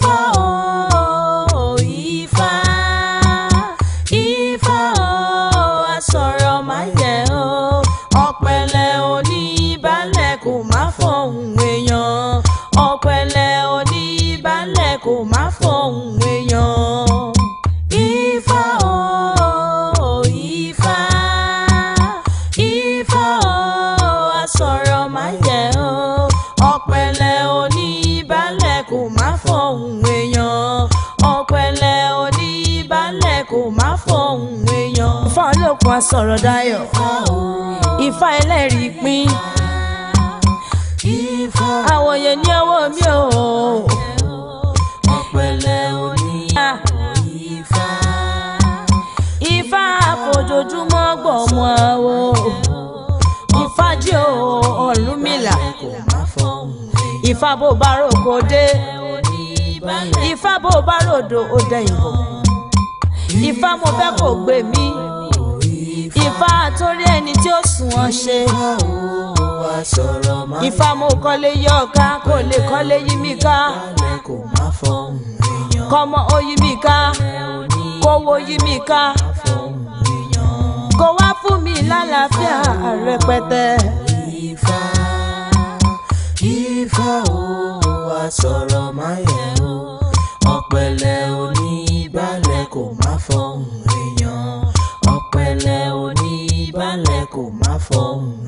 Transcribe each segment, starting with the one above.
fall. sọ̀rọ̀ dayọ̀ ifá ẹlẹ́rìí pín àwòyẹ ní ọwọ́ mi ò. ọ̀pẹ̀lẹ̀ òní ah. ifá. ifá àfojoojúmọ́ gbọ̀mọ o ifá jẹ́ Ọ̀rúnmìlà ifá bó bá rògbò dé ifá bó bá ròdò ó dẹ̀yìn ifá mo fẹ́ kó gbé mi. Ifá torí ẹni tí ó sùn wọn ṣe. Ifá mo kọ́lé yọ ọ̀ká kò lè kọ́lé yí mi ká. Kọ́mọ ó yí mi ká kówó yí mi ká. Kó wá fún mi lálàáfíà rẹpẹtẹ. Ifá Ifá o wá sọ̀rọ̀ máyẹ̀ o ọ̀pẹ̀lẹ̀ oníbalẹ̀ kò má fọhùn. 风。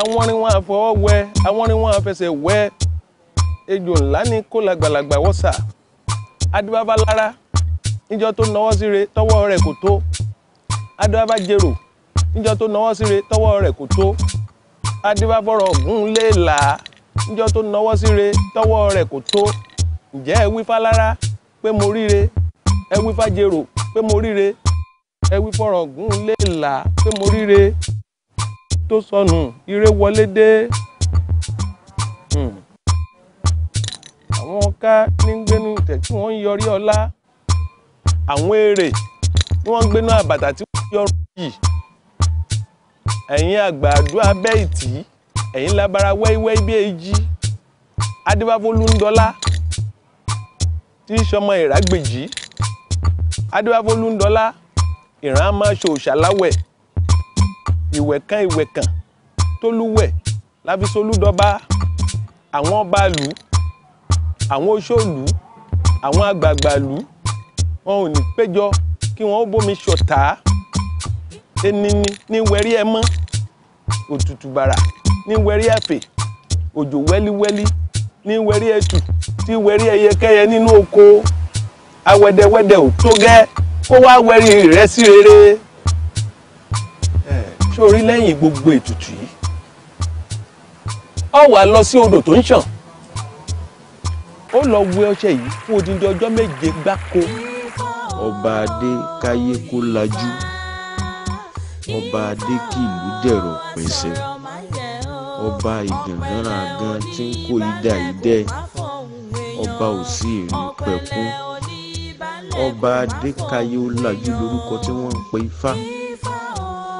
awọ́rinwá afọwọ́ wẹ awọ́rinwá afẹsẹ̀ wẹ ejò ńlá ní kó làgbàlagbà wọ́sà adúbábá lára níjọ tó nọwọ́ síre tọ́wọ́ rẹ̀ kò tó adúbábá jèrò níjọ́ tó síre rẹ̀ kò tó adúbábọ̀rọ̀ gún léèlà níjọ tó nọwọ́ síre tọwọ́ rẹ̀ kò tó ǹjẹ́ ẹ wí fálára pé mo ríre ẹ pé mo ríre ẹ tó sọnù ire wọlé dé hmm. àwọn ká ní gbénu tẹ̀ tí wọ́n ń yọrí ọlá àwọn èrè tí wọ́n ń gbénu àbàtà tí wọ́n ń yọrí yìí ẹ̀yin àgbàdo abẹ́ ìtì ẹ̀yin labara wẹ́íwẹ́í bí èjì adébáfólúndọ́lá tí í sọmọ ìrágbèjì adébáfólúndọ́lá ìran máa ṣòṣàláwẹ̀ ìwẹ̀kan ìwẹ̀kan tólúwẹ̀ láfisolúdọba àwọn ọba ìlú àwọn oṣòlú àwọn àgbààgbà ìlú wọn ò ní péjọ kí wọn bómi ṣọ̀tá ẹni ní wẹrí ẹ mọ́ òtútù bàrà ní wẹrí ẹ̀fẹ̀ òjò wẹ́líwẹ́lí ní wẹrí ẹ̀tù tí wẹrí ẹyẹkẹ́yẹ nínú oko awẹ́dẹ́wẹ́dẹ́ ò tó gẹ́ kó wá wẹrí rẹ̀ sí rere sórí lẹ́yìn gbogbo ètùtù yìí ọ wà lọ sí odò tó ń ṣàn ó lọ wẹ ọṣẹ yìí fún odindi ọjọ́ méje gbáko. ọba adé káyé kó lajú ọba adé kí ìlú dẹ̀rọ̀ pẹ̀sẹ̀ ọba ìgàngànrà gan tí ń kó idà idẹ ọba òsì ìrìn pẹ̀kún ọba adé káyé ó lajú lórúkọ tí wọ́n ń pe ifá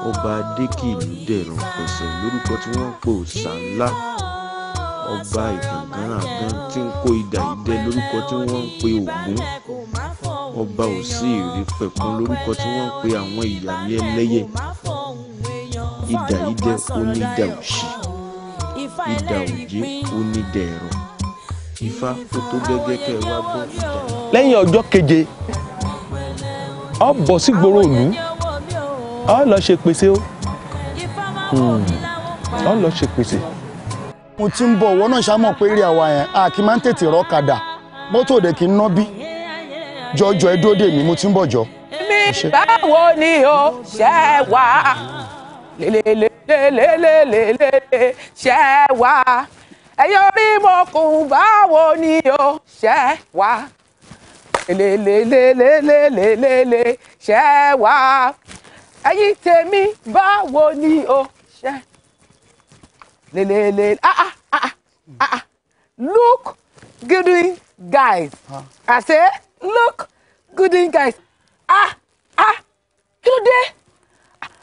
ọba adékìlú dẹ̀rùn pẹ̀sẹ̀ lórúkọ tí wọ́n ń pò sànlá ọba ìgàngán àgán tí ń kó idà idẹ lórúkọ tí wọ́n ń pe ògún ọba òsì ìrè lórúkọ tí wọ́n ń pe àwọn ìyàwó ẹlẹ́yẹ idà idẹ onídà òṣì idà òjé onídà ẹ̀rọ ifá tó gẹ́gẹ́ kẹ́ ẹ wá gbọ́ lẹ́yìn ọjọ́ keje ọ bọ̀ sí gbòòrò òlu ọ lọ ṣe pèsè o ọ hmm. lọ ṣe pèsè. mo ti ń bọ̀ ọ̀wọ́ náà ṣàmọ̀ pé eré àwa yẹn a kì í máa ń tètè rọ́kadà mọ́tò òde kì í ná bí jọjọ ẹ dúró dè mí mo ti ń bọ̀ jọ. mi báwo ni o ṣe wá lélelélelélelélé ṣe wá ẹ̀yin orí mo kùn báwo ni o ṣe wá lélelélelélélé ṣe wá ẹ̀yin tèmi báwo ni o ṣe lelele ah ah, ah ah ah ah look good guys I say look good guys ah ah kí ló dé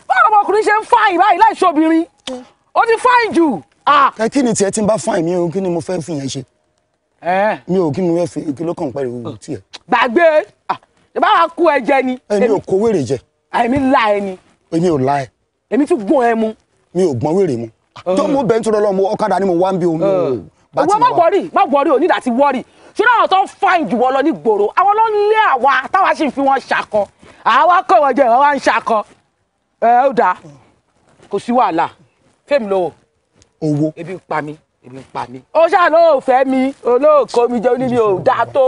báwo ọmọkùnrin ṣe ń fáyìn báyìí láì ṣobìnrin ó ti fáyìn jù. Ah. ẹ kí ni tiẹ̀ tí ń bá fáyìn mi o kí ni mo fẹ́ fìyẹn ṣe mi ò kí ni mo fẹ́ fi kí ló kàn pariwo tiẹ̀. gbàgbé ìbára kú ẹ jẹ ni. ẹ mi ò kó jẹ àìmí la ẹ ni. èmi ò la ẹ. èmi tún gbọ́n ẹ mu. mi ò gbọ́n wèrè mu. tó mú mm. bẹ́ẹ̀ ń tọrọ lọ́mọ ọ̀kadà ni mo wá ń bí omi o. ògbọ́n mm. má wọrí má wọrí ò ní ìdá ti wọrí ṣé láwọn tó ń fa ìjùwọ́ lọ ní gbòòrò àwọn ló ń lé àwa táwa sì fi wọn ṣakọ àwa kọ̀ wọ́n jẹ́ àwa ń ṣakọ ẹ ó dáa kò sí wàhálà fẹ́mi lówó. owó ebi ń pa mi ebi ń pa mi. ó ṣàlóòfẹ́ mi olóòkó mi jẹ́ oními ò dáa tó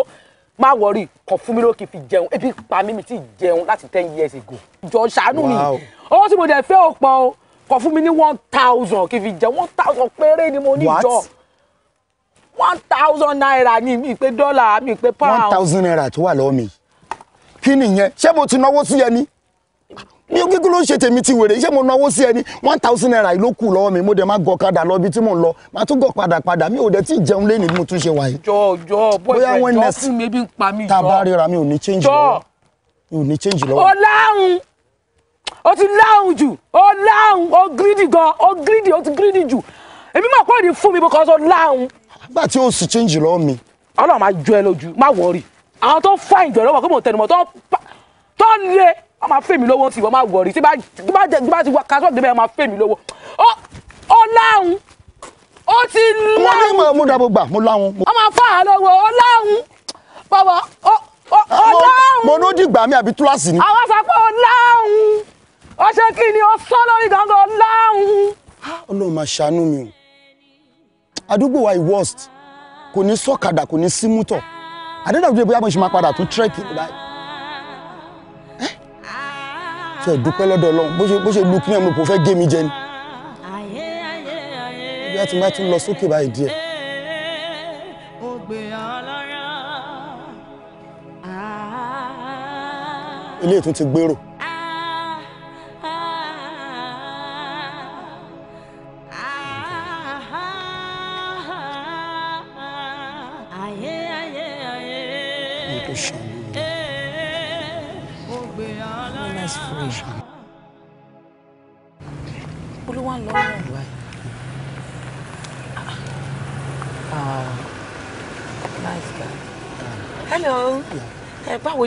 má wọrí kàn fún mi ló kì í fi jẹun ebi pa mí mi ti jẹun láti ten years ago jọ ṣàánú mi owó tí mo dẹ̀ fẹ́ ò pọ̀ o kàn fún mi ní one thousand kì í fi jẹun one thousand péré ni mo ní jọ one thousand naira ni mi pé dollar, mi pé pound. one thousand naira tó wà lọ́wọ́ mi kí nìyẹn ṣé mo ti náwó sí yẹn mi ò kíkú ló ń ṣe tèmi ti wèrè ṣé mo náwó sí ẹni one thousand naira ló kù lọ́wọ́ mi mo dẹ̀ máa gọ̀kadà lọ ibi tí mò ń lọ màá tún gọ̀ padà padà mi ò dẹ̀ tí ì jẹun lẹ́nu mo tún ṣe wáyé. jọ jọ bóyá wọn nẹ mi bí n pa mi jọ tábà ríra mi ò ní change lọ́wọ́ mi ò ní change lọ́wọ́. o láhùn o ti láhùn jù o láhùn o gírídì gan o gírídì o ti gírídì jù èmi máa kọ́ ìdí fún mi because o láhùn. àgbà tí o sì change lọ́wọ́ mi. ọlọ́run máa jọ ẹ lójú má wọrí àwọn tó fà ìjọ lọ́wọ́ kó mò ń tẹnumọ́ tó le wọ́n máa fèmí lówó tí wọ́n máa wọ̀rí tí bá ti wá kásọ̀ débẹ̀ wọ́n máa fèmí lówó ó láhùn ó ti láhùn. wọ́n ní mo dàbò gbà mo láhùn. wọ́n máa fà á lọ́wọ́ ó láhùn bàbá ó láhùn. mo ló dìgbà mi àbí túláàsì ni. àwọn sọ pé ó láhùn ó ṣe kí ni ó sọ lórí gangan láhùn. ọlọ́run máa ṣàánú mi o àdúgbò wa i worst kò ní sọ̀kadà kò ní símútọ̀ àdéhùn àdúgbò bóyá mo ṣe máa padà tún tírẹ́kì báyìí ṣe ìdúpẹ́ lọ́dọ̀ ọlọ́run bó ṣe lu kílẹ̀ kò fẹ́ gé mi jẹ ni bí a ti máa ti lọ sókè báyìí díẹ̀. ilé ah. ìtún ti gbèrò.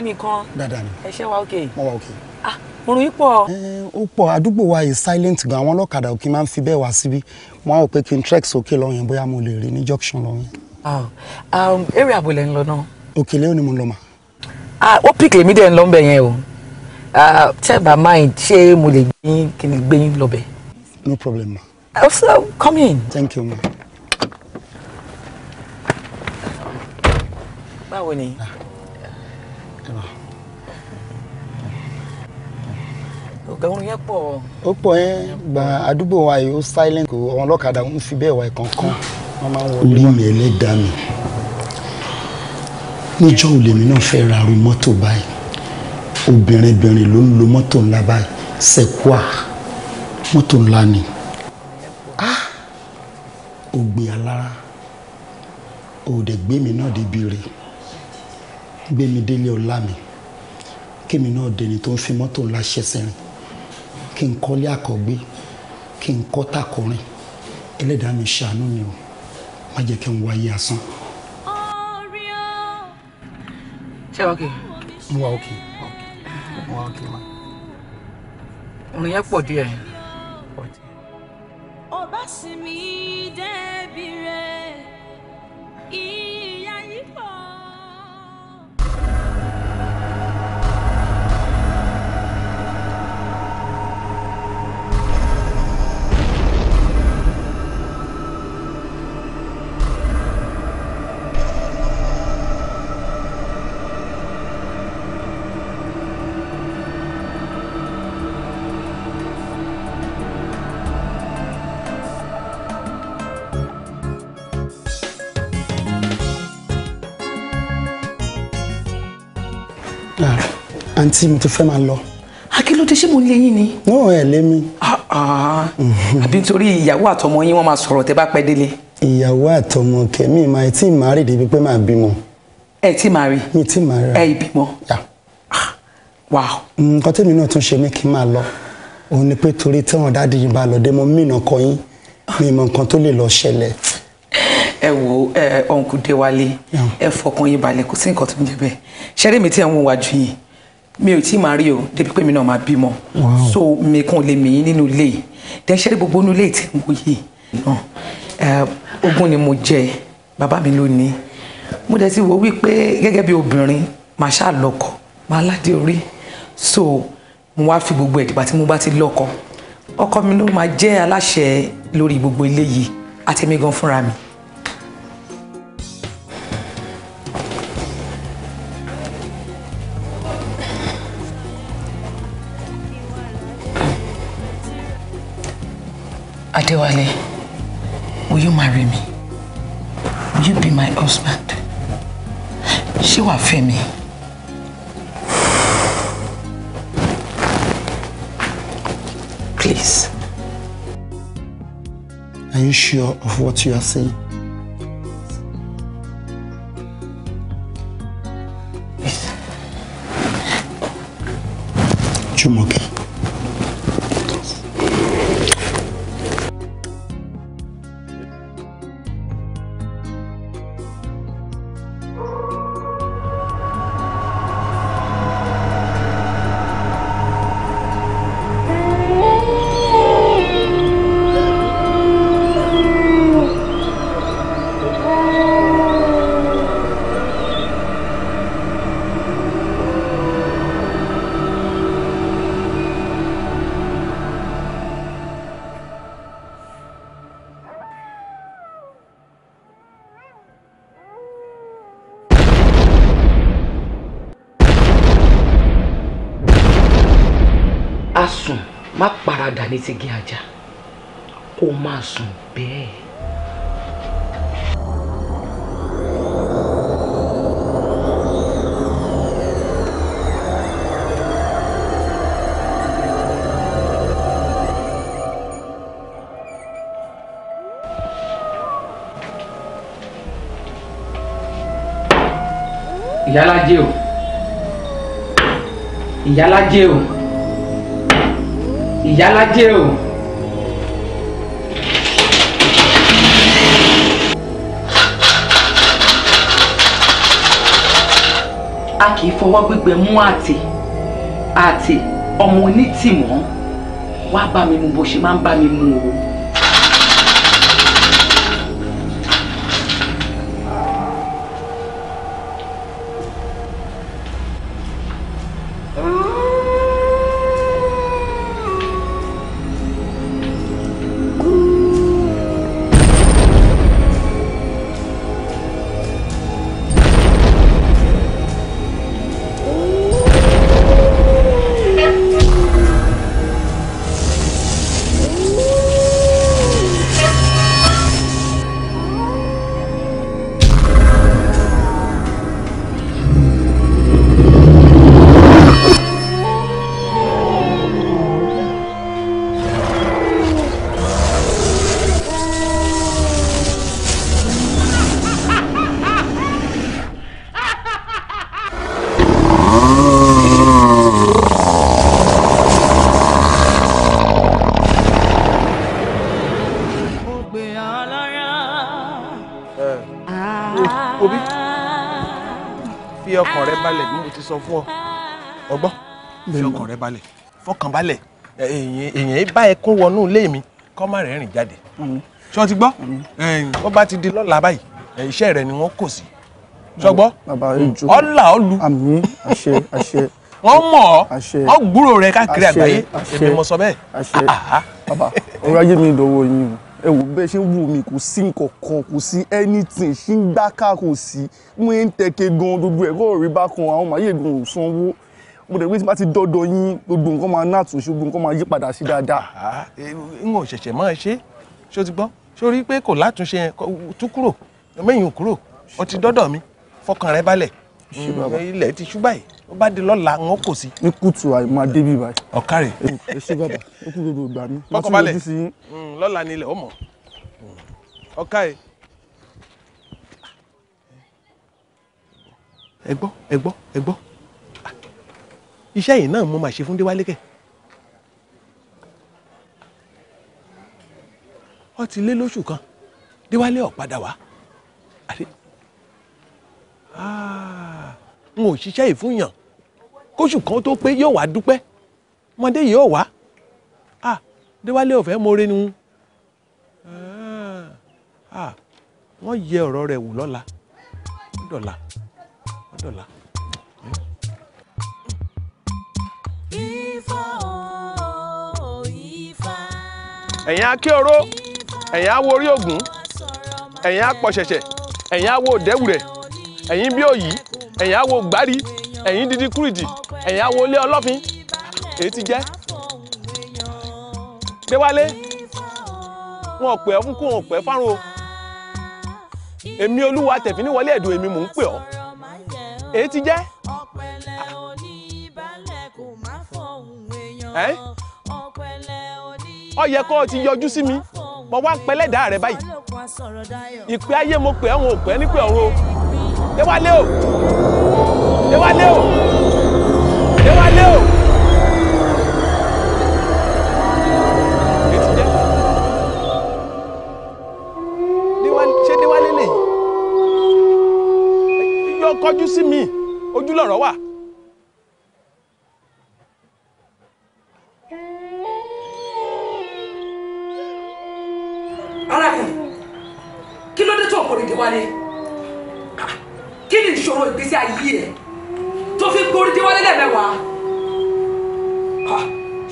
báwo nìkan. dáadáa ni ẹ ṣe wa ok. mo wa ok. ah orun yìí pọ̀. ó pọ̀ àdúgbò wa yìí silent gan àwọn ọlọ́kadà òkè máa ń fi bẹ́ẹ̀ wá síbí wọn á ò pé kí n trek sókè lọ́yìn bóyá mo lè rí ní junction lọ́yìn. Ah, um, eré àbòlẹ̀ ń lọ náà. òkèlè ò ní mo lọ mà. Ah, ó pìk lèmi dẹ̀ ń lọ bẹ̀ yẹn o ah, tẹ́ẹ̀bà mind ṣé mo lè gbẹ́yìn kí n gbẹ́yìn lọ́bẹ̀. no problem ma. also come in. thank you ma. báwo ni. Ah ọ̀gá orin yẹn pọ̀. ó pọ̀ yẹn gba àdúgbò wa yìí ó silent kò àwọn ọlọ́kadà ń fi bẹ́ẹ̀ wá ìkankan wọ́n máa ń wọlé. orí mi ẹlẹ́dàá mi níjọ́ olèmi náà fẹ́ ra ru mọ́tò báyìí obìnrin-bìnrin ló ń lo mọ́tò ńlá báyìí sẹ́kúà mọ́tò ńlá ni ògbìn ah! alára òdè gbé mi náà débi rèé. Gbémidélé ọlá mi kémi náà dẹni tó ń fi mọ́tò ńlá ṣẹ̀ṣẹ̀ rìn kí n kọ́lé àkọ́gbé kí n kọ́ tàkùnrin ẹlẹ́dàá mi ṣàánú mi o má jẹ́ kí n wáyé asán. ṣé wàá kì í. mo wà òkè mo wà òkè máa. òrùn yẹn pọ̀ díẹ̀. ọba sinmi dẹ́bi àǹtí mo ti fẹ́ máa lọ. akílódé ṣé mo lé yín ni. náà ẹ lé mi. Ah, ah. àbí nítorí ìyàwó àtọmọ yín wọ́n máa sọ̀rọ̀ tẹ́ bá pẹ́ délé. ìyàwó àtọmọ kẹmí máa tí ì máa rí débi pé máa bímọ. ẹ tí máa rí. mi tí máa rí. ẹ ìbímọ. Ah, nǹkan tèmi náà tún ṣe mí kí n máa lọ òun ni pé torí tẹ́wọ̀n dáàdi yìí bá lọ dé mo mí ìnàkọ yín mi mọ nǹkan tó lè lọ ṣẹlẹ̀. ẹ wo ẹ ọ̀nkùdéwálé ẹ fọkàn yín balẹ̀ kò sí nǹkan tó ń jẹ bẹ́ẹ̀ ṣẹ́rí mi tí ẹ̀ ń wọ́n wájú yìí mi ò tí ì máa rí o débi pé mi náà máa bímọ so mi kàn lè mí nínú ilé yìí dẹ́sẹ́ gbogbo inú ilé tí mo yìí náà eh, ogún ni mo jẹ bàbá mi ló ní mo dẹ̀ ti wò wípé gẹ́gẹ́ bí obìnrin màá ṣáà lọ́kọ màá ládé orí so mo wá fi gbogbo ẹ̀dìgbà tí mo bá ti lọ́kọ ọkọ mi ló máa jẹ́ aláṣẹ lórí gbogbo ilé yìí àtẹ̀mí gan fúnra mi. Adewale, will you marry me? Will you be my husband? She wàá fear me. Please. Are you sure of what you are saying? Please. Jumoke. ní ti gé ajá kó máa sùn bẹ́ẹ̀. ìyálájé o ìyálájé o ìyálájẹ o. a kì í fọwọ́ gbígbẹ mú àtè àtè ọmọ onítìmọ́ wàá bá mi mu bó ṣe máa ń bá mi mu o. sọ fún ọ ọgbọ́n. fi ọkàn rẹ balẹ̀. fọkàn balẹ̀ èèyàn ẹ bá ẹ kó wọnú ilé mi kọ́ má rẹ̀ rìn jáde. Mm-hmm. ṣé o ti gbọ́ wọ́n mm-hmm. bá ti di lọ́la báyìí iṣẹ́ rẹ ni wọ́n kò sí. ṣọgbọ́ ọ̀là ọ̀lù. àmín àṣẹ àṣẹ wọ́n mọ̀ ọ́ wọ́n gbúrò rẹ káàkiri àgbáyé èmi mo sọ bẹ́ẹ̀. Ah, ah, ah. bàbá ọrọ̀ ajé mi dọ̀wọ́ yín o ẹ wò ṣe ń wù mí kò sí nǹkankan kò sí anything ṣì ń gbáka kò sí mo ń tẹ̀kẹ́ gan gbogbo ẹ̀ kọ́ rí bákan àwọn màá yẹ gan ò sanwó mo dẹ̀ wí bá ti dọ́dọ̀ yín gbogbo nǹkan máa náà gbogbo nǹkan máa yí padà sí dáadáa. Ah, ah, eh, n ò ṣẹ̀ṣẹ̀ máa ṣe ṣé o ti gbọ́ ṣé o rí i pé kò látúnṣe tú kúrò mẹ́yìn kúrò o dọ́dọ̀ mi fọkàn rẹ balẹ̀ ilẹ̀ ti ṣú báyìí ó bá di lọ́la ń kò sí. ní kùtù àìmọ débi báyìí. ọ̀kárẹ̀. èso bàbá ó kú gbogbo ìgbà mi. bọ́kọ̀balẹ̀ mm, lọ́la nílẹ̀ ó mọ̀ ọ̀kárẹ̀. ẹ gbọ́ ẹ gbọ́ ẹ gbọ́ iṣẹ́ yìí náà mo máa ṣe fún déwálé kẹ́ ó ti lé lóṣù kan déwálé ó padà wá ah, n ò ṣiṣẹ́ ìfúnyàn kóṣù kan tó pé yóò wá dúpẹ́ ọmọdé yìí yóò wá ah déwálé ọ̀fẹ́ mọ́re ni ah, ah wọ́n yẹ ọ̀rọ̀ rẹ̀ wò lọ́la ọ̀dọ̀la ọ̀dọ̀la. ẹ̀yin akéoró ẹ̀yin awo orí ẹ̀yin apọ̀ṣẹ̀ṣẹ̀ ẹ̀yin awo òdẹ́wùrẹ̀ ẹ̀yin bí ẹ̀yin awo gbárí ẹ̀yin dídí kúrìdì ẹ̀yà wọlé ọlọ́fin èyí ti jẹ́ déwálé wọn pè ọ́ fún kó wọn pè ẹ́ fárún o èmi olúwa tẹ̀fíníwọlé ẹ̀dùn èmi mò ń pè ọ́ èyí ti jẹ́ ó yẹ kó o ti yọjú sí mi mo wá pẹ́ lẹ́dàá rẹ báyìí ìpè ayé mo pè ọ́ wọn ò pẹ́ nípè ọ̀run o le. o déwálé o. sí mi ojú lọ̀rọ̀ wà. Àràkẹ́ kí ló dé tó ọkọ rèdè wálé kí ni ìṣòro ìgbésí ayé ẹ tó fi gbórí dé wálé lẹ́mẹ̀wàá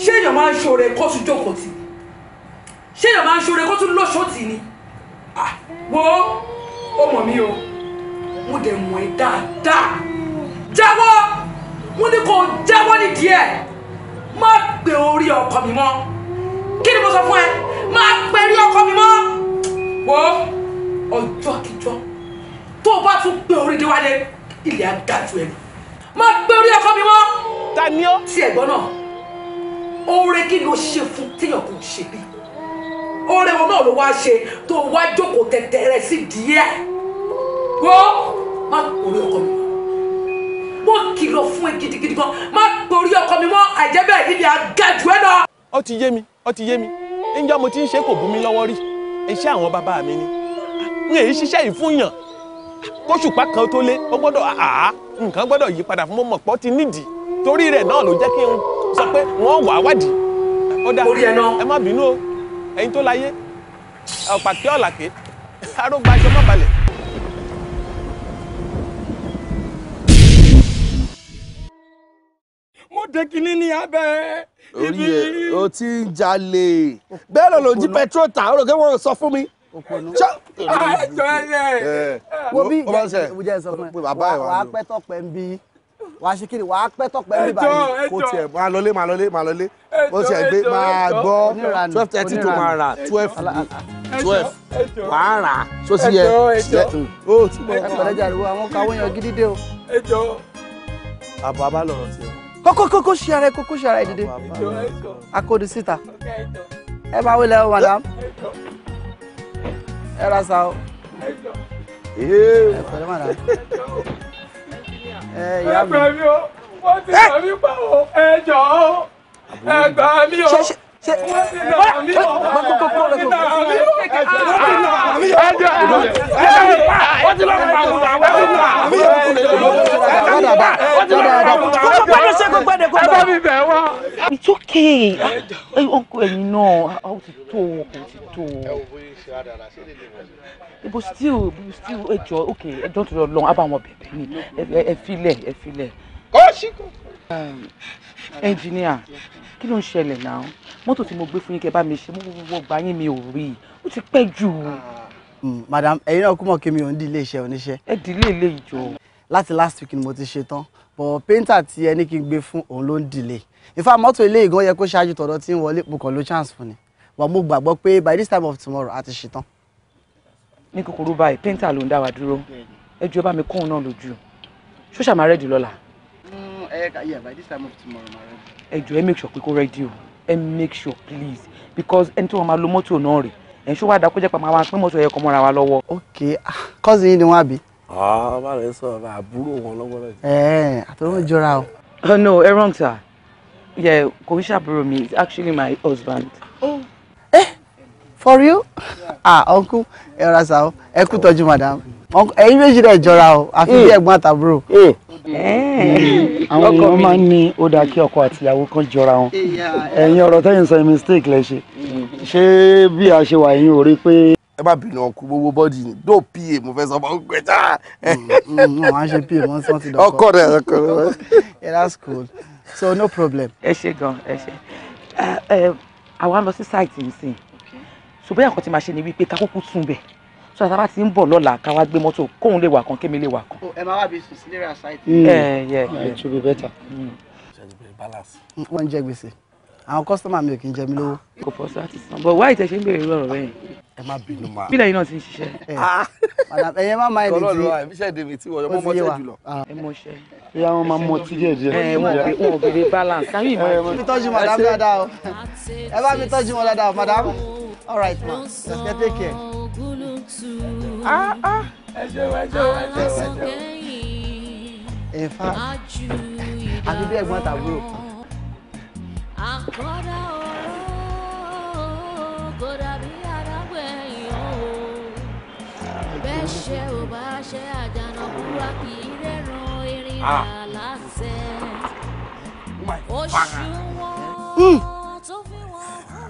ṣé èèyàn máa ń ṣòro ẹ kó tún jókòó tì ṣé èèyàn máa ń ṣòro ẹ kó tún lọ́ṣọ́ tì wo ó mọ̀ mí o mo dẹ̀ mọ̀ ẹ́ dáadáa jẹ́wọ́ mo ní kó jẹ́wọ́ nídìí ẹ̀ má gbé orí ọkọ mi mọ́ kí ni mo sọ fún ẹ má gbé orí ọkọ mi mọ́ wo ọjọ́ kíjọ́ tó o bá tún gbé orí déwálé ilé adájú ẹ̀ má gbé orí ọkọ mi mọ́ ta ni ó. ti ẹ̀gbọ́n náà oore kí ló ṣe fún téèyàn kò ṣe bí oore wọn náà ló wá ṣe tó wá jókòó tẹ̀tẹ̀rẹ̀ sí díẹ̀ wọ́ má orí ọkọ mi mo kìlọ̀ fún ẹ gidigidi kan má torí ọkọ mi mọ́ àìjẹ́bẹ̀ ilé àgájú ẹ lọ. ó ti yé mi ó ti yé mi ǹjẹ́ mo ti ń ṣe kò bú mi lọ́wọ́ rí iṣẹ́ àwọn bàbá mi ni n èyí ṣiṣẹ́ yìí fún yàn kóṣùpá kan tó lé ó gbọ́dọ̀ àá nǹkan gbọ́dọ̀ yí padà fún mọ̀ pọ́ ti nídìí torí rẹ̀ náà ló jẹ́ kí n sọ pé wọ́n wà wádìí ó dá ẹ má bínú o ẹ̀yin tó láyé ọ̀pàkẹ́ ọ̀làkẹ́ arógbáṣọ má balẹ̀ dé kinní ní abẹ́ ibi. orí o ti ń jalè bẹ́ẹ̀ lọ ló ń jí petrol ta ó rò pé wọ́n sọ fún mi. àìsàn ẹ̀jẹ̀. wo bí jẹ́ sọ fún ẹ wàá pẹ́ tọ́pẹ́ ń bí wàá ṣe kíni wàá pẹ́ tọ́pẹ́ ní báyìí. kò tiẹ̀ máa lọlé máa lọlé máa lọlé ó tiẹ̀ gbé máa gbọ́ twelve thirty tó máa rà twelve twelve wàá rà tó sì yẹ ṣe ó túbọ̀. ẹ pẹ̀lẹ́ jàre wo àwọn kàwé yan gidi dé o. bàbá bá lọ̀rọ̀ sí ọ kókó kókó ṣe ara ẹ kókó ṣe ara ẹ dìde akódi síta bá wílẹ̀ o madam ẹ ra sa o ẹ pẹ̀lẹ́ yà mí. ẹ pẹ̀lú ẹ gbà mí o. It's okay. Uncle, you know how to talk, how to talk. But still, but still, ẹjọ́, okay, ẹjọ́ tó lọ lọ́n, abáwọn bẹ̀bẹ̀ mi, ẹ filẹ̀, ẹ filẹ̀. Kọ́ ṣíkò. Um, engineer, kí ló ń ṣẹlẹ̀ náà mọ́tò tí mo gbé fún yín kẹ́ bá mi ṣe mú wọ́n gbà yín mi ò rí i ó ti pẹ́ jù. Hmm, madam ẹ̀yin náà kú mọ̀ kí mi ò ń di ilé oníṣẹ́. ẹ di ilé ilé ìjọ. láti last week ni mo ti ṣe tán but painter tí ẹni kí n gbé fún òun ló ń delay in fact mọ́tò ilé ìgan yẹ kó ṣáájú tọ̀dọ̀ tí ń wọlé mo ló chance fún ni but mo gbàgbọ́ pé by this time of tomorrow a ti ṣe tán. ní kúkúrú báyìí painter ló ń dá wa dúró ẹ ju ẹ bá mi kóhun náà lójú ṣó ṣàmárẹ́dì lọ́la ẹ ká by this time of tomorrow ma ready. ẹ make sure pé kó ready o ẹ make sure please because ẹni tí wọn máa lo mọ́tò náà rè ẹ ṣó wàá dákúnjẹ́ pa máa wá pín mọ́tò ẹ̀ kọ́ mọ́ra wa lọ́wọ́. ok ah, cousin yín ni wọ́n á bí. ọ bá rẹ sọ bá àbúrò wọn lọ́wọ́ rẹ. ẹ àtọ́wọ́n eh. jọra o. Oh, no ẹ wrong sir yeah kò ń ṣàbúrò mi it's actually my husband. Oh. eh for real ah uncle ẹ rà sá o ẹ kú tọ́jú madam ẹ̀yin méjì rẹ̀ jọra o àfi bí hmm. ẹ̀gbọ́n àtàbúrò. Hmm. Eh. àwọn èèyàn máa ń ní ó dáa kí ọkọ àti ìyàwó kan jọra wọn ẹ̀yin ọ̀rọ̀ tẹ́yìn sọ mistake lẹ ṣe ṣé bí a ṣe wà yín ò rí pé. ẹ má bínú ọkọ gbogbo bọ́dì ni dóò pa mo fẹ́ sọ ọmọ ògbẹ́ tá. wọ́n á ṣe pa wọ́n sọ ti dọ̀kọ́ ọkọ rẹ̀ ọkọ rẹ̀. so no problem. ẹ ṣe gan ẹ ṣe eh, eh, àwa lọ sí site nsìn ṣùgbọ́n àkọ́tí máa ṣe ni wípé kakókó tún bẹ̀ so àtàwọn ti ń bọ̀ lọ́la ká wá gbé mọ́tò kóun lè wà kan kémi lè wà kan. ẹ máa wá bí sùn sí lérà ṣáìtì. ẹ ẹ ẹ it should be better. Mm. balance. wọ́n ń jẹ gbèsè àwọn kọ́sítọ́mà mi ò kì í jẹ mí lówó. kò pọ̀ sí àti sàn bọ̀ wáyé tẹ̀ ṣe ń bèrè irú ọ̀rọ̀ bẹ́ẹ̀. ẹ má bínú ma. bílẹ̀ yìí náà ti ń ṣiṣẹ́. ẹyẹ má máa ẹni tí iṣẹ́ èdè mi ti wọ̀ ọmọ mọ́ṣẹ́ jùlọ. Ah. ẹ mọṣẹ́. bí àwọn máa mọ tí díẹ̀ díẹ̀. ẹ wọn ò bèrè balance. ẹ bá mi tọ́jú madam dáadáa o ẹ bá mi tọ́jú wọn dáadáa madam all right ma just get take care. ah ah ẹ ṣe wọ ẹ ṣe wọ ẹ ṣe wọ ẹ ṣe àbí bí ẹ̀gbọ́n tàbúrò àkọ́dá ọ̀rọ̀ kò dàbí arágbẹ̀yìn o bẹ́ẹ̀ ṣe ò bá ṣe àjànà búra kì í wọ́n.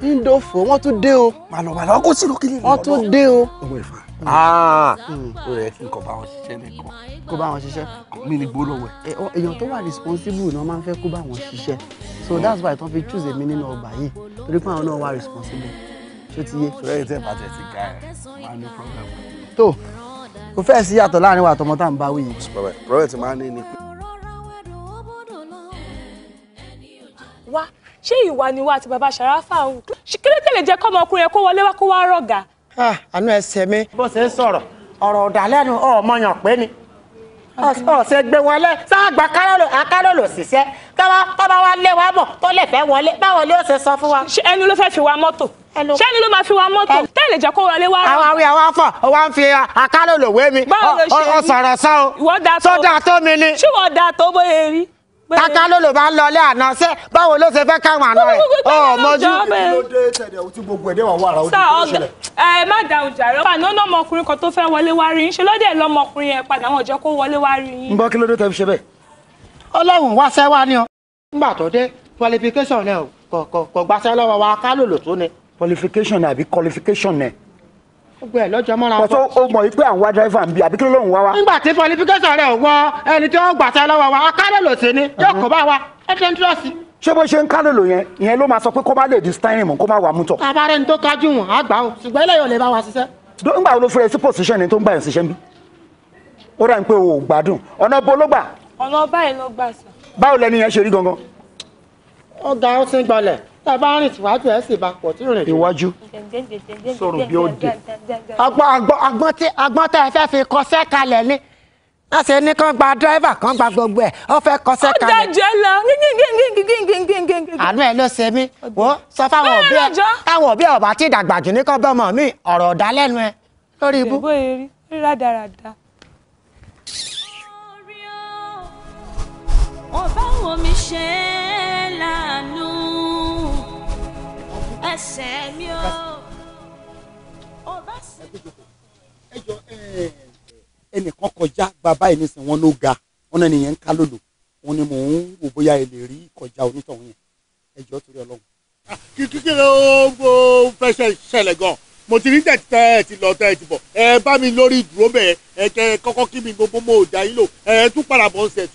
ń dòfò wọ́n tún dé o. màlọ́màlọ́ kó sínú kílì. wọ́n tún dé o. ọmọ ìfà. Mm. Ah. Mm. ó rẹ kí n kọ bá wọn ṣiṣẹ́ nìkan. kó bá wọn ṣiṣẹ́. mi ni gbólọ wẹ. èèyàn tó wà responsible náà máa ń fẹ́ kó bá wọn ṣiṣẹ́ so that's why tán fi choose èmi nínú ọgbà yìí torí pé àwọn náà wà responsible ṣó ti yé. ṣùgbọ́n èyí tẹ́ bàjẹ́ ti ga ẹ̀ máa ní problem. tó kò fẹ́ sí yàtọ̀ láàrin wa àtọmọ tá à ń báwí yìí. problem ti máa ń ní ni pé wá ṣé ìwà ni wá àti bàbá ṣàráfà ń ṣe kí ló tẹ̀lé jẹ́ kọ́mọkùnrin yẹn kó wọlé wá kó wá rọ̀gà Ah, àánú ẹsẹ̀ mi. bó ṣe ń sọ̀rọ̀ ọ̀rọ̀ ọ̀dàlẹ́nu ọ̀mọyàn pé ni ọ̀sẹ̀ gbé wọn lẹ́ sáàgbà akálòlò ṣiṣẹ́ tọ́ba wa lé wa bọ̀ tó lè fẹ́ wọlé báwo ni ṣe sọ fún wa. ṣé ló fẹ́ fi wa mọ́tò ṣé ló máa fi wa mọ́tò tẹ́lẹ̀ jẹ́ kó wọlé wá. àwọn àwọn àwọn afọ wa ń fi akálòlò wé mi ọ sọ̀rọ̀ sọ tó dáa tó mi ni. ṣé wọ́n dáa tó bóyá rí kàkà ló lò máa ń lọlé àná ṣé báwo ló ṣe fẹ́ káwọn àná rẹ̀ ọmọjú. ẹ má dáhùn jàre ọba náà ọmọkùnrin kan tó fẹ́ wọlé wá rí ṣe lóde lọmọkùnrin yẹn padà àwọn ọjọ́ kó wọlé wá rí yín. ń bọ́ kí ló dé tẹ́ fi ṣe bẹ́ẹ̀. ọlọ́run wá ṣẹ́ wá ní ọ. nígbà tó dé qualification náà kò gbàṣẹ́ lọ́wọ́ wa ká lò lò tó ni. qualification àbí qualification náà gbogbo ẹ lọ́jọ́ mọ́ra wọn. ọ̀tọ́ o mọ̀ wípé àwọn wá dírẹ́fà ń bí àbí kí ló lóun wá wa. nígbà tí fọlífíkẹ́sọ̀ rẹ̀ wọ ẹni tí wọ́n gbàtà lọ́wọ́ wa akárẹ́ lò sí ni yóò kó bá wa ẹ ti ń dúró sí i ṣé bó ṣe ń kálò lò yẹn ìyẹn ló máa sọ pé kó má lè di stein mọ kó má wà mútọ. bàbá rẹ ní tó kájú wọn àgbà o ṣùgbọ́n eléyìí ò lè bá wa ṣiṣẹ́. tó ń gbà wo ló fẹ́rẹ̀ sí pòṣíṣẹ́ ni tó ń gbà yàn ṣiṣẹ́ ń bí. ó rà ń pé o ò gbádùn ọ̀nà bo ló gbà. ọ̀nà báyìí ló gbà sọ. báwo lẹni yẹn ṣe rí gangan. ọ̀gá ó ti ń gbalẹ̀ tá a bá rìn síwájú ẹ̀ sì bá pọ̀ tí rìn jù. iwájú sọ̀rọ̀ bí ó dé. agbọ́n tẹ́ ẹ fẹ́ fi kọsẹ́ kalẹ̀ ni wọ́n ṣe ní kán gba dírẹ́fà kán gba gbogbo ẹ̀ ó fẹ́ kọsẹ́ kalẹ̀. ó jẹjẹ lọ àánú ẹ ló ṣe mí wò sọ fáwọn òbí ẹ táwọn òbí ọba tí ìdàgbà jù ní kán bọ́mọ mi ọ̀rọ̀ ọ̀dá lẹ́nu ẹ lórí ibú ẹsẹ̀ mi o. ẹnìkan kọjá bàbá yìí nísìn wọn ló ga wọn náà nìyẹn ń ká lòlò wọn ni mò ń wò bóyá ẹ lè rí kọjá onítọ̀hún yẹn ẹjọ torí Ọlọ́run. kíkí ah, ló fẹsẹ̀ ṣẹlẹ̀ gan mo ti rí tẹ̀tẹ̀ ẹ̀ ti lọ tẹ̀ bọ̀ ẹ bá mi lórí ìdúró bẹ̀ ẹ kẹ kọ́kọ́ kí mi gbogbo mo dà yín lò ẹ tún padà bọ̀ ṣẹ̀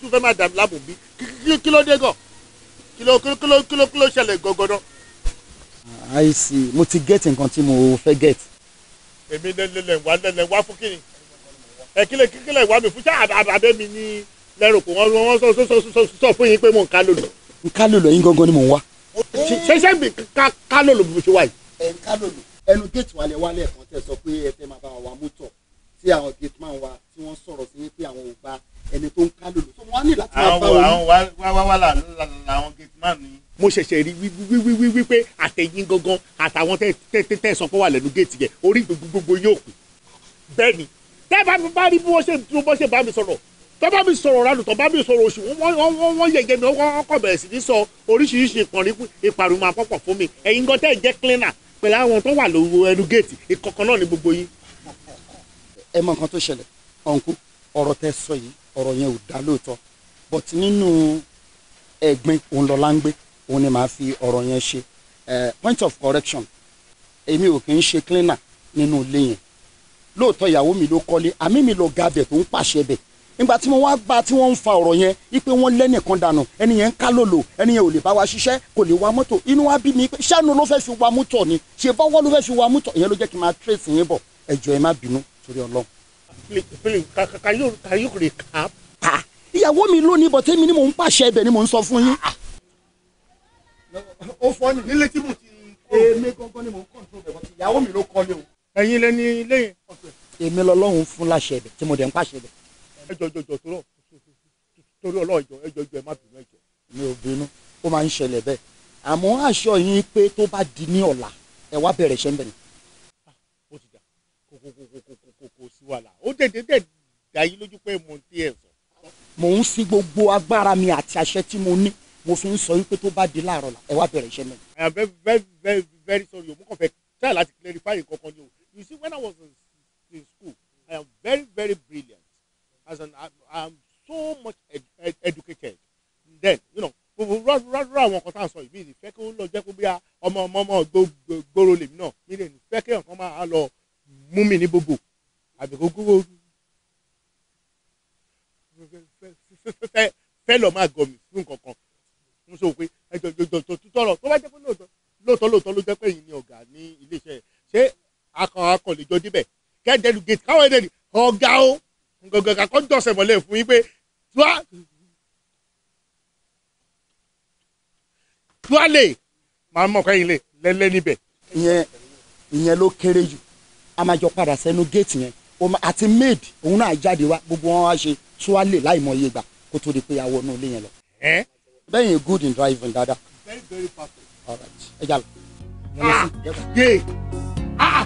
tún fẹ́ máa dà mí láàmú kí ló dé gan kí ló kí ló ṣẹlẹ̀ gangan náà. I see mo ti get nǹkan tí mo fẹ́ get. èmi lẹ́lẹ̀ wá lẹ́lẹ̀ wá fún kí ẹ kílẹ̀ kílẹ̀ wá mi fún ṣé àbábẹ́ mi ní lẹ́rù kò wọ́n wọ́n sọ fún yín pé mo ń ká lòlò. ń ká lòlò yín gangan ni mò ń wá. ṣe ṣe mi ká lòlò bí mo ṣe wà yìí. ẹ ń ká lòlò ẹnu géètì wálé wálé ẹ̀kan tẹ̀ sọ pé ẹ fẹ́ máa bá wa mọ́tò tí àwọn gate man wa tí wọ́n sọ̀rọ̀ sí pé àwọn ò gba ẹni tó ń ká lòlò. wọ́n á ní láti máa bá wọn. àwọn wa wa wa làwọn gate man ni mo ṣẹ̀ṣẹ̀ rí wíwíwíwí pé àtẹ̀yìn gangan àtàwọn tẹ̀sán kó wà lẹ́nu géètì yẹn orí gbogbo yóò pè bẹ́ẹ̀ ni tẹ́ bá mi bá rí bí wọ́n ṣe bó ṣe bá mi sọ̀rọ̀ tọ́ bá mi sọ̀rọ̀ ránù tọ́ bá mi sọ̀rọ̀ oṣù wọ́n yẹ̀yẹ́ mi wọ́n kọ̀ bẹ̀rẹ̀ sí ní sọ oríṣiríṣi ìpọ̀nrín ìpàrọ̀ máa pọ̀pọ̀ fún mi ẹ̀yin gan tẹ́ ẹ̀ jẹ́ cleaner pẹ̀lú àwọn tó wà lóru ẹnu géètì ìkọ̀kan náà ni gbogbo yín. ẹ mọ nǹkan tó ṣẹlẹ̀ ọ̀nkú ọ̀rọ̀ tẹ́ sọ yìí ọ̀rọ̀ yẹn ò dá lóòótọ́ but nínú ẹ̀gbin òun lọ́la ń gbé òun ni màá fi ọ̀rọ̀ yẹn ṣe point of correction èmi ò kì í ṣe cleaner nínú ilé yẹn lóòótọ́ ìyàwó mi ló kọ́lé àmì mi lọ ga bẹ̀ tó ń pàṣẹ bẹ̀ nígbà tí mo wá bá tí wọ́n ń fa ọ̀rọ̀ yẹn wípé wọ́n lẹ́nìkan dànù ẹni yẹn ń ká lòlò ẹni yẹn ò lè bá wa ṣiṣẹ́ kò lè wa mọ́tò inú wa bí mi pé ṣáàánú ló fẹ́ fi wa mọ́tò ni ṣe bọ́wọ́ ló fẹ́ fi wa mọ́tò ìyẹn ló jẹ́ kí n máa trace yín bọ̀ ẹ̀jọ̀ ẹ má bínú torí ọlọ́run. please can you recap. Ah, ìyàwó mi ló ní bọ̀tẹ́mi ni mò ń pàṣẹ ibẹ̀ ni mò ń sọ fún yín ó fọ́ ni nílé tí mo ti èmi gangan ni mò ń kọ́ńtò bẹ̀ bọ́tí ìyàwó mi ló kọ́lé o. ẹ̀yin lẹ ní ilé yẹn. èmi lọ́lọ́run fún láṣẹ ibẹ̀ tí mo dẹ̀ ń pàṣẹ ibẹ̀. ẹ jọ jọ jọ torọ torí ọlọ́ọ̀jọ ẹ jọ jọ ẹ má bínú ẹ jọ. mi ò bínú ó máa ń ṣẹlẹ̀ bẹ́ẹ̀ àmọ́ aṣọ yín pé tó bá di ní ọ̀la ẹ wá bẹ̀rẹ̀ ṣẹ́ ń bẹ̀rẹ̀. Ah, ó ti dà kòkòkòkòkò sí wàhálà ó dẹ̀dẹ̀ dẹ̀ dà yín lójú pé mo ń tí ẹ̀ sọ. mò ń fi gbogbo agbára mi àti àṣẹ tí mo ní mo fi ń sọ wípé tó bá di láàárọ̀ la ẹ wá bẹ̀rẹ̀ iṣẹ́ náà. I am very very very sorry o mo kàn fẹ́ try láti clarify nǹkan kan ni o you see when I was in, in school I am very very brilliant as an I, am so much ed, ed, educated then you know rárá àwọn kan tá à ń sọ yìí mi ì fẹ́ kí ó lọ jẹ́ pé bí ọmọ ọmọ ọmọ gbòòrò lèmi náà mi ì fẹ́ kí nǹkan máa lọ mú mi ní gbogbo àbí kó gbogbo fẹ́ lọ máa gọ mi lóòótọ́ ló jẹ́ pé ẹ̀yin ni ọ̀gá ní iléeṣẹ́ ṣé akàn akàn lè jọ débẹ̀ get delegate káwọn ẹ̀dẹ̀ ọ̀gá o gbọ̀ngàn kakọ́ jọ̀sẹ̀ mọ́lẹ̀ fún yín pé tuwale màá mọ̀ kẹ́yìn lè lẹ́lẹ́ níbẹ̀. ìyẹn ìyẹn ló kéré jù a máa jọ padà sẹ́nu géètì yẹn àti maid òun náà jáde wá gbogbo wọn wá ṣe tuwale láì mọ iye gbà kó tó di pé a wọnú ilé yẹn lọ. bẹ́ẹ̀ yẹn good in driving dáadáa. very very perfect ẹ jà lọ. yé ètùnú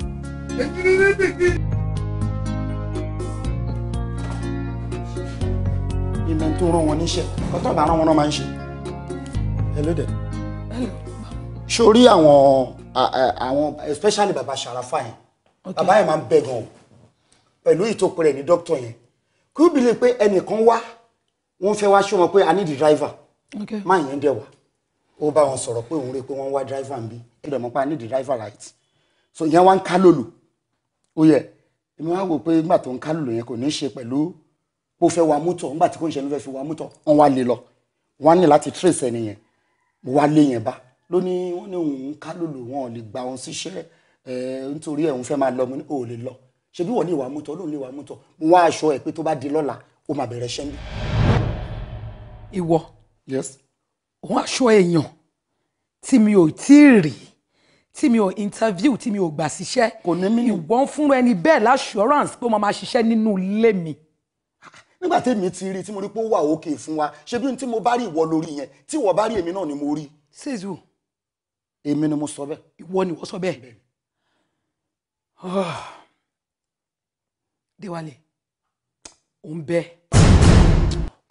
ní bìbí. ìmọ̀ tó rán wọn níṣẹ́ ọ̀tọ̀ bá rán wọn náà máa ń ṣe. ẹ ló dé. sórí àwọn àwọn especially baba Sharafa yẹn baba yẹn máa ń bẹ gan o pẹ̀lú ìtòpọ̀ rẹ̀ ní doctor, yẹn kí ó bìlẹ̀ pé ẹnìkan wá wọ́n fẹ́ wá ṣé wọn pé i need a driver máa yẹn dẹ̀ wá ó bá wọn sọ̀rọ̀ pé òun rí pé wọ́n wá driver nbí kí lọ́mọ pa need driver right so ìyẹn wá ń ká lòlò ó yẹ èmi wá wò pé nígbà tó ń ká lòlò yẹn kò ní í ṣe pẹ̀lú bó fẹ́ wa mọ́tọ̀ nígbà tí kò ń ṣe ló fẹ́ fi wa mọ́tọ̀ wọ́n wá lé lọ wọ́n á ní láti trace ẹni yẹn wá lé yẹn bá ló ní wọ́n ní òun ká lòlò wọn ò lè gba òun síṣẹ́ ẹ̀ nítorí ẹ̀ òun fẹ́ máa lọ mo ní ò lè lọ ṣebí yes òun aṣọ èèyàn tí mi ò tí ì rí tí mi ò interview tí mi ò gbà síṣẹ́ kò ní mí ni ìwọ ń fúnra ẹni bẹ́ẹ̀ láṣọ́ránsì pé mo máa ṣiṣẹ́ nínú ilé mi nígbà tèmi ti rí tí mo rí pé ó wà òkè fún wa ṣe bí tí mo bá rí ìwọ lórí yẹn tí ìwọ bá rí èmi náà ni mo rí. ṣèṣù. èmi ni mo sọ bẹ́ẹ̀. ìwọ ni ìwọ sọ bẹ́ẹ̀. Ah. déwálé ò ń bẹ́ẹ̀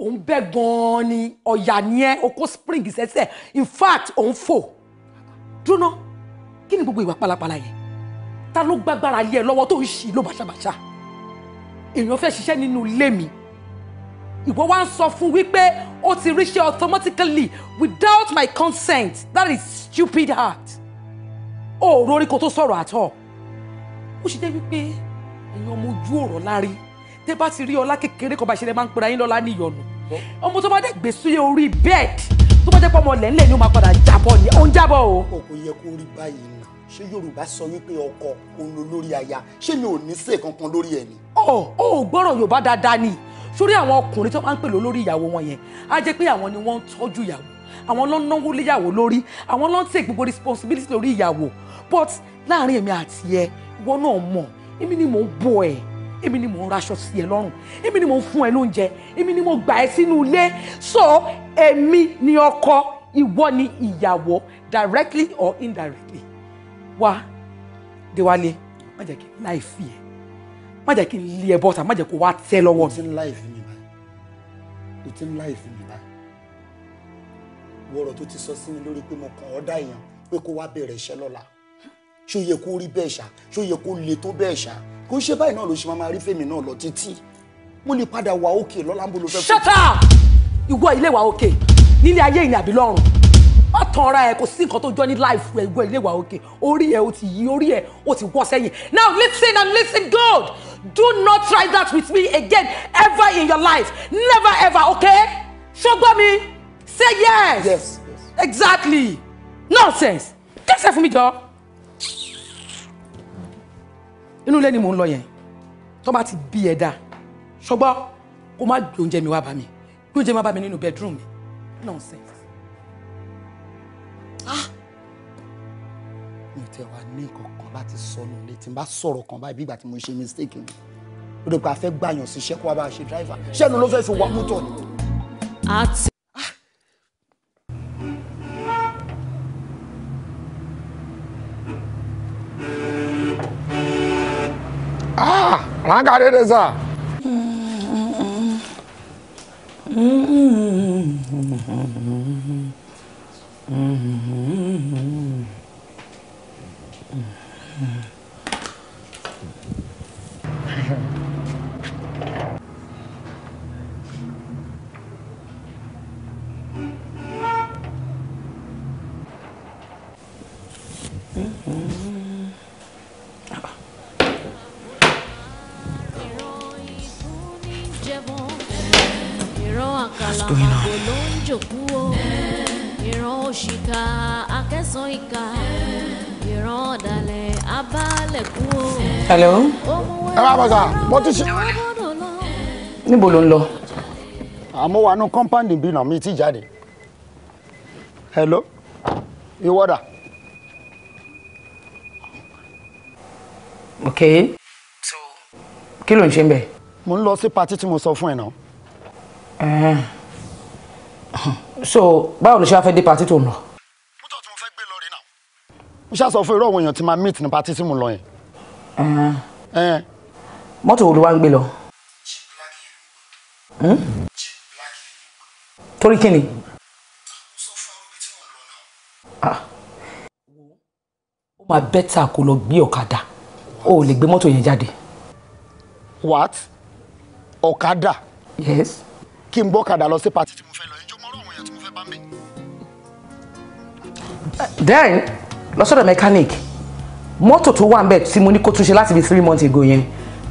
òun bẹ́ gan-an ni ọ̀yà ni ẹ́ o kó spring sẹ́sẹ̀ in fact òun fò dúró kí ni gbogbo ìwà pálapàla yẹn ta ló gbàgbára lé ẹ lọ́wọ́ tó ń ṣì ló bàṣàbàṣà èèyàn fẹ́ ṣiṣẹ́ nínú ilé mi ìwọ wá ń sọ fún wípé ó ti ríṣẹ́ automatically without my consent that is stupid heart. ó ò rórí kó tó sọ̀rọ̀ àtọ̀ ó ṣe jẹ́ wípé èèyàn mojú ọ̀rọ̀ lárí tẹ bá ti rí ọlá kékeré kan bá ṣe lè máa ń pera yín lọ́lá níyọnu ọmọ tó bá dẹ̀ gbé sí orí bẹ́ẹ̀dì tó bá jẹ́ pọ́ ọmọ lẹ́ńlẹ̀ ni ó máa padà jábọ̀ ni ó ń jábọ̀ o. o kò yẹ kó rí báyìí nà ṣé Yorùbá sọ wípé ọkọ òun ló lórí aya ṣé mi ò ní sè kankan lórí ẹ ni. ọ ò gbọ́rọ̀ Yorùbá dáadáa ni sórí àwọn ọkùnrin tó máa ń pè lórí ìyàwó wọn yẹn á jẹ́ pé àwọn ni wọ́n ń tọ́jú ìyàwó àwọn ló ń náwó léyàwó lórí àwọn ló ń take gbogbo responsibility lórí ìyàwó but láàrin èmi àti ẹ ìwọ náà mọ̀ èmi ni mò ń bọ̀ ẹ̀ èmi ni mò ń raṣọ sí ẹ lọ́rùn èmi ni mò ń fún ẹ lóúnjẹ èmi ni mo gbà ẹ sínú ilé so èmi ni ọkọ ìwọ ni ìyàwó directly or indirectly wá déwálé má jẹ́ kí n láì fi ẹ má jẹ́ kí n lé ẹ bọ́ta má jẹ́ kó wá tẹ́ lọ́wọ́ mi. o ti ń láì fi mi báyìí o ti ń láì fi mi báyìí wọ́rọ̀ tó ti sọ sí mi lórí pé mo kàn ọ́ dá èèyàn pé kó wá bẹ̀rẹ̀ iṣẹ́ lọ́la ṣó yẹ kó rí bẹ́ẹ̀ ṣá ṣó yẹ kó le tó bẹ́ẹ̀ ṣá kò ṣe báyìí náà ló ṣe máa rí fèmí náà lọ títí mo lè padà wà òkè lọ́la ń bolo fẹ́. shut up ìwọ ilé wa òkè nílé ayé ìrìn àbí lọ́run ó tan ara ẹ kò sí nǹkan tó jọ ní life rẹ ìwọ ilé wa òkè orí ẹ ó ti yí orí ẹ ó ti wọ́ sẹ́yìn now listen and listen good do not try that with me again ever in your life never ever okay ṣọgbọ́n mi say yes. yes yes exactly nonsense kẹsẹ̀ fún mi jọ inú ilé ni mò ń lọ yẹn tó bá ti bí ẹ dáa ṣọgbọ́n kó má gbé oúnjẹ mi wá bá mi gbé oúnjẹ mi wá bá mi nínú bedroom mi nonsense. Ah! mi ò tẹ wá ní nǹkan kan láti sọnù lé tí n bá sọ̀rọ̀ kan báyìí bí ìgbà tí mo ṣe mistake ni ó dẹ̀ pé a fẹ́ gbàyàn síṣẹ́ kó wá bá a ṣe driver ṣẹ́nu ló fẹ́ fi wá mọ́tò ni. Ran ka dede sa. Mm-hmm. mm-hmm. mm-hmm. mm-hmm. going eh. on? hello. ẹ bá bàtà mo ti ṣe. níbo ló ń lọ. àmọ́ wà nù kọ́ńpáǹdì bí nà mí ti jáde. hello ìwọ́dà. ok kí ló ń ṣe ń bẹ̀. mo ń lọ sí patí tí mo sọ fún ẹ náà. Eh so báwo ló ṣe wá fẹ́ dé patí tó ń lọ. mọ́tò tí mo fẹ́ gbé lọ rí náà. mo ṣáà sọ fún irú àwọn èèyàn tí máa meet ní patí tí mo lọ yẹn. mọ́tò wo ló wá ń gbé lọ. Hmm? torí kí ni. Ah. ó máa bẹ́tà kó lọ gbé ọ̀kadà o lè gbé mọ́tò yẹn jáde. what ọ̀kadà. yes. kí n gbọ́kadà lọ sí patí tí mo fẹ́ lọ. then lọ sọ́dọ̀ mechanic mọ́tò tó wà ń bẹ̀ tí mo ní kó túnṣe láti bí three months ago yẹn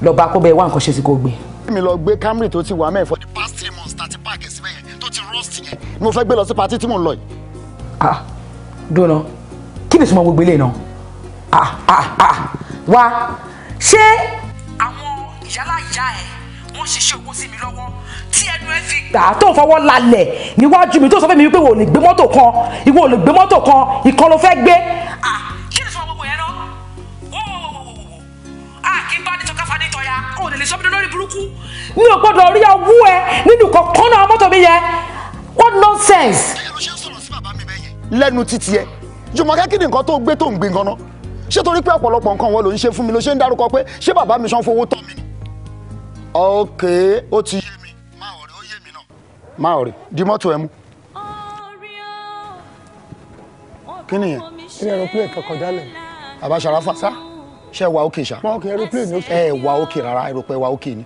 lọ bá kó bẹ wá nǹkan ṣe sí kó gbé. mi lọ gbé Camry tó ti wà mẹ́ẹ̀ for the past three months tàti páàkì síbẹ̀ yẹn tó ti rust yẹn ni mo fẹ́ gbé lọ sí patí tí mò ń lọ yìí. ah dùnà kí ni sọ ma gbogbo eléyìí náà ah ah ah Wa ṣé. àwọn ìyálà ìyá ẹ wọ́n ṣiṣẹ́ owó sí mi lọ́wọ́ tí ẹnu ẹ fi gbà tó fọwọ́ lálẹ̀ níwájú mi tó sọ fún mi wípé wò lè gbé mọ́tò kan ìwọ ò lè gbé mọ́tò kan ìkan ló fẹ́ gbé. kí ni sọ gbogbo yẹn lọ a kì í bá nítọ́ káfa nítọ́ ya kó o lè lè sọ mi lórí burúkú. mi ò gbọdọ̀ rí ọwú ẹ nínú kọ̀ọ̀kan náà mọ́tò mi yẹn what nonsense. lẹ́nu títí ẹ jùmọ̀kẹ́ kí ni nǹkan tó gbé tó ń gbé gan náà ṣé torí pé ọ̀pọ̀lọpọ̀ nǹkan wọn ló ń ṣe fún mi ló ṣe ń dárúkọ pé ṣé bàbá mi sanfowó tán mi ni. ok ó ti má ọ̀rẹ́ di mọ́tò ẹ mú. kí nìyẹn. kí ni aeroplane kankan jálẹ̀. bàbá sàràfà sá ṣe wà òkè ṣá. mọ òkè aeroplane ló ṣe. ẹ wà òkè rárá aeroplane wà òkè ni.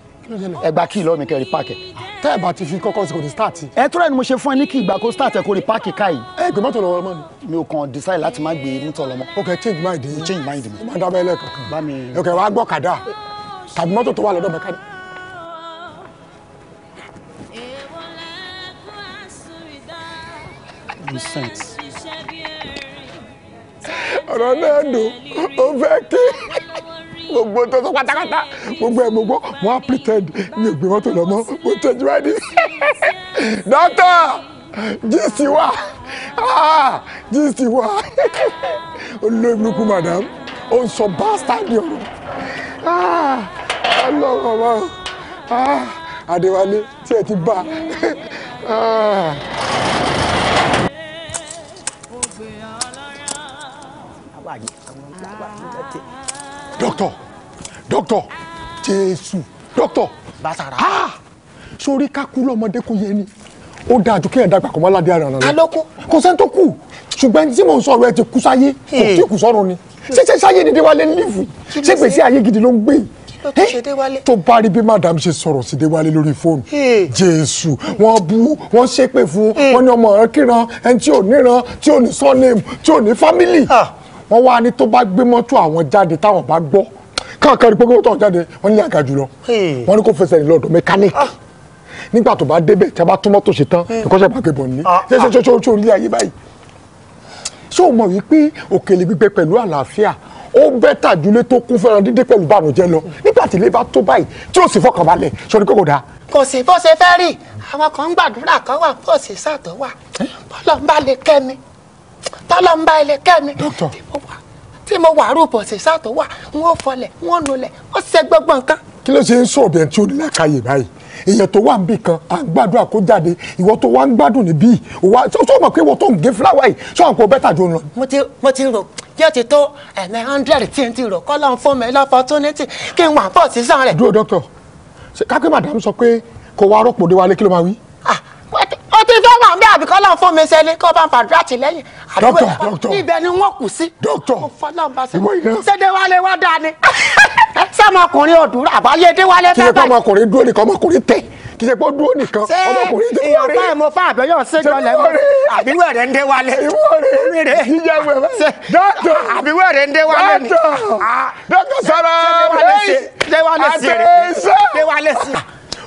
ẹ gba kíì lọ́ọ̀ mi kẹrin páàkì. tẹ́ ẹ bá ti fi kọ́kọ́ sí kò ní start. ẹ tọ́ra ni mo ṣe fún ẹ ní kí ìgbà kó start ẹ kó rí páàkì ká yìí. ẹ gbé mọ́tò lọ́wọ́ mọ́ ni. mi ò kàn decide láti má gbé mọ́tò lọ́mọ. ok change mind mi. change mind mi. ó máa dábẹ́ lẹ́ẹ̀kọ̀kan. bá mi. ok wàá gbọ́ kàdá tàbí mọ́tò tó wà lọ́dọ̀ mẹ́kánì. percent. ọ̀rọ̀ náà dùn ó fẹ́ kí gbogbo tó sọ pátápátá gbogbo ẹ̀ gbogbo wọ́n á pretend mi ò gbé mọ́tò lọ́mọ́ mo tẹ́jú wá ní. dókítà jíìsì wà jíìsì wà olóògbé madam ó ń sọ bástádì ọ̀rọ̀ ah, ọlọ́run ọ̀rọ̀ ah, Adéwálé tí ẹ ti bá a. Ah. flower yẹn àwọn flower yẹn lọ tẹ. doctor doctor jésù doctor. bàtàrà. sórí kákú lọ́mọdé kò yẹ ni ó dáa ju kéèyàn dàgbà kọ́ mọ́ aládé ara rẹ̀. alóko. kò sẹ́ni tó kù ṣùgbọ́n tí mò ń sọ̀rọ̀ ẹ ti kú sáyé kò hmm. tí kù sọ̀rọ̀ ni ṣíṣe sáyé ni déwálé ń lìfù ṣé gbèsè ayé gidi ló ń gbé yìí. Eh? tó bá rí bí madam ṣe sọ̀rọ̀ sí déwálé lórí fóònù hmm. jésù wọ́n bú wọ́n ṣépè fún hmm. wọn ni ọmọ rẹ̀ kíran ẹni tí ò níran tí ò ní surname tí ò ní family ah wọ́n wá ní tó bá gbé mọ́tò àwọn jáde táwọn bá gbọ́ káàkiri pé kó tó jáde wọ́n nílé àga jùlọ wọ́n ní kó fẹsẹ̀ ní lọ́dọ̀ mẹkáníìkì ah. nígbà tó bá débẹ̀ tí a bá tún mọ́tò ṣe tán ìkọ́ṣẹ́ pàkébọ̀ ní ṣe ṣe ṣe ṣe orílẹ̀ ayé báyìí ṣé o mọ̀ wípé òkèlè gbígbẹ pẹ̀lú àlàáfíà ó bẹ́tà jùlé tó kún fẹ́ràn dídé pẹ̀lú bànújẹ́ lọ nígbà tí ilé bá tó báyìí tí ó sì fọkànbalẹ̀ sọrí kókò dáa. kò sí bó ṣe fẹ́ rí àwọn kan ń gbàdúrà kan wà bó ṣe sàtọ̀ wà bọ́lọ̀ ń bá lè kẹ́ni tọ́lọ́ ẹlẹ́kẹ́ mi tí mo wà rúbọ̀ sí sàtọ̀ wà wọ́n fọlẹ̀ wọ́n nulẹ̀ wọ́n ṣe gbogbo nǹkan. kí ló ṣe ń sọ̀rọ̀ bẹ́ẹ̀ tí ó ní lákàyè báyìí èèyàn tó wà níbì kan à ń gbádùn àkójáde ìwọ tó wà ń gbádùn níbí ìwà tó mọ̀ pé ìwọ tó ń gé fúláwà yìí sọ àwọn kò bẹ́tà jọ ń lọ. mo ti mo ti rò yóò ti tó ẹ̀mẹ́ eh, hundred tí n ti rò kọ́ lọ́n fún mi lọ́pọ̀tunity kí n wà pọ̀ sí sàn rẹ̀. dúró dókítà kápẹ́ madam sọ pé kò wá rọ́pò dé wálé kí ló máa wí. Ah, ibi tó wà bí àbíkọ́ lọ́n fún mi sẹ́lẹ̀ kó bá ń fàdúrà àtìlẹ́yìn. dókítà dókítà ibẹ̀ ni wọ́n kù sí. dókítà ìwọ ìná. sẹ́dẹ̀wálé wá dáa ni. sẹ́mọkùnrin ọ̀dúnrún àbáyé déwálé tẹ́ kí ṣe pé ọmọkùnrin dúró nìkan ọmọkùnrin tẹ̀ kí ṣe pé dúró nìkan ọmọkùnrin tẹ̀ wọ́n rẹ̀. ṣé mo fa àbẹ̀yọ̀ ṣéjọ lẹ́mọ̀ àbíwẹ̀ rẹ̀ ń déwálé. àbíwẹ̀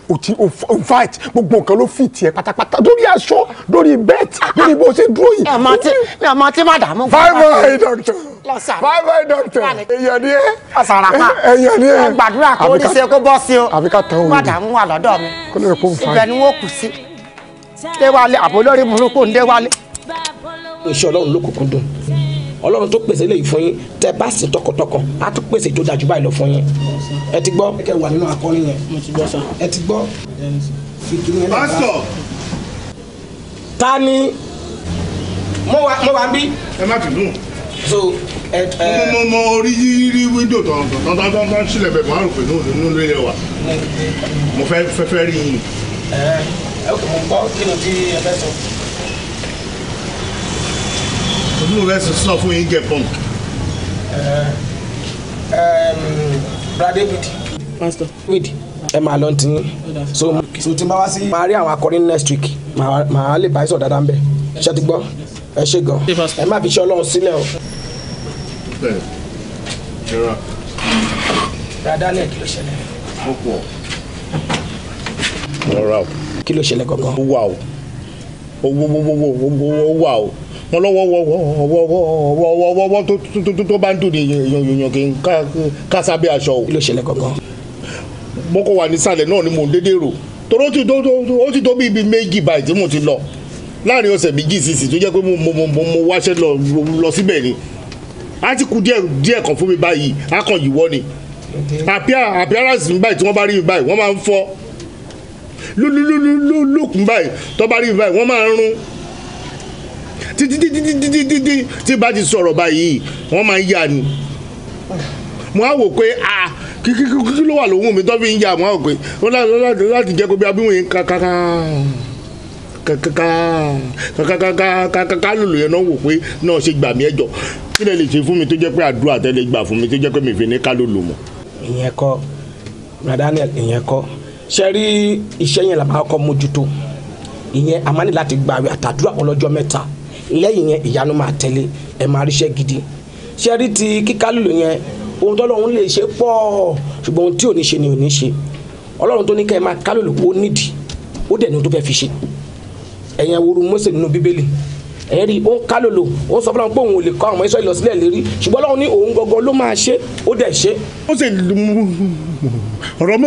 o ti o fight gbogbo nǹkan ló fi tiẹ̀ pátápátá lórí aṣọ lórí bet lórí bó ṣe dúró yìí. ẹ̀ma tí ẹ̀ma tí má dààmú. bye bye doctor bye bye doctor èèyàn ni ẹ. ọ̀sán àpá èèyàn ni ẹ. gbàdúrà kó o ní ṣe kó bọ́ sí o. má dààmú wà lọ́dọ̀ mi. ibẹ̀ ni wọ́n kù sí. déwálé àbólórí burúkú ń déwálé. iṣẹ́ ọlọ́run ló kúkú dùn ọlọ́run tó pèsè lè fún yín tẹ bá sì tọkàntọkàn á tún pèsè tó dájú báyìí lọ fún yín ẹ ti gbọ́. ẹ kẹ wà nínú akọrin yẹn ẹ ti gbọ́. pásítọ̀. ta ni mo wà mo wà ń bí. ẹ má bínú. so ẹ ẹ. mo mọ orí yíyí wíńdò tọ̀tọ̀ tọ̀tọ̀ tọ̀tọ̀ sílẹ̀ bẹ̀ máa rò pé ní òun ló yẹ wa mo fẹ́ fẹ́ rí yín. ẹ ẹ kò mọ gbọ́ kí ni ti ẹ fẹ́ sọ kò tí mo sọ fún yín jẹ punk. wait ẹ máa lọ tí so so tí n bá wá sí. màá rí àwọn akọrin next week màá lè bá ẹ sọ dáadáa ń bẹ ṣé ti gbọ́ ẹ ṣe gan ẹ má fi ṣe Ọlọ́run sílẹ̀ o. dáadáa lẹ kí ló ṣẹlẹ̀. ó pọ̀ rọra o. kí ló ṣẹlẹ̀ gangan. ó wà o ó wà o wọn lọ́wọ́wọ́wọ́wọ́wọ́wọ́ tó bá ń dùn ní èèyàn kì í ká sábẹ́ aṣọ o. kí ló ṣẹlẹ̀ gangan. mo kọ wà nísàlẹ̀ náà ni mò ń dédé rò torí ó ti tó bí ibi méjì báyìí tí mo ti lọ láàrin ọ̀sẹ̀ méjì sísì tó jẹ́ pé mo wáṣẹ́ lọ síbẹ̀ ni a ti kú díẹ̀ kan fún mi báyìí a kàn yíwọ́ ni appearance mi báyìí tí wọ́n bá rí mi báyìí wọ́n máa ń fọ́ look mi báyìí tó bá rí mi báyìí wọ́n máa ń rún títí títí títí títí tí tí bá ti sọ̀rọ̀ báyìí wọ́n máa ń yà ni mo á wò pé a kíkí ló wà lóhùn mi tó fi ń yà mo á wò pé ó láti jẹ́ kó bí abíwọ̀n yẹn kàkàkà kàkàkà lòlò yẹn náà wò pé náà ṣe gbà mí ẹjọ́ kí lè lè ṣe fún mi tó jẹ́ pé àdúrà tẹ́lẹ̀ gbà fún mi tó jẹ́ pé mi fi ní ká lòlò mọ́. ìyẹn kọ́ Daniel ìyẹn kọ́ ṣe rí iṣẹ́ yẹn làbá kọ́ mójútó ìyẹn a máa ní láti gbàwé àtàdúrà ọlọ́jọ́ mẹ́ta lẹ́yìn yẹn ìyanu máa tẹ̀lé ẹ máa ríṣẹ́ gidi ṣe ti kíkà lílo yẹn ohun tọ́lọ́run lè ṣe pọ̀ ṣùgbọ́n ohun tí ò ní ṣe ni ò ní ṣe ọlọ́run tó ní ká ẹ máa kálò lòpọ̀ ó nídìí ó dẹ̀ ní ohun tó fẹ́ fi ṣe ẹ̀yẹn woru Mósè nínú bíbélì ẹ rí i ó ń kálò lò ó ń sọ fúnra pé òun ò lè kọ àwọn ọmọ Ísírẹ́lì lérí ṣùgbọ́n ọlọ́run ní òun gangan ló máa ṣe ó dẹ̀ ṣe. ó sì mú ọ̀rọ̀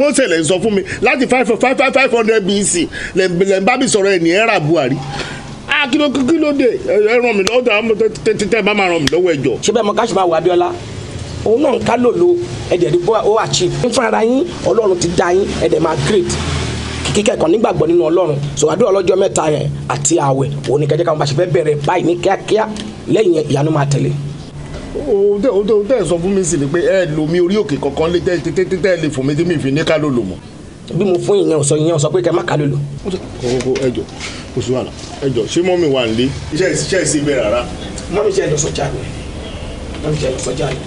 Mósè lè sọ fún mi láti five five five hundred BC lè ń bá mi sọ̀rọ̀ ẹ̀ kí ló kí ló dé ẹ ràn mí lọ́wọ́ tẹ́ bá máa ràn mí lọ́wọ́ ẹ jọ. ṣé bẹ́ẹ̀ mo káṣí máa wà Abíọ́lá òun náà ká lòlò ẹ̀dẹ̀ rí bọ́ ó àchì fún ara yín Ọlọ́run ti dá yín ẹ̀dẹ̀ máa great kíkẹ́kọ̀ọ́ nígbàgbọ́ nínú Ọlọ́run sòwádìí ọlọ́jọ́ mẹ́ta yẹn àti ààwẹ̀ òun ni kẹjẹ́ káwọn bá ṣe fẹ́ bẹ̀rẹ̀ báyìí ní kíákíá lẹ́yìn ìyanu máa tẹ̀lé ohun tẹ́ sọ fún mi sì ni pé ẹ lò orí òkè kankan lé tẹ́ tẹ́ tẹ́ lè fò tí mi fi ní ká ló lò mọ́ bí mo fún ìyẹn ọ̀sọ́ ìyẹn ọ̀sọ́ pé kẹ́ má kà lólo. kókó ẹjọ kò sí ẹjọ ṣé mọ́mí wà nílé iṣẹ́ iṣẹ́ ìṣe bẹ́ẹ̀ rárá. mọ́mí ṣe lọ sọ́jà ni mọ́mí ṣe lọ sọ́jà ni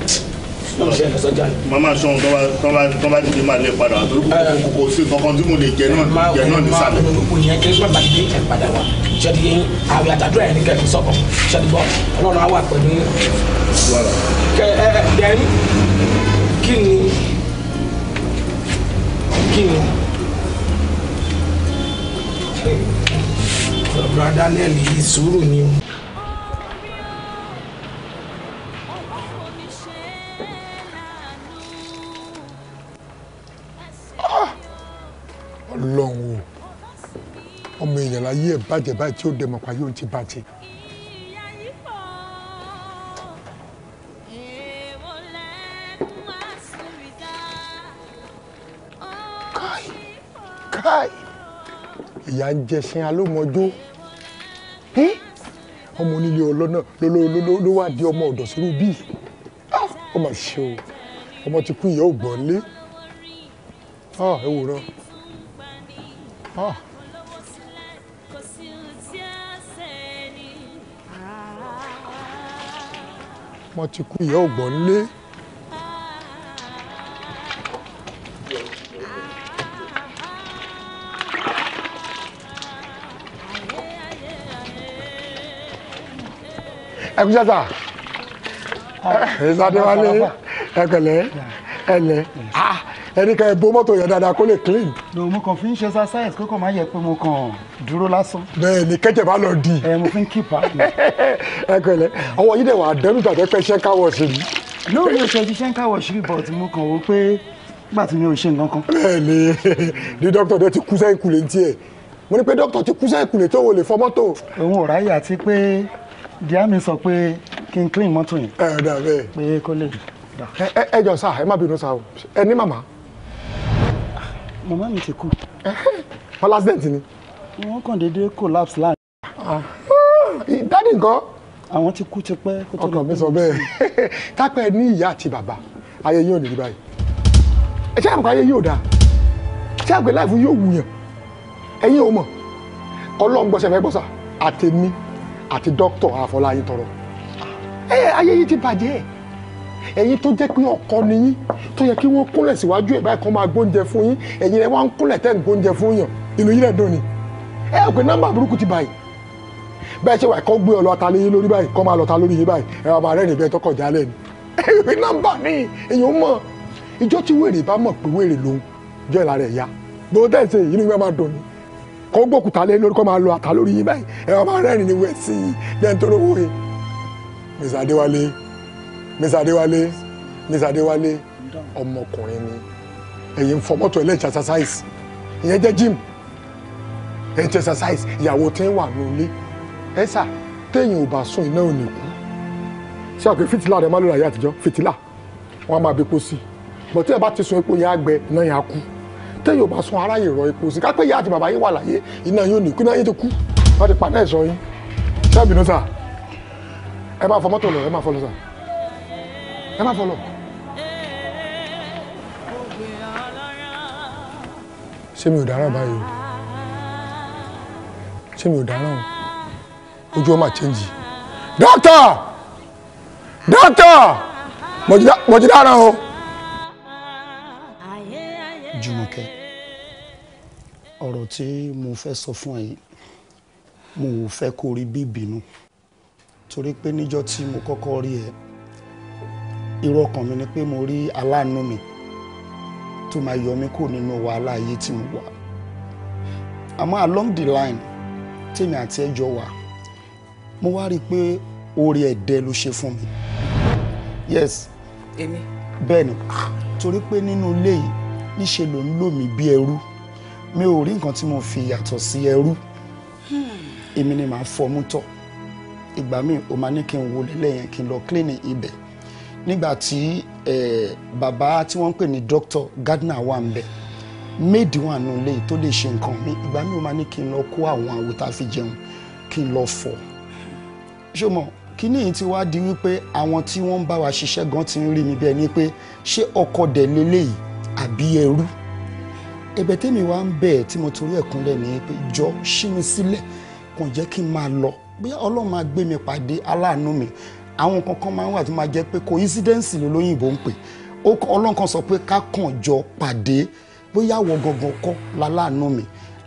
mọ́mí ṣe lọ sọ́jà ni. màmá sọ̀rọ̀ tó bá tó bá dìde máa lè padà wá torí kò sí kankan tí mo lè jẹ náà jẹ náà nísàlẹ̀. máa wọ ìyẹn kí bàbá yìí ẹ̀ padà wá ṣẹ́ni yẹn àwẹ̀ àtàdúrà yẹn kẹ́ fi sọ̀kọ̀ ṣẹ́ni bọ́ ọlọ́run á wà pẹ̀lú kí ni pikin ọ̀dọ̀ Daniel yìí sùúrù ni o. Ah! ọlọ́run o ọmọ èèyàn láyé ẹ̀ bàjẹ́ báyìí tí ó dẹ̀ pa yóò ti bàjẹ́. ìyá ń jẹsìn alómọjó ọmọ onílé ọlọ́nà ló wà di ọmọ ọ̀dọ̀ sírú bíi ọmọ ṣe o ọmọ ti kú ìyá ògbọ́n lé ẹ wòran ọmọ ti kú ìyá ògbọ́n lé. ẹkúṣẹ́ sà ìsàdéwálé ẹkẹlẹ ẹlẹ ah, ẹnìkan ẹbó mọ́tò yẹn dáadáa kó lè clean. lòun mo kàn fi ń ṣe exercise kókò má yẹ pé mo kàn dúró lásán. bẹ́ẹ̀ ni kẹjẹ bá lọ di. ẹ mo fi ń kípa. ẹkẹlẹ ọwọ́ yìí dẹ wà dẹnu tàbí pẹ ṣẹ káwọ sí i. lóò mi ò ṣe ṣiṣẹ́ ń káwọ sí i but mo kàn wọ pé nígbà tí mi ò ṣe nǹkan kan. bẹ́ẹ̀ ni ni dókítà dẹ ti kú sẹ́yìn kulè ń tiẹ̀ mo ní pé dókítà ti kú sẹ́yìn kulè tó wọlé fọ mọ́tò. òun ò ráyè àti pé díà mi sọ pé kí n clean mọ́tò yẹn. ẹ dà bẹ́ẹ̀. pé kó lè dà. ẹ ẹ jọ sá ẹ má bínú sá o ẹ ní màmá. màmá mi ti kú. wọn accident ni. wọn kàn déédéé collapse láàrin. Ah, dáàdi nǹkan. àwọn ti kú tipẹ́ kó tó lè. ọkàn mi sọ bẹ́ẹ̀ tápẹ́ ní ìyá àti bàbá ayé yóò lè rí báyìí ẹ ṣe àpò ayé yóò dáa ṣe àgbẹ̀ láìfún yóò wù yàn ẹ̀yin ò mọ̀ ọlọ́ngbọ́sẹ̀ fẹ́ gbọ́sà àtẹ̀mí àti dókítà Afọláyín tọrọ ẹ ayé yìí ti bàjẹ́ ẹ̀yin tó jẹ́ pé ọkọ ni yín tó yẹ kí wọ́n kúnlẹ̀ síwájú ẹ̀ báyìí kan máa gbóúnjẹ fún yín ẹ̀yin rẹ̀ wá ń kúnlẹ̀ tẹ́ ń gbóúnjẹ fún yàn inú yín rẹ̀ dùn ni ẹ ò pé nọ́mbà burúkú ti báyìí bẹ́ẹ̀ ṣe wà kọ́ gbé ọlọ́ ata léyìn lórí báyìí kọ́ máa lọ́ta lórí yín báyìí ẹ wà máa rẹ́rìn bẹ́ẹ̀ tọkọ̀ jálẹ̀ ni ìwé nọ́mbà ni èèyàn mọ̀ ìjọ tí wèrè bá mọ̀ pé wèrè lòun jọ ìlà rẹ̀ ya gbọ́dọ̀ tẹ̀sẹ̀ yìí ni wọ́n máa dùn ni kó gbòkúta lé lórí kó máa lo àtà lórí yín báyìí ẹ wọ́n máa rẹ́rìn ní wẹ̀sì dẹ́n tó lówó yìí. Mr Adéwálé Mr Adéwálé Mr Adéwálé ọmọkùnrin ni ẹ̀yin fọmọ́tò ẹlẹ́jà exercise ìyẹn jẹ́ gym ẹ̀jẹ̀ exercise ìyàwó tẹ́ wà lólé ẹ̀ sà téèyàn ò bá sùn iná ò ní kú ṣé àpè fìtílà rẹ̀ má lóra ayé àtijọ́ fìtílà wọ́n á máa bẹ́pọ̀ sí bọ̀tí ẹ̀ bá ti sun epo yẹn á náà yẹn á kú tẹ́yìn ò bá sun aráyè rọ epo sí kápẹ́ ìyá àti bàbá yín wà láyé iná yóò ní kíná yín ti kú wọ́n ti pàdé ẹ̀ṣọ́ yín ṣẹ́bìnú sà ẹ máa fọ mọ́tò lọ ẹ máa fọlọ sà ẹ máa fọlọ. ṣé mi ò dáràn báyìí o ṣé mi ò dáràn o ojú ọmọ àchẹ́ǹjì dókítà dókítà mọ̀jì dáràn o. Jùmọ̀kẹ́ ọ̀rọ̀ tí mo fẹ́ sọ fún ẹ yìí mo ò fẹ́ kó rí bí ìbínú torí pé níjọ́ tí mo kọ́kọ́ rí ẹ irú ọkàn mi ni pé mo rí aláàánú mi tó máa yọ mí kó nínú wàhálà ayé tí mo wà àmọ́ along the line tèmi àti ẹ jọ wà mo wá rí i pé orí ẹ̀dẹ́ ló ṣe fún mi yes bẹ́ẹ̀ ni torí pé nínú ilé yìí níṣe ló ń lò mí bí ẹrú mi ò rí nǹkan tí mo fi yàtọ̀ sí ẹrú èmi ni màá fọmú tọ̀ ìgbà míì o máa ní kí n wọlé lẹ́yìn kí n lọ clean ibẹ̀ nígbà tí bàbá tí wọ́n ń pè ní doctor Gardner wà ń bẹ̀ méèdì wà nù lé tó lè ṣe nǹkan mi ìgbà míì o máa ní kí n lọ kó àwọn àwo tá a fi jẹun kí n lọ fọ ṣé mo kíní yìí ti wá di wípé àwọn tí wọ́n ń bá wa ṣiṣẹ́ gan ti ń rí mi bẹ́ẹ̀ ni pé ṣé ọkọ dẹ̀ lélẹ́yìí àbí ẹrú ẹ̀bẹ̀ tèmi wá ń bẹ̀ tí mo torí ẹ̀kún lẹ̀ ní pé jọ ṣí mi sílẹ̀ kàn jẹ́ kí n máa lọ bí ọlọ́run máa gbé mi pàdé aláàánú mi àwọn kankan máa ń wà tó máa jẹ́ pé coincidence ló lóyìnbó ń pè ọlọ́run kan sọ pé ká kàn jọ pàdé bóyá wọ gangan kọ́ láláàánú mi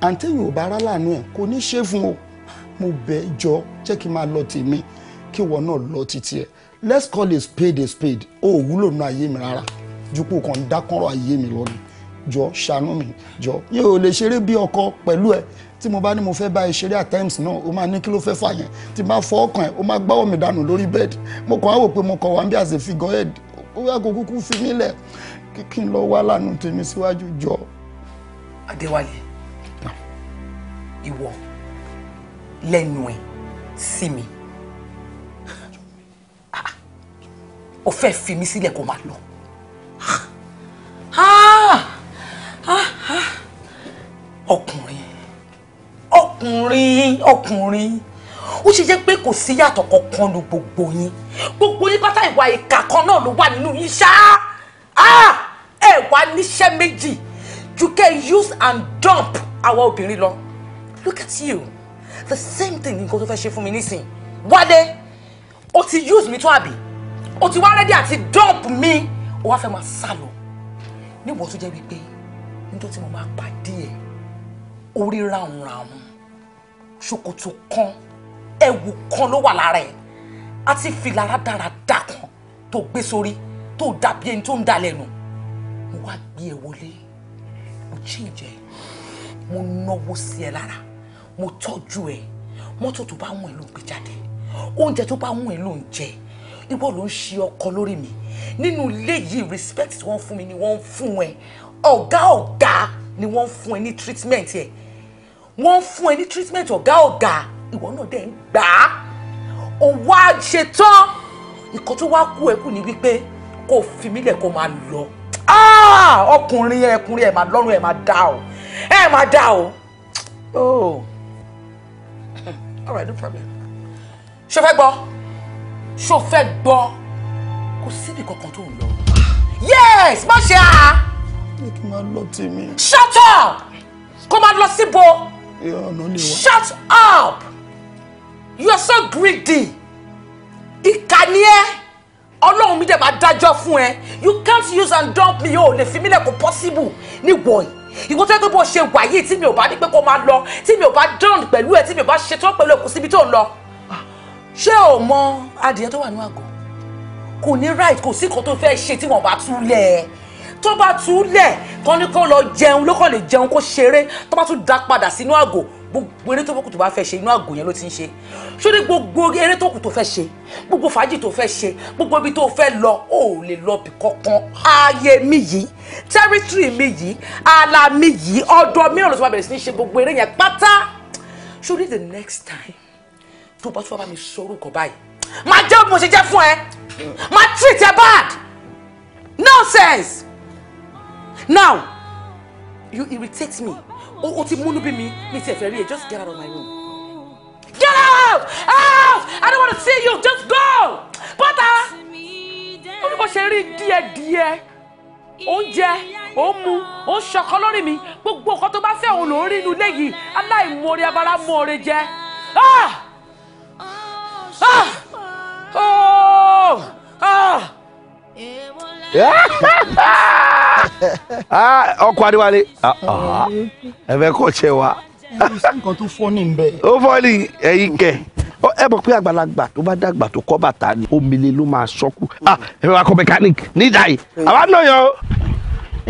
àǹtẹ̀yìn ò bá ráláàánú ẹ̀ kò ní ṣe fún o mo bẹ̀ jọ jẹ́ kí n máa lọ tèmi kí ìwọ náà lọ títí ẹ̀ let's call a spade a spade o ò wúlò nínú ayé mi rárá jùpọ̀ kàn dákọ́rọ̀ ayé mi lọ ni jọ ṣàánú mi jọ yẹ ò lè ṣeré bí ọkọ pẹ̀lú ẹ tí mo bá ní mo fẹ́ bá ẹ ṣeré at times náà o máa ní kí ló fẹ́ fà yẹn tí bá fọ ọkàn ẹ o máa gbáwọ̀ mi dànù lórí bẹ́ẹ̀dì mo kàn á wò pé mo kàn wá bí as a figure head ó yà kó kúkú fi mí lẹ̀ kí n lọ wá lànà tèmi síwájú jọ. Adéwálé ah. ìwọ lẹ́nu ẹ sí mi ò ah, fẹ́ fi mí sílẹ̀ kó máa lọ ọkùnrin ọkùnrin ọkùnrin ó ṣe jẹ́ pé kò sí yàtọ̀ kankan lu gbogbo yín gbogbo yín pátá ìwà ìkà kan náà ló wà nínú yín ṣá ẹ wá níṣẹ́ méjì You can use and dump àwa obìnrin lọ look at you the same thing nǹkan tó fẹ́ ṣe fún mi nísìn wálé o ti use mi tó àbí o ti wá rẹ́dí àti dump mi ó wá fẹ́ máa sá lọ níwọ̀ tó jẹ́ wípé nítorí tí mo máa pàdé ẹ̀ orí ráhùnráhùn ṣòkòtò kan ẹ̀wù kan ló wà lára ẹ̀ àti fìlà rádaràda kan tó gbé sórí tó dàbí ẹni tó ń dalẹ̀ nù mo wá gbé ẹ wọlé mo chíǹjẹ mo náwó sí ẹ lára mo tọ́jú ẹ mọ́tò tó bá wùn ẹ́ ló gbé jáde oúnjẹ tó bá wùn ẹ́ ló ń jẹ ẹ́ ìwọ ló ń ṣe ọkọ lórí mi nínú ilé yìí respect tí wọ́n fún mi ni wọ́n ń fún ẹ ọ̀gá ọ̀gá ni wọ́n fún ẹ ní treatment ẹ wọ́n ń fún ẹ ní treatment ọ̀gá ọ̀gá ìwọ náà dẹ̀ ń gbà á ò wá ṣetán ìkan tó wá kú ẹ kù ní wípé kó o fi mí kó o máa lọ ah! ọkùnrin ẹkùnrin ẹ̀ máa lọ́rùn ẹ̀ máa dá o ẹ̀ máa dá o. Oh. All right, no problem. Ṣé fẹ́ gbọ́? ṣó fẹ́ gbọ́ kò síbi kankan tó ń lọ. yes má ṣe á. ní kí n máa lọ tèmi. shut up kó máa lọ síbo. ìyọ̀nà lè wá. shut up you are so greedy ìkà ni ẹ́ ọlọ́run mi dẹ̀ dájọ́ fún ẹ you can't use and dump me o lè fi mí lẹ̀ possible ní wọ̀nyí ìwọ tó yẹ pé bó ṣe wà yìí tí mi ò bá ní pé kó máa lọ tí mi ò bá dán pẹ̀lú ẹ tí mi ò bá ṣetán pẹ̀lú ẹ kò síbi tó ń lọ ṣé o mọ adìyẹ tó wà ní àgọ́ kò ní right kò sí kan tó fẹ́ ṣe tí wọ́n bá tún lẹ̀ tó bá tún lẹ̀ kán ní kó lọ jẹun ló kàn lè jẹun kó ṣeré tó bá tún dá padà sínú àgọ́ gbogbo eré tó kù tó bá fẹ́ ṣe inú àgọ́ yẹn ló ti ń ṣe ṣó ní gbogbo eré tó kù tó fẹ́ ṣe gbogbo fàájì tó fẹ́ ṣe gbogbo ibi tó fẹ́ lọ ò lè lọ bì kankan ààyè mi yìí tẹ́rítírì mi yìí ààlà mi yìí ọ̀dọ̀ mìíràn ló ti máa bẹ̀rẹ̀ sí ní ṣe gbogbo eré yẹn pátá ṣó ní the next time tó bá tó bá mi sọ̀rọ̀ kọ báyìí máa jẹ́ bí mo ṣe jẹ́ fún ẹ máa treat ẹ bad nonsense now you irritate me o o ti múnú bí mi mi ti ẹ̀ rí ẹ just get out of my room get out out I don't want to see you just go bọ́tà ó ní bó ṣe rí díẹ̀díẹ̀ oúnjẹ òmu òun ṣọkan lórí mi gbogbo nǹkan tó bá fẹ́ òun lòún rí inú ilé yìí aláìmoore abara moore jẹ. Ah! Ah, ah, ah. ọkọ adiwale ẹ fẹ́ kọ ṣe wa. nǹkan tó fọ́ ní nbẹ. ó fọ́ ní ẹ̀yin kẹ ẹ mọ̀ pé àgbàlagbà tó bá dàgbà tó kọ́ bàtà ni omele ló máa sọ́kù ẹ fẹ́ wa kọ́ mẹkáníìkì nídàá yìí àwa náà yọ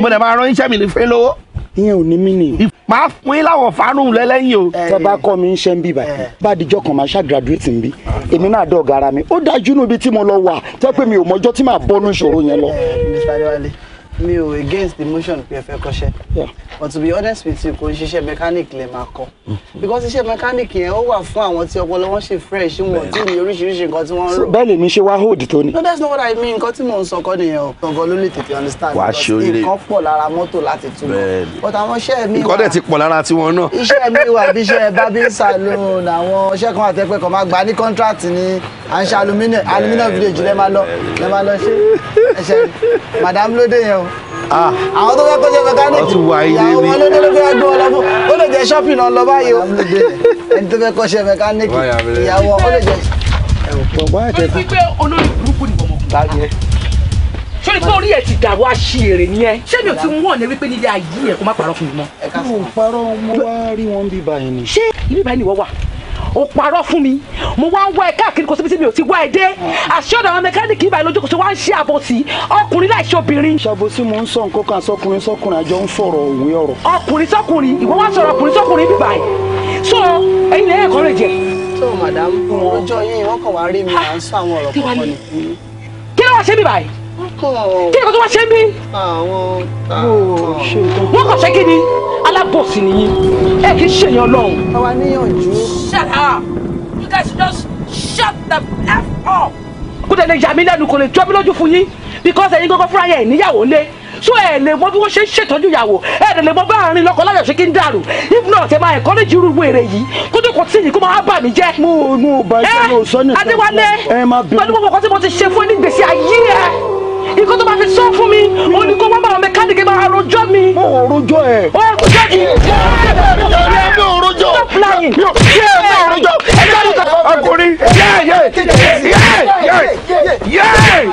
mo dẹ̀ máa rán iṣẹ́ mi ní fẹ́ lówó ìyẹn ò ní mí nìyí. màá fún yín láwọn fàánù lẹ́lẹ́yìn o. bàbá kọ́ mi ń ṣe ń bí báyìí eh. bá àdìjọ́ kan màá ṣàgàdúrétì ń bí èmi náà dọ̀gá mi ó dájú níbi tí mo lọ wà tẹ́ mi ò mọjọ́ tí màá bọ́nú ìṣòro yẹn lọ. Eh, mi ò against the motion pé ẹ fẹ́ but to be honest with you kò ń ṣiṣẹ́ mechanic lè máa kọ́ mm-hmm. because iṣẹ́ mechanic yẹn ó wà fún àwọn tí ọpọlọ wọn ṣe fresh wọn tí ní oríṣiríṣi nǹkan tí wọ́n ń rò. bẹ́ẹ̀ lèmi ṣe wá hold tó ni. no that's not what i mean nǹkan tí mò ń sọ kọ́ nìyẹn o gbọ̀ngàn ló lè tètè understand because nǹkan pọ̀ lára mọ́tò láti túmọ̀ but àwọn iṣẹ́ mi wà nǹkan dẹ̀ ti pọ̀ lára tiwọn náà. iṣẹ́ mi wà bí iṣẹ́ babi salon àwọn iṣẹ́ kan àtẹ́pẹ́ kan máa gbà ní contract ni à ń ṣe aluminium village lẹ́ máa lọ lẹ́ máa lọ ṣe madam lóde yẹn o Ah. àwọn tó fẹ́ kó jẹ́ mẹkáníìkì ìyàwó wọn ló dé ló ó lè jẹ́ shopping lọ báyìí o ẹni tó fẹ́ kó ṣe mẹkáníìkì ìyàwó ó lè jẹ́. wọ́n ti gbé olórí burúkú ni bọ̀mọ̀ sori pé orí ẹ ti dàrú àṣìírí ni ẹ ṣé mi ò ti wọ́n ní wípé nílé ayé ẹ kó má parọ́ fún mi mọ́. ẹ ká parọ́ mo wá rí wọn bí báyìí ni. ṣé ibi báyìí ni wọ́n wà ó parọ́ fún mi mo wá ń wá ẹ káàkiri kò síbi tí mi ò ti wá ẹ dé àṣọdọ̀ àwọn mẹkáníìkì ìbàyẹn lójú kò sí wá ń ṣe àbòsí ọkùnrin láì ṣobìnrin. ṣàbòsí mo ń sọ nǹkan kan sọkùnrin sọkùnrin àjọ ń fọ̀rọ̀ òwe ọ̀rọ̀. ọkùnrin sọkùnrin ìwọ wá sọ̀rọ̀ ọkùnrin sọkùnrin bíbà ẹ̀ so ẹ̀yin lẹ́yìn ẹ̀kọ́ rẹ̀ jẹ. tó o madam ọjọ́ yín wọ́n kàn wá rí mi à ń sọ àwọn ọ̀rọ̀ alábòsí nìyí ẹ kì í ṣèyàn Ọlọ́run. àwa níyànjú. shut up you guys just shut the f up. kó tẹ̀lé yà mí lẹ́nu kò lè jọ́ mi lójú fún yín because ẹ̀yin gbọ́ngàn fúnra yẹn níyàwó lé so ẹ lè mọ bí wọ́n ṣe ń ṣètọ́jú ìyàwó ẹ lè lè mọ bá àárín lọ́kọ láyọ̀ ṣe kí n dàrú if not ẹ máa ẹ̀kọ́ ní jírú wèrè yìí kó tó kọ tí yìí kó máa bà mí jẹ́. mo mo bá ìṣẹ́ náà sọ nìkan Adéwálé pẹ̀lú gbogbo nǹkan tí mo ti ṣe fún ẹ ní gbèsè ayé ẹ ikú tó fi sọ fún mi òní kó wọ́n bá kádìgé máa rojọ́ mi. mo ò rojọ́ ẹ. ó rojọ́ yìí. mi ò rojọ́ mi ò rojọ́ ẹ jẹ́ mi ò ẹ jẹ́ mi yẹ yẹ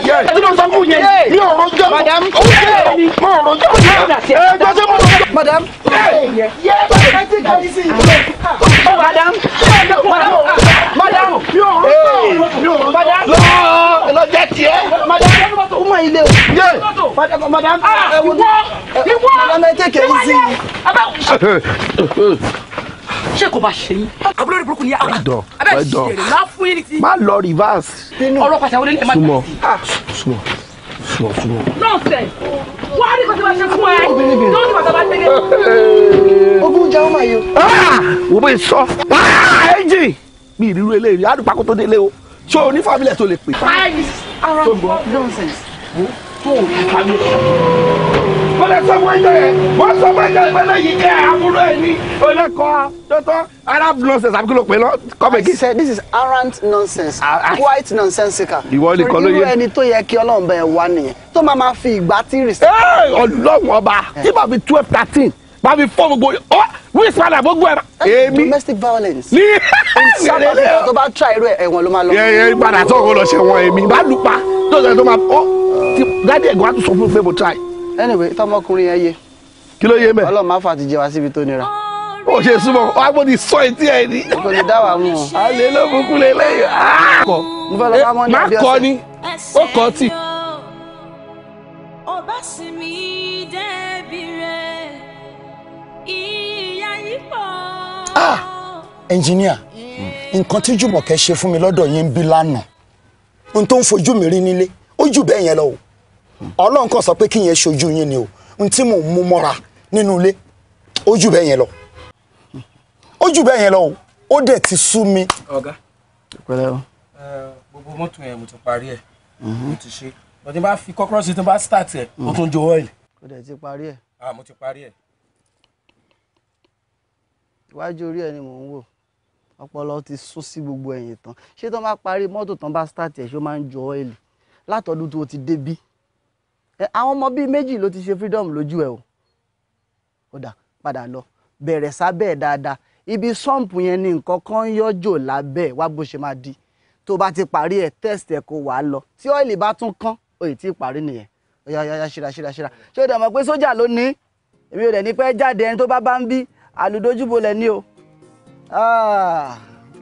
yẹ. ẹdínwó sọ fún yẹn ní ọ̀rọ̀ jọ. madam ó yẹ ni mo ọ̀rọ̀ jọ. ẹ gbọ́dọ̀ mo lọ. madam. yẹ yẹ ẹ ti kàdí sí i. madam madam madam mi ò rọ mi ò rọ. madam lọ lọjẹ tiẹ. madam ó mọ ilé o. yẹ madam. ìwọ ìwọ ìwọ ìwọ ìwọ ṣé kò bá ṣe yín. abúlé burúkú ni yàrá abẹ́ ṣe èrè máa fún yín ní ti. má lọ reverse. ọ̀rọ̀ pàṣẹ wọlé ní ẹ̀ má jẹ́. Ah. súnmọ́ súnmọ́ súnmọ́. nọ́ọ̀sẹ̀ wá rí kọ́sẹ́ bá ṣe fún ẹ lórí bàtà bá tẹ́lẹ̀. Eh. ogún jẹun máa yọ. Ah! wò bẹ́ẹ̀ sọ ẹ́jì mi ìrírú eléyìí àdùpá tó délé o ṣé o ní fámílẹ̀ tó lè pè. ara nonsense. tó o mo lè sọ fún ẹjọ́ yẹn mo sọ fún ẹjọ́ yẹn àbúrò ẹ̀ ní olẹ́kọ̀ọ́ dọ́tọ́ arab nonsense àbí kí ló pè said this is arrant nonsense ah, ah. quite nonsensical. ìwọ ni kọ́ ló yẹ. irú ẹni tó yẹ kí ọlọ́run bẹ̀ wá nìyẹn tó máa ma fi ìgbà tí rìn sí. ọlọ́run ọba eh. tí bá fi twelve thirteen bá fi fọ́ gbogbo ọ wíìsì padà gbogbo ẹ̀. Eh, èmi domestic violence. ní ní ní ní tó bá tra irú ẹ̀wọ̀n ló máa lọ. yẹ́n padà tó kó lọ ṣẹ̀wọ̀n èmi bá lù pa tó oh, sọ anyway tọmọkùnrin yẹn yé. kí ló yé mẹ́. ọlọ́run máa fà ti jẹ wá síbi tó nira. ó ṣe súnmọ́ agbóni sọ etí ẹ̀ ni. kò lè dá wa mú o. alẹ́ ló mú kúlẹ̀ lẹ́yìn. mo fẹ́ lọ bá mọ́ni àbí ọ̀sẹ̀. má kọ́ ni ó kọ́ tì. ọba sinmi rẹ̀ ìyá yìí pọ̀. ah engineer nǹkan tí Jùmọ̀kẹ́ ṣe fún mi lọ́dọ̀ yín bí lánàá ohun tó ń fojú mi rí nílé ó jù bẹ́ẹ̀ yẹn lọ ọlọ́run kan sọ pé kí yẹn ṣojú yín ni o n tí mò ń mú mọ́ra nínú ilé ojú bẹ́ẹ̀ yẹn lọ ojú bẹ́ẹ̀ yẹn lọ o ó dẹ̀ ti sú mi. ọ̀gá gbogbo mọ́tò yẹn mo ti parí ẹ̀ mo ti ṣe bọ̀dé bá fi kọ́kọ́rọ́ sí tó bá start ẹ̀ ó tún jó ọ́ìlì. ó dẹ̀ ti parí ẹ̀. ah mo ti parí ẹ̀. iwájú orí ẹ ni mò ń wò ọpọlọ ti sún sí gbogbo ẹ̀yìn tán ṣé tó bá parí mọ́tò tán bá start ẹ̀ ṣó máa ń jó ọ́ìlì látọ̀dún tó ti débí àwọn ọmọ bíi méjì ló ti ṣe freedom lójú ẹ o ó dà padà lọ bẹ̀rẹ̀ sábẹ́ ẹ̀ dáadáa ibi sọ́ǹpù yẹn ni nǹkan kan ń yọjò lábẹ́ ẹ̀ wá bó ṣe máa di tó bá ti parí ẹ̀ test ẹ̀ kó wàá lọ tí ọ́ìlì bá tún kán ó ì tí ì parí nìyẹn ó yá yá yá ṣíra ṣíra ṣíra ṣé o dẹ̀ mọ̀ pé sójà ló ní èmi ò dẹ̀ ní pẹ́ jáde ẹni tó bá bá ń bí àlùdójúbo lẹ̀ ní o ah,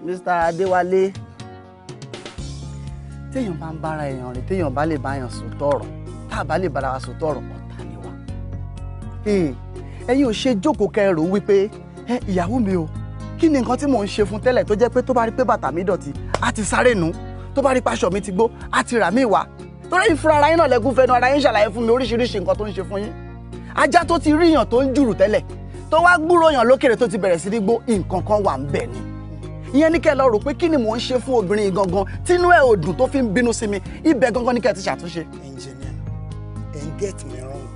Mr. Adéwálé téèyàn bá ń bára èèyàn rìn téèyàn bá lè bá èèyàn sòtọ́ ọ̀rọ̀ tá a bá lè bára wa sòtọ́ ọ̀rọ̀ ọ̀tá ni wa. Hmm. ẹ̀yin ò ṣe jókòó kẹrò wípé ẹ ìyàwó mi o kí ni nǹkan tí mò ń ṣe fún tẹ́lẹ̀ tó jẹ́ pé tó bá rí pé bàtà mi dọ̀tí á ti sáré nù tó bá rí paṣọ mi ti gbó á ti rà mí wá torí ìfura ara yín náà lẹ́gùn fẹnu ara yín ṣàlàyé fún mi oríṣiríṣi nǹkan tó ń ṣe fún yín ajá tó ti rí èèyàn tó ń jùrù tẹ́lẹ̀ tó wá gbúrò èèyàn lókèrè tó ti bẹ̀rẹ̀ sí ní gbó nǹkan kan wà ń bẹ̀ ni ìyẹn ní kẹ́ ẹ lọ rò pé kí ni mò ń ṣe fún obìnrin gangan tínú ẹ̀ get me wrong.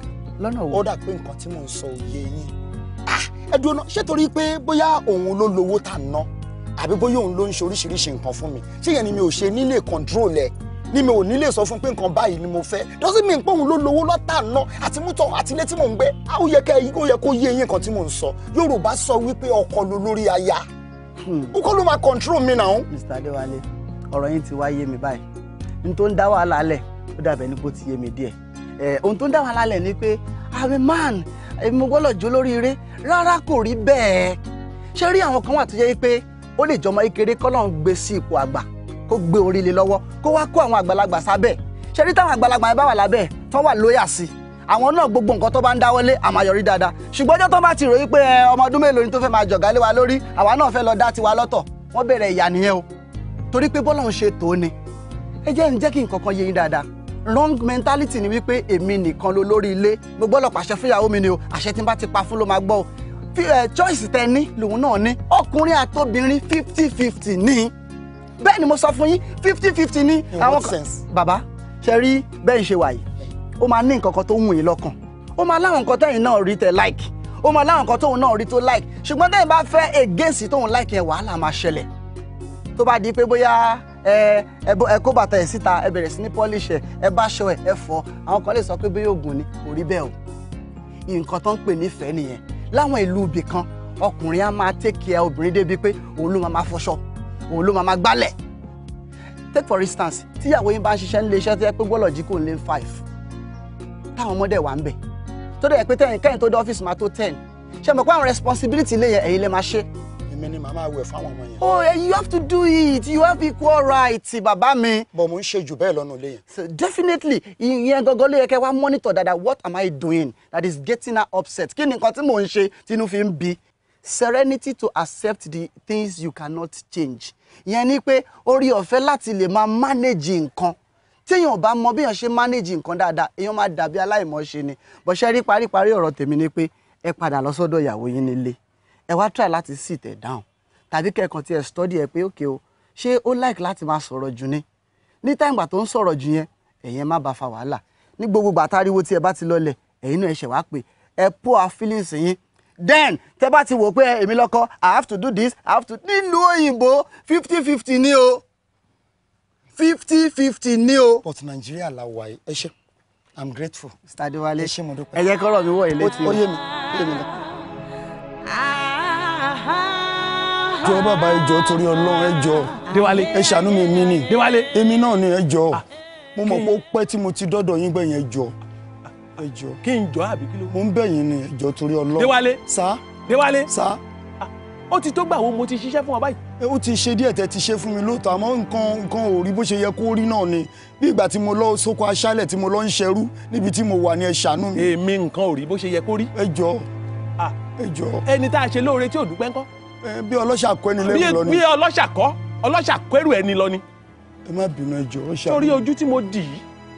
lọ́nà wo. ó pé nǹkan tí mò ń sọ òye yín. Ah, ẹ dúró náà ṣé torí pé bóyá òun ló lówó tà ná àbí bóyá òun ló ń ṣe oríṣiríṣi nǹkan fún mi ṣé yẹn ni mi ò ṣe nílé control ẹ̀ ni mi ò nílé sọ fún pé nǹkan báyìí ni mo fẹ́ dọ́sí mi pé òun ló lówó lọ́tà ná àti mútọ́ àti ilé tí mò ń gbé ó yẹ kó yé yín nǹkan tí mò ń sọ Yorùbá sọ wípé ọkọ ló lórí aya hmm. ó kọ́ ló máa control mi náà. Mr. Adéwálé ọ̀rọ̀ yín ti wá yé mi báyìí n tó ń dá wàhálà lẹ̀ ó dàbẹ̀ ní bó ti yé mi díẹ̀ Eh, ohun tó ń dá wa lálẹ́ ni pé i'm a man eh, mo gbọ́dọ̀ jó lóríire rárá kò rí bẹ́ẹ̀ ṣé rí àwọn kan wà tó jẹ́ pé ó lè jọmọ kékeré kọ́lọ́n gbé sí ipò àgbà kó gbé orí lé lọ́wọ́ kó wá kó àwọn àgbàlagbà sábẹ́ ṣé rí táwọn àgbàlagbà yẹn bá wà lábẹ́ tán wà lóyà sí i àwọn náà gbogbo nǹkan tó bá ń dáwọ́lé àmàyọrí dáadáa ṣùgbọ́n ọjọ́ tó bá ti ròyìn pé eh, ọmọ ọdún mélòó ni tó fẹ́ máa jọ̀gá lé wa lórí àwa náà fẹ́ lọ dá tiwa lọ́tọ̀ wọ́n bẹ̀rẹ̀ ìyà nìyẹn o torí pé bọ́lọ́run ṣe tòó ni ẹ jẹ́ ń jẹ́ kí nǹkan kan yé yín dáadáa wrong mentality ni wípé èmi nìkan ló lórí ilé mo gbọ́dọ̀ pàṣẹ fúnyàwó mi ni o àṣẹ tí n bá ti pa fún ló máa gbọ́ o eh, choice tẹ ní lòun náà ní ọkùnrin àtobìnrin fifty fifty ní bẹ́ẹ̀ ni mo sọ fún yín fifty fifty ní àwọn kan bàbá ṣe rí bẹ́ẹ̀ ń ṣe wà yìí ó máa ní nǹkan kan tó wù yín lọ́kàn ó máa láwọn nǹkan tẹ́yìn náà rí tẹ́ like ó máa láwọn nǹkan tóun náà rí tó like ṣùgbọ́n tẹ́yìn bá fẹ́ against tóun like yẹn wàhálà máa ṣẹlẹ̀ tó bá di pé bóyá ẹ ẹ kó bàtà ẹ síta ẹ bẹ̀rẹ̀ sí ní polish ẹ ẹ báṣọ ẹ ẹ fọ àwọn kan lè sọ pé bóyá oògùn ni kò rí bẹ́ẹ̀ o nǹkan tó ń pè nífẹ̀ẹ́ nìyẹn láwọn ìlú ibì kan ọkùnrin á máa take care obìnrin débi pé òun ló máa máa fọṣọ òun ló máa máa gbálẹ̀ take for instance tíyàwó yín bá ń ṣiṣẹ́ nílé iṣẹ́ tó yẹ pé gbọ́dọ̀ jí kò ń lé five táwọn ọmọdé wà ń bẹ̀ tó dẹ̀ pé tẹ́yìn kẹ́yìn tó dé ọ́fíìsì máa tó ten ṣe mọ̀ pé àwọn responsibility ilé yẹn ẹ̀yin lè máa ṣe èmi ni màmá wẹ̀ fáwọn ọmọ yẹn. oh you have to do it you have equal rights bàbá mi. bọ̀ mo ń ṣe jù bẹ́ẹ̀ lọ́nà ilé yẹn. so definitely ìyẹn gangan ló yẹ kẹ́ wá monitor dada what am I doing that is getting her upset kí ni nǹkan tí mò ń ṣe tínú fi ń bí serenity to accept the things you cannot change ìyẹn ni pé orí ọ̀fẹ́ láti lè máa manage nǹkan téèyàn bá mọ béèyàn ṣe manage nǹkan dáadáa èèyàn máa dàbí aláìmọ̀ọ́ṣe ni bọ́sẹ̀ rí paríparí ọ̀rọ̀ tèmi ni pé ẹ padà lọ sọ́dọ̀ ìyàwó yín nílé ẹ wá try láti sit ẹ̀ down tàbí kẹ́ẹ̀kan tí ẹ study ẹ pé okay o ṣé ó like láti máa sọ̀rọ̀ jù ni ní táìmù tó ń sọ̀rọ̀ jù yẹn ẹ̀yin má ba fa wàhálà ní gbogbo gbàtàríwo tí ẹ bá ti lọlẹ̀ ẹ̀yin náà ẹ ṣẹ̀ wá pé ẹ pó a feelings yín then tẹ bá ti wò pé eh, èmi lọ́kọ i have to do this i have to nílùú òyìnbó fifty fifty ni o fifty fifty ni o. but nàìjíríà la wà yìí ẹ ṣe i'm grateful. Mr. Adéwálé ẹ jẹ́ kọ́rọ̀ mi wọ̀ ilé tí o. ó yé mi ó yé mi lọ jọ bàbá ẹ torí Ọlọ́run ẹ ẹ ṣàánú mi mi ni èmi náà ni ẹ ah. mo mọ̀ pé ó pẹ́ tí mo ti dọ́dọ̀ yín gbẹ̀yìn ẹ jọ ah. ẹ kí n jọ àbí kí ló. mo ń bẹ̀yìn ni ẹ torí Ọlọ́run Déwálé Déwálé sá. Ah. ó ti tó gbà wo mo ti ṣiṣẹ́ fún ọ báyìí. ó ti ṣe díẹ̀ tẹ́ ti ṣe fún mi lóòótọ́ àmọ́ nǹkan nǹkan ò rí bó ṣe yẹ kó rí náà ni bí ìgbà tí mo lọ sóko aṣálẹ̀ tí mo lọ ń ṣerú níbi tí mo wà ni ẹ ṣàánú mi. èmi nǹkan ò rí bó ṣe yẹ kó rí. ẹ jọ ẹni tá a ṣe lóore tí ò dúpẹ́ ńkọ́. Eh, bí ọlọ́ṣà kọ́ ẹni lẹ́rù lọ ni. bí ọlọ́ṣà kọ́ ọlọ́ṣà kọ́ ẹrù ẹni lọ ni. ẹ má bínú ẹ jọ̀ọ́ ṣàánú. torí ojú tí mo dì í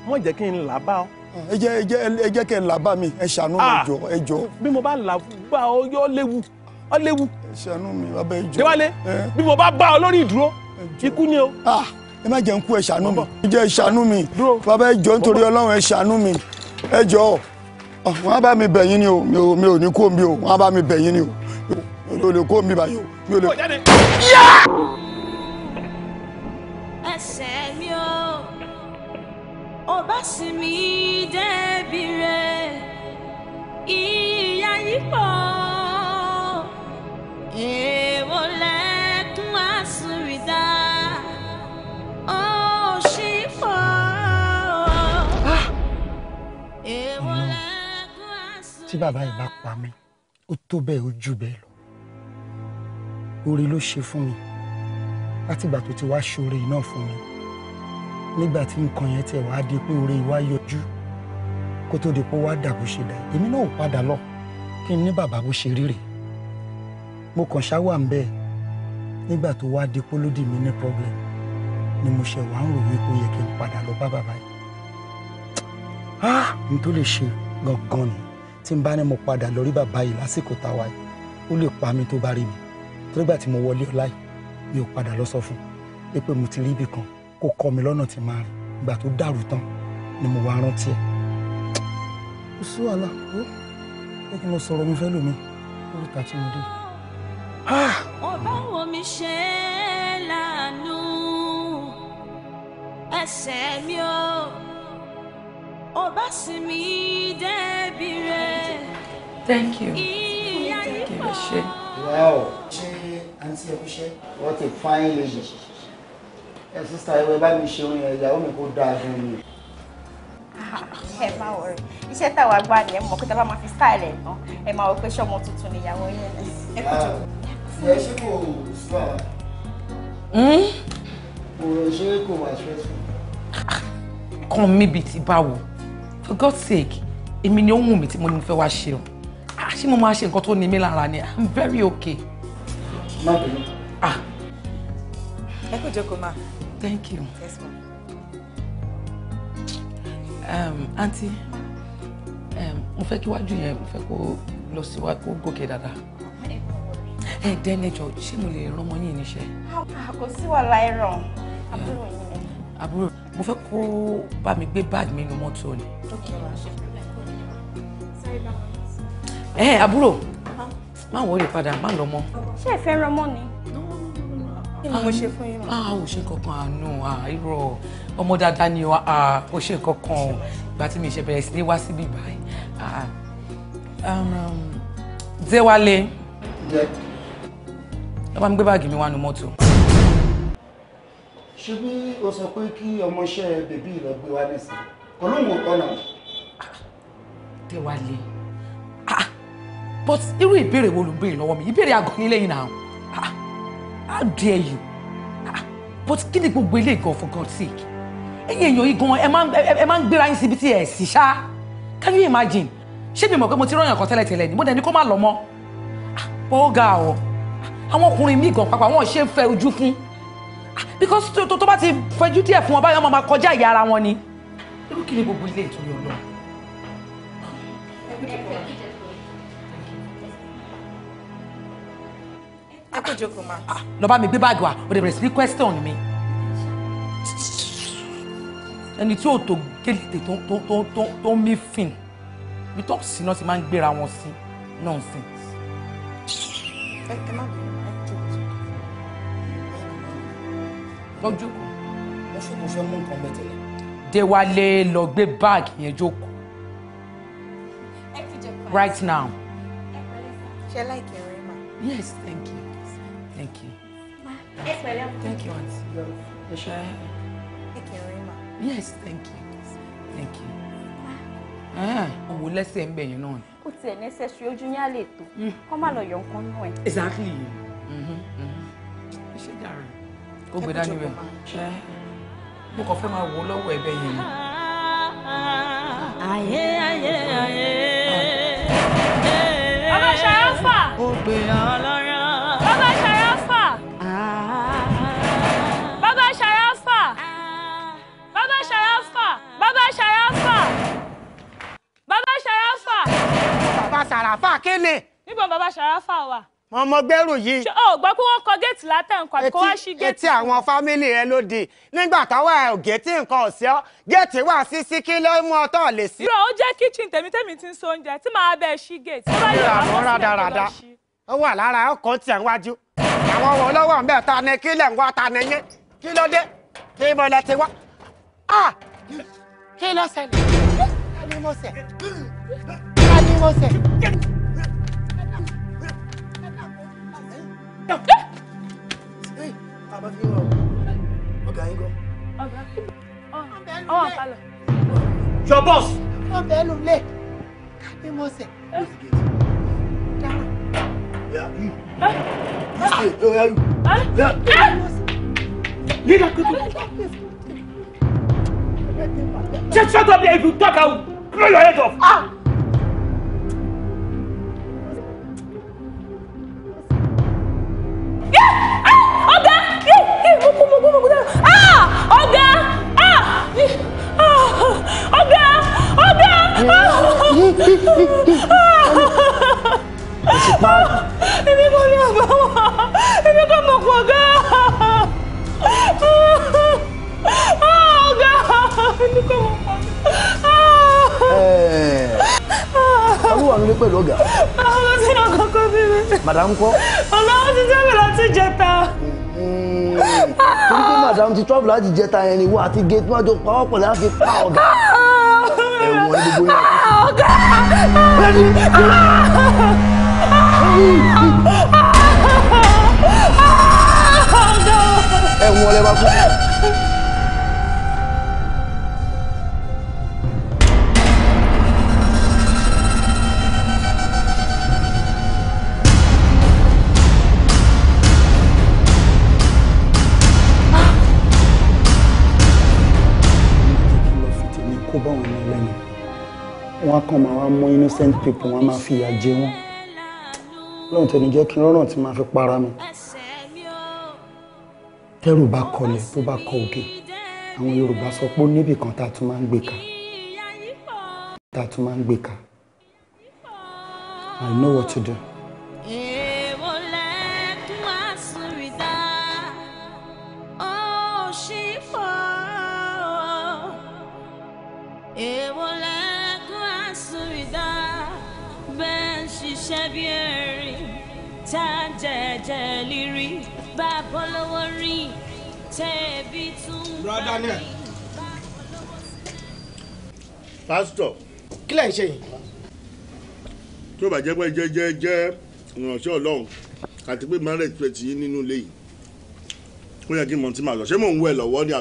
mo jẹ́ kí n là bá ọ. Ah, ẹ jẹ́ ẹ jẹ́ ẹ jẹ́ kí n là bá mi ẹ ṣàánú mi ah! jọ̀ọ́ ẹ jọ̀ọ́. bí mo bá là bá ọ yọ léwu ọ léwu. ẹ ṣàánú mi bàbá ẹ jọ̀ọ́. déwálé eh? bí mo bá bá ọ lórí ìdúró ikú ni o. Ah, ẹ má jẹ́ n kú ẹ ṣàánú mi ẹ jẹ́ ẹ ṣàánú mi bàbá ẹ jọ̀ọ́ nítorí Ọlọ́run ẹ ṣàánú mi ẹ jọ̀ọ́ wọ́n á bá mi bẹ̀yìn ni o mi ò ní kú omi o wọ́n bá mi bẹ̀yìn ni o mi ò lè kó mi báyìí mi ò lè. ẹsẹ̀ mi ò ò bá sì mí débi rẹ̀ ìyá yìí pọ̀ èèwọ̀ lẹ́kún àsùnrìdá ó ṣì pọ̀ èèwọ̀ tí bàbá yìí bá pa mí ó tó bẹ́ẹ̀ ó jù bẹ́ẹ̀ lọ oore ló ṣe fún mi látìgbà tó ti wá ṣoore náà fún mi nígbà tí nǹkan yẹn tiẹ̀ wá di pé oore ìwá yọjú kó tó di pé wá dà bó ṣe dà èmi náà ò padà lọ kí n ní bàbá bó ṣe rí mo kàn ṣá ń bẹ́ẹ̀ nígbà tó wá di pólódì mi ní problem ni mo ṣe wà ń rò wípé ó yẹ kí n padà lọ bá bàbá yìí ah n tó lè ṣe gangan ni tí n bá ní mo padà lọ rí bàbá yìí lásìkò táwa yìí ó lè pa mi tó bá rí mi nígbà tí mo wọlé ọlá mi ò padà lọ sọ fún un pé mo ti rí ibì kan kó kọ́ mi lọ́nà tí máa rìn ìgbà tó dàrú tán ni mo wá rántí ẹ̀. kò sí wàhálà ó pé kí n lọ sọ̀rọ̀ mi fẹ́ lómi lóríta tí mo dé. Ah! ọba wo mi ṣe é lànà ẹsẹ̀ mi ò ọba sì mi dẹ́bi rẹ̀. thank you thank you ẹ ṣe. wow àǹtí ẹ̀kúṣẹ́. wọ́n ti fáyín lèyí ẹ sísá ẹ bá mi ṣe orin ẹ̀yàwó mi kó dáa fún mi. ẹ má wọrẹ iṣẹ́ táwa gbá ni ẹ mọ̀ pé tábà máa fi style ẹ̀ tán ẹ máa wọ pé ṣọmọ tuntun níyàwó yẹn ni. ẹ ah. kò jọ. ẹ ṣé kò sọ àwa. ọ̀rọ̀ ṣé kò wá stressful. kàn mí bíi ti báwo for God's sake èmi ni ó wù mí tí mo ní mo fẹ́ wá ṣe o ah, ṣé mo máa ṣe nǹkan tó ní mí lára ni I'm very okay má bínú. Ah. ẹ kò jókòó thank you. yes ma. Um, aunty um, mo fẹ́ kí wájú yẹn mo fẹ́ kó lọ síwájú kó gòkè dáadáa ẹ dẹ́nẹ̀jọ ṣé mo lè rán ọmọ yín níṣẹ́. kò sí wàhálà ẹ̀ràn àbúrò yín ni. àbúrò mo fẹ́ kó bá mi gbé báàgì mi nínú mọ́tò ni. ẹ àbúrò má wọrí padà má lọ mọ́. ṣé ẹ fẹ́ rọmọ ni. kí ni mo ṣe fún yín mọ́. Ah, a ah, ò ṣe kankan àánú ah, irọ́ ọmọ dáadáa ni ò ṣe kankan o ìgbà tí mi ṣe bẹ̀rẹ̀ sí ní wá síbí báyìí. Déwálé um, um, lọ́ba mi gbé báàgì mi wá nu mọ́tò. ṣé bí o sọ pé kí ọmọọṣẹ́ bèbí rẹ gbé wá nísìnyí kò lóun ò tọ́nà. Déwálé but irú ìbéèrè wo ló ń béèrè lọ́wọ́ mi ìbéèrè àgọ́ yín lẹ́yìn náà ah how dare you ah but kí ni gbogbo eléyìí gan for God's sake ẹ̀yin èèyàn yìí gan ẹ máa ń gbéra yín síbi tí ẹ̀ sì ṣá can you imagine ṣé mi mọ̀ pé mo ti rọ̀yàn kan tẹ́lẹ̀ tẹ́lẹ̀ ni mo dẹ̀ ní kó má lọ mọ́ ah ó ga ọ̀ àwọn ọkùnrin míì gan papọ̀ àwọn ṣe ń fẹ́ ojú fún ah because tó tó bá ti fẹjú díẹ̀ fún wọn báyọ̀ máa kọjá ìyá ara wọn ni irú kí ni gbogbo ilé ìtúnyọ̀ náà. ẹ kó jókòó ma. Ah, lọ bá mi gbé báàgì wa o dẹ̀ bẹ̀rẹ̀ sí ní question mi ẹni tí yóò tó gélìtè tó ń mí fìn bí tó sì náà sì máa ń gbéra wọn sí nonsense. ẹ ẹ má bẹ̀rẹ̀ ẹ jókòó. lọ jókòó. mo ṣe kò fẹ́ mú nǹkan bẹ́ẹ̀ tẹ́lẹ̀. Déwálé lọ gbé báàgì yẹn jókòó right now. ṣe láìkẹ́ rẹ̀ mà. yes thank you. Yes, my love. Thank you, Auntie. You're shy. Thank you, Rima. Yes, thank you. Thank you. Ah. Ah, Òwò lẹ́sẹ̀ ń bẹ̀yìn náà ni. Kò tiẹ̀ necessary ojú yín á lè tó. Hmm. Kọ́ má lọ yọ nǹkan nú ẹ̀. Exactly. Mm-hmm, mm-hmm. Ṣé jàre? Ó gbé dání bẹ̀. Ṣé mo kàn fẹ́ máa wò ó lọ́wọ́ ẹ̀bẹ̀ yẹn ni? Aye, ayé ayé. Ah. Ọlọ́ṣà Alfa. Ó gbé ọlọ́run. bàbá sàràfà. bàbá sàràfà kéne. níbo bàbá sàràfà wà. mo mọ gbẹ́rù yìí. ṣé o gbọ́ pé wọ́n kọ géètì látẹ̀kọ́ àti kó wá sí géètì. etí àwọn fámìlì rẹ ló di nígbà táwa ẹ̀ ògé tí nǹkan ọ̀sẹ̀ ọ́ géètì wà sí sí kí ló mú ọtọ́ lè sí. rọ ó jẹ́ kíchìn tèmi tèmi ti ń so oúnjẹ tí màá bẹ sí géètì. ó wà lára ọkọ̀ tiẹ̀ wájú àwọn ọwọ́ ọlọ́wọ́ ń bẹ̀ ta ni kí lẹ̀ ń wá ta ni yín kí ló dé kí mo lẹ ti wá ah! kí ló ṣẹlẹ̀. Adimose. Adimose. Ọ̀gá yín gan. oh, oh, kalọ̀. Your boss. Ọ̀bẹ ẹnu lé. Adimose. Dára. Yeah, you. Huh? You stay. Oh, yeah, you. Huh? Yeah. Adimose. Leave that quickly. Just shut up there if you talk out. Blow your head off! Ah! Èmi kò ní àbáwọ̀, èmi kò mọ̀ pọ̀ gan-an. Ọ̀gá, ah, èmi kò mọ̀ pọ̀ gan-an. Eh. olúwa mi lé pẹ̀lú ọ̀gá. ọlọ́wọ́ tí náà kọ́kọ́ bí mi. madam kọ́. ọlọ́wọ́ ti tẹ́wé láti jẹta. torí pé madam ti travel láti jẹta yẹn ni wọ́n àti gate wọ́n jọ pawọ́pọ̀ láti pa ọ̀gá. ẹ̀wọ̀n ní gbogbo yẹn. ọ̀gá. bẹ́ẹ̀ni. ẹ̀wọ̀n lẹ́ bá kú. wọ́n kàn máa wá mú innocent people wọ́n máa fìyà jẹ wọ́n lọ́run tẹ̀lé jẹ́ kí n rọ́rùn tí máa fi para mi tẹ́rù bá kọlẹ̀ tó bá kọ òkè àwọn Yorùbá sọ pé ó níbì kan tá a tún máa ń gbé ka tá a tún máa ń gbé ka I know what to do. tẹ́ ẹ lè rí bá a bọ́ lọ́wọ́ rí tẹ́ ẹ bí tún bá rí bá a bọ́ lọ́wọ́ sí. pásítọ̀. kí lẹ̀ ń ṣe yìí. tó bá jẹ́ pé jẹ́jẹ́ jẹ́ ìrànṣẹ́ ọlọ́run àti pé máa respect yín nínú ilé yìí ó yẹ kí n mọ tí màá lọ ṣé mò ń wẹ̀ lọ́wọ́ ní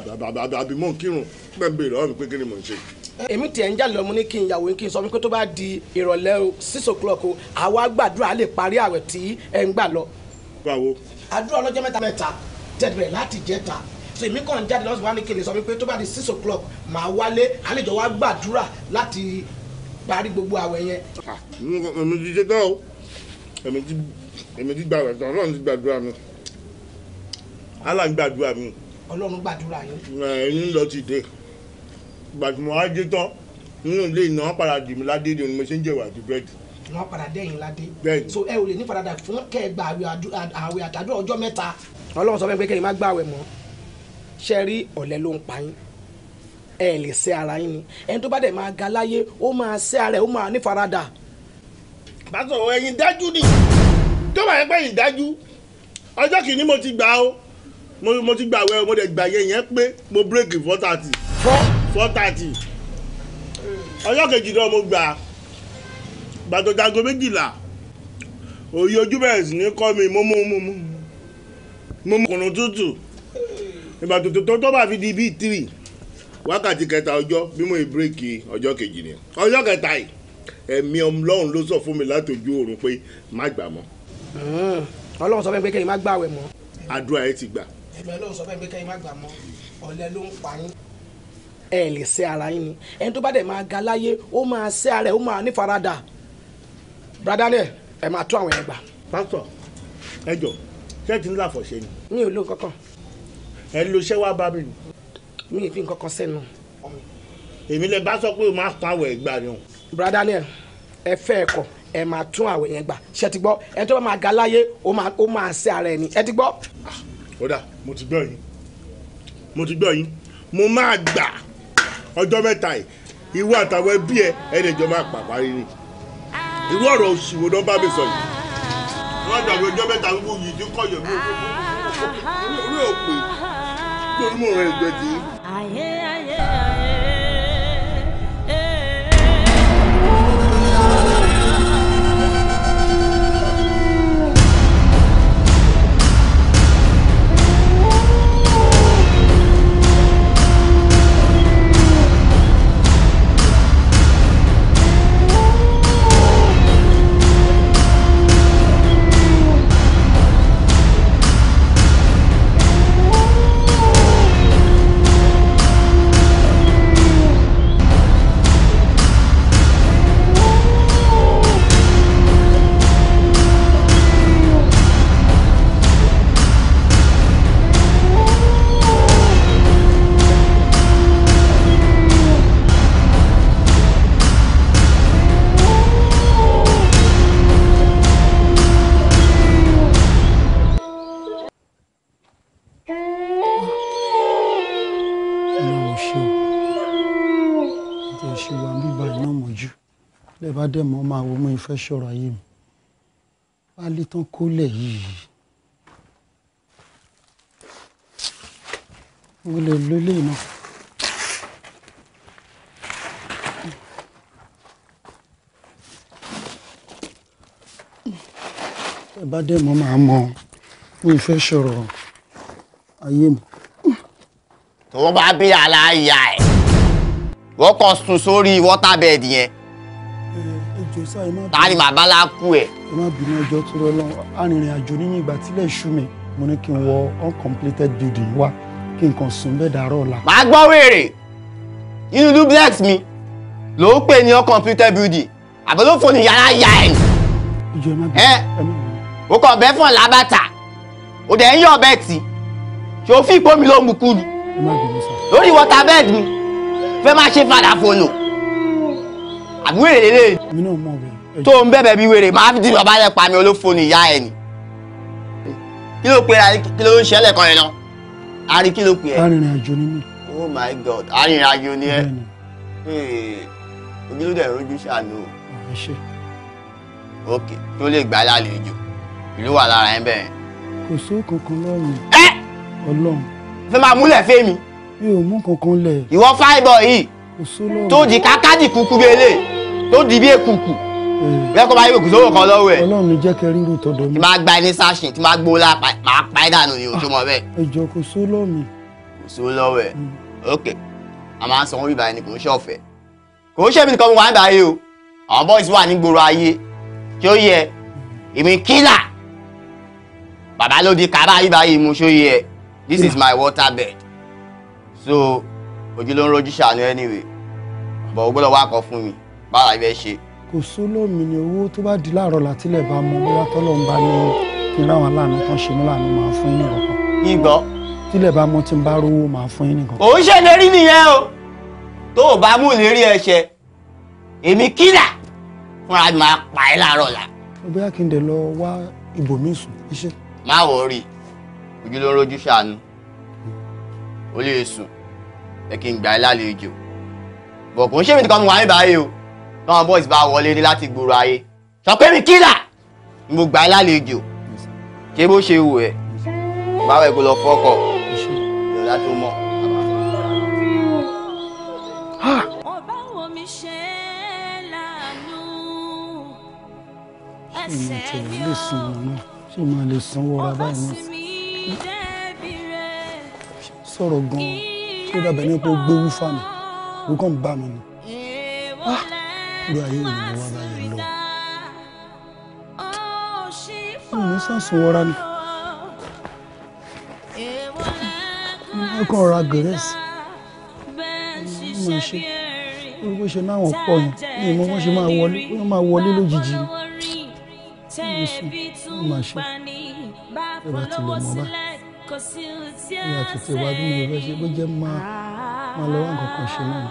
àbí mò ń kírun bẹ́ẹ̀ bèrè lọ́wọ́ mi pé kí ni mò ń ṣe. èmi tiẹ̀ ń jà lọ mo ní kí n yàwó kí n sọ wípé tó bá di ìrọ̀lẹ́ o six o'clock o àwa gbàdúrà lè parí àwẹ̀ tí ẹ ń gbà lọ àdúrà wo. àdúrà ọlọ́jọ́ mẹ́ta mẹ́ta tẹ̀lé láti jẹta so èmi kàn jáde lọ́sùn wa ní kele sọ wípé tó bá di six o'clock màá wálé àlejò wa gbàdúrà láti parí gbogbo àwẹ̀ yẹn. èmi ti ṣe tán o èmi ti gbàgbà tán ọlọ́run ti gbàdúrà mi allah ń gbàdúrà mi. ọlọ́run gbàdúrà yín. ẹ̀yin lọ ti dé gbàdúrà wa dé tán nínú ilé ìnáwó padà dì mí ládé ni mo ṣe ń jẹ̀wà àti búrẹ́dì wọ́n padà dẹ́yìn ládé so ẹ ò lè ní faradà fún kẹgbà àwẹ̀ àtàdúrà ọjọ́ mẹ́ta ọlọ́run sọ fún mi pé kẹ́ni má gbàwẹ̀ mọ́ ṣe rí ọ̀lẹ́ ló ń pa yín ẹ lè ṣe ara yín ni ẹni tó bá dẹ̀ máa ga láyé ó máa ṣe ara ẹ̀ ó máa ní faradà. bàtà ọ̀rọ̀ ẹ̀yin dájú ni tó bá yẹ pé ẹ̀yin dájú ọjọ́ kìíní mo ti gbà ó mo ti gbà wẹ́ mo dẹ̀ gbà yẹn yẹn pé mo bírèkì four thirty. ọjọ́ kejì náà mo gbà á gbàtọ́ jago méjìlá òye ojú bẹ̀rẹ̀ sí ní kọ́ mi mo mú mú mú mo mú kùnú tútù ìgbà tuntun tó tó bá fi di bíi tírì wákàtí kẹta ọjọ́ bí mo ìbírèkì ọjọ́ kejì ni ọjọ́ kẹta yìí ẹ̀mí ọlọ́run ló sọ fún mi láti ojú oorun pé má gbà mọ́. ọlọ́run sọ fún mi pé kẹ́yìn má gbààwẹ̀ mọ́. àdúrà ẹ ti gbà. ẹ̀mí ọlọ́run sọ fún mi pé kẹ́yìn má gbà mọ́ ọ̀lẹ ló ń pa yín ẹ lè ṣe ara yín ni ẹni tó bá dẹ̀ máa ga láyé ó máa ṣe ara ẹ̀ ó máa nífaradà brother Daniel ẹ máa tún àwọn yẹn gbà. pásítọ̀ ẹ jọ ṣé ti ń là fọ̀ṣẹ́ ni. mi ò lo nǹkan kan. ẹ lo iṣẹ́ wá bá mi nù. mi ì fi nǹkan kan sẹ́nu. èmi lè bá sọ pé o máa pa àwẹ̀ gbà ni o. brother Daniel ẹ fẹ́ ẹ kọ̀ ẹ máa tún àwẹ̀ yẹn gbà ṣe ti gbọ́ ẹ tó bá máa ga láyé ó máa ṣe ara ẹ ni ẹ ti gbọ́. kódà ah, mo ti gbọ́ yín mo ti gbọ́ yín mo máa gbà ọjọ́ mẹ́ta yìí ìwọ àtàwọn ẹbí ẹ ẹ̀ lè jọ máa pàpárí ni irú ọ̀rọ̀ òṣì wo ló ń bá mi sọ yìí wọ́n dàbí ọjọ́ mẹ́ta gbogbo yìí tí kò yẹ̀ mí orí òpè lórí mò ń rẹ̀ ìjọ ayé ayé ayé. bá dẹ̀ mọ́ máa wo mú ìfẹ́ ṣọ̀rọ̀ ayé mi pálí tán kólẹ̀ yìí mo lè lo eléyìí náà. ẹ bá dẹ̀ mọ́ máa mọ mú ìfẹ́ ṣọ̀rọ̀ ayé mi. tó bá bí aláya ẹ̀ wọ́n kàn sùn sórí wọ́tà yẹn òkè sá ẹ má bínú. tani bàbá la kú ẹ. ẹ má bínú ẹjọ́ tó lọ lọ́wọ́ arìnrìn àjò nínú ìgbà tílẹ̀ ṣú mi mo ní kí n wọ uncompleted building wa kí n kàn sùn bẹ́ẹ̀ dàárọ̀ ọ̀la. màá gbọ́ wèrè inú duplex mi ló ń pè ní uncompleted building àbẹ̀ ló fò yàrá ya ẹ̀. ìjọ ẹ má bínú ẹ o kàn bẹ́ fún ọ̀ o dẹ̀ ń yọ̀ ọ̀bẹ tì ṣòfin ìpómi ló mú kú ni lórí water bed mi fẹ́ máa ṣe fàdà fòlò àbí wèrè lélẹ̀ mi náà mọ̀ bẹ́ẹ̀. tó ń bẹ̀bẹ̀ bí wèrè máa fi di bàbá yẹn pa mi olófo ìyá ẹ̀ ni kí ló pe kí ló ń ṣẹlẹ̀ kan yẹn náà a rí kí ló pe ẹ. arìnrìn àjò ni mí. oh my god arìnrìn àjò ni ẹ ojúlódé ìrójú ṣàánú o ok tó lè gbà lálejò ìlú wà lára ẹ bẹ́ẹ̀. kò sóò kankan lọ́rùn. ẹ ọlọ́run. fẹ́ máa múlẹ̀ fẹ́mi. mi ò mú kankan lẹ̀. ìwọ fáìbọ̀ yìí tó jì kákádì kúkú bẹ́ẹ̀ lè tó di bí èkùkù eh. bẹ́ẹ̀ kọ́ bá yẹ kò sówó kan lọ́wọ́ ẹ̀. ọlọ́run jẹ́ kẹ́ rírù tọ́dọ̀ mi. tí máa gba ẹni sáṣìn tí máa gbó la máa pa ẹ́ dànù ni o tó ah, mọ bẹ́ẹ̀. ẹjọ kò só lọ mi. kò só lọ́wọ́ ẹ̀ hmm. ok a máa ń sanwó bíbá ẹni kò ń ṣe ọ̀fẹ́ kò ń ṣe mí nìkan mo wà ń báyé o àwọn boys wà ní gbòòrò ayé tí ó yẹ hmm. èmi kílà bàbá ló di kàrá yìí báyìí mo ṣó yẹ this is hmm. my water bed so ojú ló ń rojú ṣàánú anyway bọ̀ ó gbọ́dọ̀ wá kọ fún mi bára ibẹ̀ ṣe. kò sólómi ni owó tó bá di láàárọ̀ látílẹ̀ bá mọ bóyá tọ́lọ̀ ń bá ní kí aláàánú tán ṣe mí láàánú máa fún yín nìkan. ìgbọ́. tílẹ̀ bá mọ tí n bá rówó máa fún yín nìkan. òun ṣèlérí nìyẹn o tó o bá mú ìlérí ẹ èmi kílà fúnra mi máa pa ẹ́ láàárọ̀ la. bóyá kí n dẹ̀ lọ wá ibòmí sùn iṣẹ́. má wọ rí ojú ṣàánú ó lè sùn ẹ kí n gbà ẹ́ lálejò bọ̀ kò ń ṣèmi nìkan mo wà ní báyìí o táwọn boys bá wọlé ní láti gbòòrò ayé sọ pé mi kílà mo gbà á lálejò ṣé bó ṣe wù ẹ́ báwo ẹ kó lọ fọkọ ìyọ̀dá tó mọ́. ẹsẹ̀ mi ò lè sanwó náà ṣé máa lè sanwó ra báyìí náà sọ̀rọ̀ gan-an ṣé dàbẹ̀ ní pé ó gbówó fáàmì ó kàn bá mi ni ilé ayé òní ni wọ́n bá yẹn lọ. mo sàsùn wọra ni ẹ kàn ra gẹ̀rẹ́sì mo ṣe orí bó ṣe náà wọ́n pọ̀ yẹn ní ìmọ̀ bó ṣe máa wọlé lójijì ni mo sùn mo máa ṣe ẹ bá tilẹ̀ mọ́ bá ẹ yà tètè wá bí mo fẹ́ ṣe bó jẹ́ máa lọ wá nǹkan kan ṣe náà.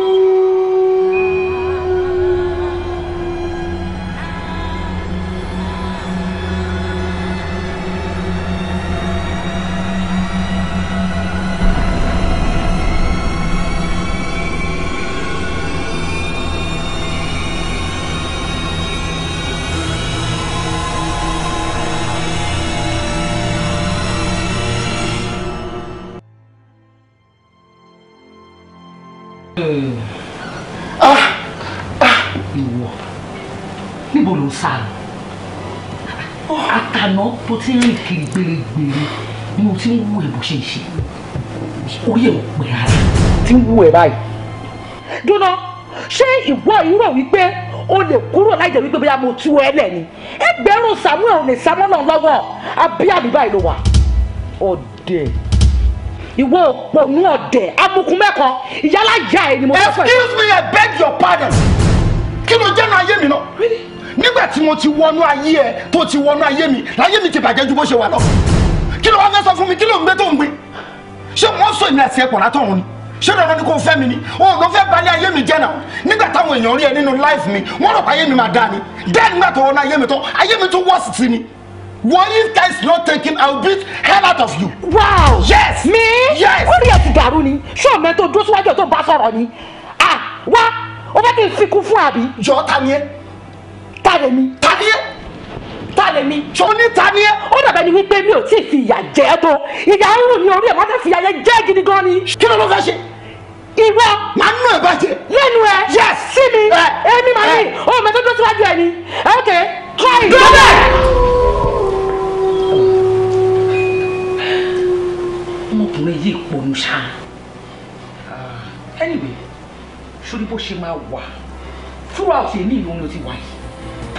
tó ti ń rìn kiri gbèrègbèrè ni mo ti ń wú ẹ bó ṣe ń ṣe orí ẹ ò pẹ ara ti ń wú ẹ báyìí. dúnà ṣé ìwọ yìí rò wípé o lè kúrò láì jẹ́ wípé bóyá mo tú ẹ lẹ̀ ni ẹgbẹ̀rún Samuel ò lè sá mọ́nà lọ́wọ́ abíyàmí báyìí ló wà ọ̀dẹ̀ ìwọ òpònú ọ̀dẹ̀ amukun mẹ́kọ ìyálà ìyá ẹ ni mo sọ excuse me I beg your pardon kí ló jẹ́ nu ayé mi náà nígbà tí mo ti wọnú ayé ẹ tó ti wọnú ayé mi láyé mi ti bàjẹ́ ju bó ṣe wà lọ kí ló wá fẹ́ sọ fún mi kí ló ń gbé tó ń gbé ṣé wọ́n sọ èmi àti ẹ̀pọ̀ látọ̀hún ni ṣé dandan ni kò fẹ́ mi ni òun ló fẹ́ balẹ̀ ayé mi jẹ́ náà nígbà táwọn èèyàn rí ẹ nínú life mi wọ́n rò pé ayé mi máa dá ni dá nígbà tó wọnú ayé mi tán ayé mi tún wọ́ọ̀sì sí ni wọ́n if that is not taken I will beat hell out of you. wow yes me yes orí ẹ̀ ti dàrú ni ṣé ọ̀mẹ́ tó dúró síwájú ẹ̀ tó ń bá sọ̀rọ̀ ni ah wá o fẹ́ kí n fikún fún àbí. jọ ta ni ẹ lèmi. ta ni ẹ ta lèmi. sọ ní ta ni ẹ. ó dàbẹ̀ ni wípé mi ò tí ì fi ìyà jẹ ẹ́ tó ìyà ń rùn ní orí ẹ̀ má fẹ́ fi ìyà yẹn jẹ́ gidi gan ni. kí ló ló fẹ́ ṣe ìwọ. màá nù ẹ bàjẹ́. lẹ́nu ẹ. yes sí mi. ẹ èmi màá ní o mẹ tó tó síwájú ẹ ni. ok try. gbọ́dọ̀. ọmọkùnrin yìí ponu ṣá. Ah, anyway sórí bó ṣe máa wà throughout èmi ìlú ni o ti wà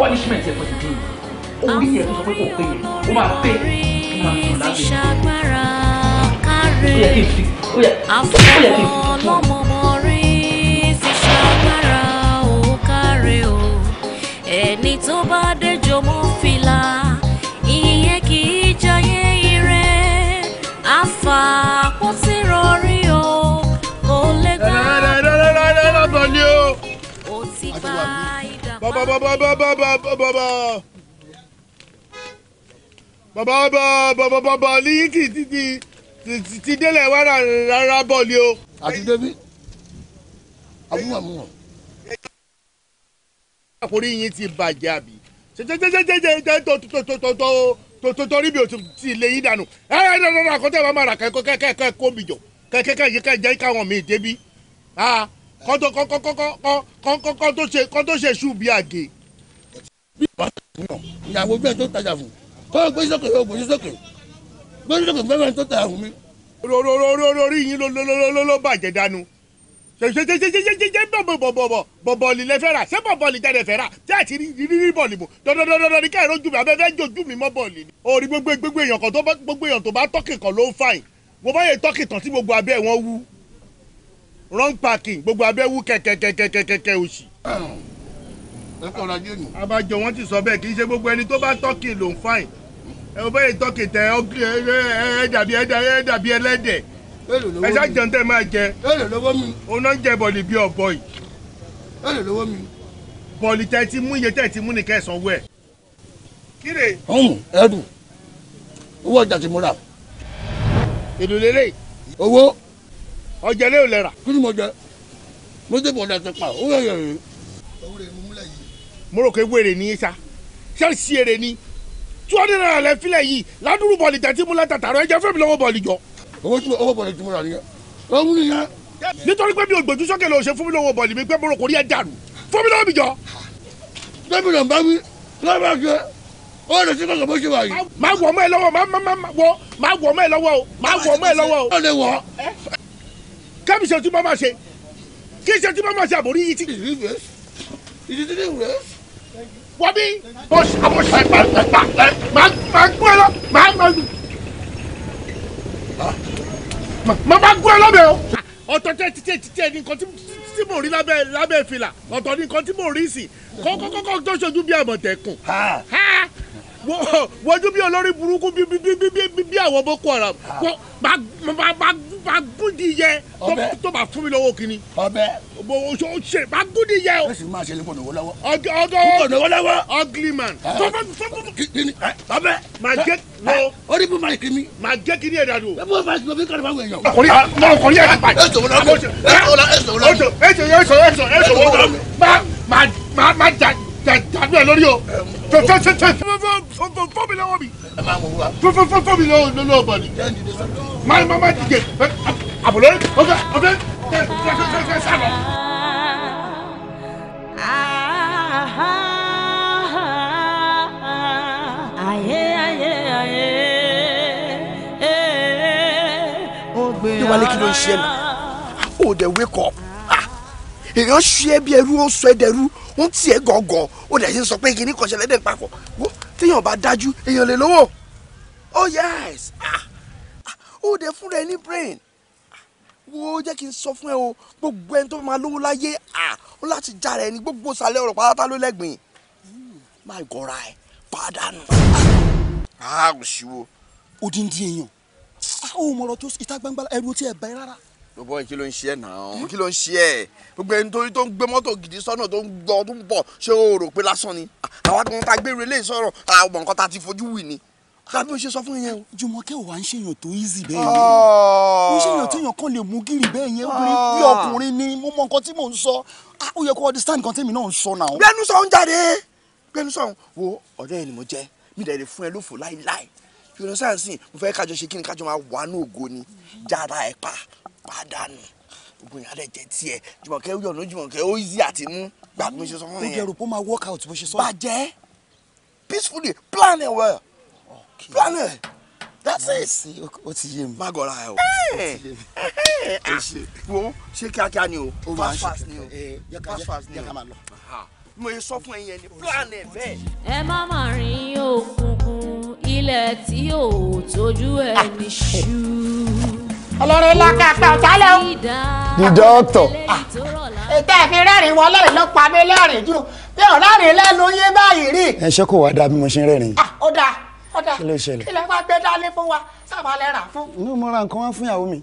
punishment ẹ̀ pẹ̀lú dín orí ẹ̀ tó sọ pé kò pé yẹn ó máa pé ó máa tàn lábẹ́ ó yẹ kí n fi ó yẹ ó yẹ kí n fi fún ẹni tó bá dé jọmọ́ fi. bàbá bàbá bàbá bàbá bàbá bàbá bàbá líyìkì títí ti délẹ̀ wá rárá bọ̀ọ̀lì o. àti débi àmúhàmúhàn. àkórí yín ti bàjẹ́ àbí torí bí o ti lè yín dànù ẹ ẹ dọdọ àkọtẹ bá máa rà kẹkọ kẹkẹ kẹ kó mi jọ kẹkẹ kẹ yìí kẹ jẹ káwọn mi débi kọ́tọ́ kọ́kọ́kọ́kọ́ tó ṣe kọ́tọ́ ṣe ṣù bí àgè. bí ìwà tó yàn ìyàwó gbé tó tajà fún kọ́ gbé sókè yóò gbé sókè gbé sókè fẹ́fẹ́ tó tajà fún mi. rorororori yín ló bàjẹ́ dànù ṣèṣèṣèṣèṣèṣèṣè bọ̀bọ̀bọ̀bọ̀bọ̀lì lẹ fẹ́ rà ṣé bọ̀bọ̀lì tẹ̀ lẹ fẹ́ rà tí àti rírí bọ̀lì bò dọ̀dọ̀dọ̀dọ̀ ní kẹ́hìn ojú mi abẹ́fẹ́ jojú mi mọ́ bọ̀lì ni. orí gbogbo èèyàn tó bá tọ́kì kan ló ń fà yín wọ́n bá yẹ tọ́kì tán tí gbogbo abẹ́ wọn wú wrong parking gbogbo abẹ́wú kẹ̀kẹ̀kẹ̀kẹ̀kẹ̀ òsì. abájọ wọn ti sọ bẹ́ẹ̀ kì í ṣe gbogbo ẹni tó bá tọ́kì ló ń fáìn ẹ ò bẹ́ẹ̀ tọ́kì tẹ ẹ dàbí ẹ dàbí ẹlẹ́dẹ̀ ẹ ṣáàjọ tẹ máa jẹ oná ń jẹ bọ̀lì bí ọ̀bọ yìí bọ̀lì tẹ ti mú iye tẹ ti mú ní kẹsàn-án wẹ̀ kíre. ọ̀hún ẹrù owó ọjà ti múra. èlò lélẹ̀. owó ọjà lè lẹ́ra. kí ni mo jẹ mo jẹ bọ̀dà ti pa ó yẹ yẹ. mo rò pé wèrè ní sa ṣé sí èrè ni tí wọ́n dẹ́nà rẹ̀ fílẹ̀ yìí ládùúrú bọ̀lì tẹ̀tí mú látàtà rẹ̀ ẹjẹ́ fẹ́mi lọ́wọ́ bọ̀lì jọ. owó tí owó bọ̀lì tí mo rà nìyẹn wọ́n mú nìyẹn. nítorí pé mi ò gbèjú sókè lọ ṣe fún lọ́wọ́ bọ̀lì mi pé mo rò kò rí dànù fún lọ́wọ́ mi jọ. lẹ́mìnà bá mi lọ́wọ́ àgbẹ̀ ó lè ṣe lọ́sọ̀ bó ṣe wà yìí. wọ̀ ọmọ ẹ lọ́wọ́ má wọ̀ ọmọ ẹ lọ́wọ́ o má wọ̀ ọmọ ẹ lọ́wọ́ o kámi ṣe túbọ̀ máa ṣe kí ṣe túbọ̀ máa ṣe àbórí yìí ti. wọ́n bí bọ́ọ̀ṣì àbọ̀ṣì máa gbọ́ ẹ lọ máa máa lù máa máa gbọ́ ẹ lọ́bẹ̀ o. ọ̀tọ̀ tẹ títẹ títẹ ní nǹkan tí mò ń rí lábẹ́ lábẹ́ fìlà ọ̀tọ̀ ní nǹkan tí mò ń rí sí kọ́kọ́kọ́kọ́ tó ṣojú bí àmọ̀tẹ́kùn wojú bí olórí burúkú bí bí bí bí bí àwọn boko haram bá gúndì yẹ tó bá fún mi lọ́wọ́ kínní. ọbẹ̀. bó o ṣe bá gúndì yẹ o. ẹsìn máa ṣe ní kòtò wọlọwọ. ọgọ ọgọ ugly man. ọbẹ̀. máa jẹ́ lọ. o ní bí máa kí mi. máa jẹ́ kí ni ẹ̀dá dùn. ẹ bó máa kí mi kọ́ni máa wẹ̀ yàn. ọkùnrin náà ọkùnrin yẹn ti pa. ẹ sọ̀rọ̀ ẹ sọ̀rọ̀ ẹ sọ̀rọ̀ ẹ sọ̀rọ̀ ẹ sọ̀rọ̀ ẹ sọ̀rọ̀ ẹ sọ̀rọ̀ ẹ sọ̀rọ̀ ẹ sọ̀rọ̀ jàdú ẹ lórí o fẹfẹfẹfẹ fọ mi lọ́wọ́ mi fọfọfọ mi lọ́wọ́ lọ́wọ́ bọ ni má má má dìde àbúrò ọfẹ ọfẹ fẹfẹfẹ sábà. Díwálé kí ló ṣe ẹ̀ náà? Oh, they wake up. Ah, èèyàn ṣe bí ẹrú ó sọ ẹ̀ dẹ̀rú ń tiẹ̀ gọ̀ọ̀gọ̀ ó dẹ̀ ṣe ń sọ pé kí ní kọ̀ṣẹ́ lẹ́dẹ̀ papọ̀ wọ́n téèyàn bá dájú èèyàn lè lówó oh yes ah, ah, ó dẹ̀ fúnra ẹ ní brain ah, wo jẹ́ kí n sọ fún ẹ o gbogbo ẹni tó máa lówó láyé ó láti jára ẹni gbogbo sàlẹ̀ ọ̀rọ̀ pátá ló lẹ́gbìn má gọ̀ra ẹ pàdánù. a ò ṣíwó odindi èèyàn a ò mọ̀rọ̀ tó ìta gbangba ẹrù tí ẹ bẹ̀rẹ̀ rárá ló bọ́ kí ló ń ṣe ẹ̀ náà kí ló ń ṣe ẹ̀ gbogbo ẹni tó ń gbé mọ́tò gidi sọ́nà tó ń gbọ́ tó ń bọ̀ ṣé o rò pé lásán ni àwa kan tá gbére lè sọ̀rọ̀ àwọn nǹkan tá ti fojú wì ni kábí ṣe sọ fún yẹn o. Jùmọ̀kẹ́ ò wá ń ṣèyàn tó easy bẹ́ẹ̀ yẹn o ń ṣèyàn tó yàn kàn lè mú gírì bẹ́ẹ̀ yẹn obìnrin bí ọkùnrin ni mo mọ nǹkan tí mò ń sọ ó yẹ kó understand nǹkan tèmi náà ń sọ pàdánù ogun yàrá ẹ̀jẹ̀ tiẹ̀ jùmọ̀kẹ́ yọ̀nù jùmọ̀kẹ́ ó yí àti mú gbà bí mo ṣe sọ fún mi yẹn. ó dẹrù pé ó máa work out bó ṣe sọ. bàjẹ́ peacefully plan it well okay. plan it that's it. ó ti yé mi. má gọra ẹ o. wo ṣé kíákíá ni o fast fast ni o eh, fast fast ni o mo ye sọ fún ẹyẹ ni plan it. bẹ́ẹ̀. ẹ má má rìn òkùnkùn ilẹ̀ tí yóò tójú ẹni ṣú olórí lọ́kà pẹ́ ọ̀tá lẹ́ o. di dọ́tọ̀. Ah. ètò ẹ̀fín rẹ́rìn wọlé ló pa mí lẹ́rìn jù bí ọ̀rá rìn lẹ́nu yín báyìí rí. ẹ ṣé kò wá dáa bí mo ṣe ń rẹ́rìn. Ah, ó dáa ó dáa kí ló ṣẹlẹ̀ kí lè wá gbé dání fún wa sábà lè rà fún. inú mo ra nǹkan wá fún ìyàwó mi.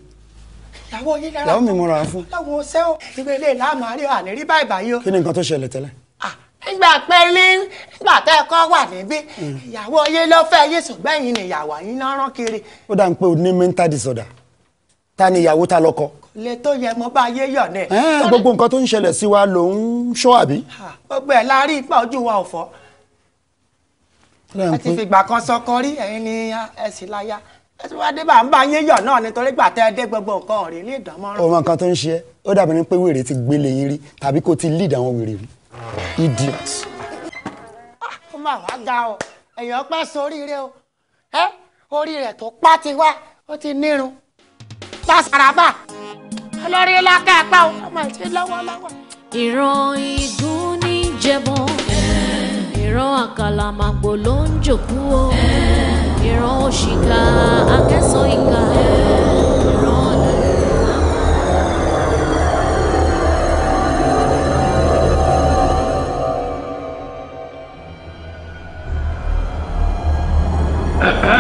ìyàwó yín lè rà fún ìyàwó mi mo rà fún. láwọn ṣé o ìwé ilé ìlànà àríwá ànírí báyìí báyìí o. kí ni nǹkan tó ṣẹlẹ̀ tẹ́lẹ̀ ah, nígbà pé ní nígbà tẹ́ ẹ kọ́ wà níbí hmm. ìyàwó yín ló fẹ́ yín ṣùgbọ́n ẹ̀yin ni ìyàwó yín náà rán kiri. ó dà ń pé o ní mental disorder ta ni ìyàwó ta lọ́kọ. lè tó yẹ mo bá yé yọ̀ ní. gbogbo nǹkan tó ń ṣẹlẹ̀ sí wa ló ń ṣọ́ àbí. gbogbo ẹ̀ la rí ipa ojú wa ò fọ́. ẹ ti fìgbà kan sọkọ rí ẹ̀yin ni ẹ sì láyà ẹ ti wá dé bá ń bá yé yọ̀ náà nítorí gbà tẹ́ ẹ dé gbogbo nǹkan rè ní ìdánmọ́ràn. ọmọ nǹkan tó ń ṣe ó dàbí ni pé wèrè ti gbélé yín rí tàbí kó ti lead àwọn wèrè rí idiot. Ah, ó mà wá ga ọ èèyàn pẹ́ sórí rẹ o ẹ orí rẹ̀ tó pá ti wá ó ti nírun ta sàràbà olórí lákà pa ọmọ ìṣe lọ́wọ́lọ́wọ́. ìran igun ní jẹbọn ìran àkàlà màgbò ló ń jòkú o ìran òṣìkà akẹ́sọ̀ ìkà Uh-uh.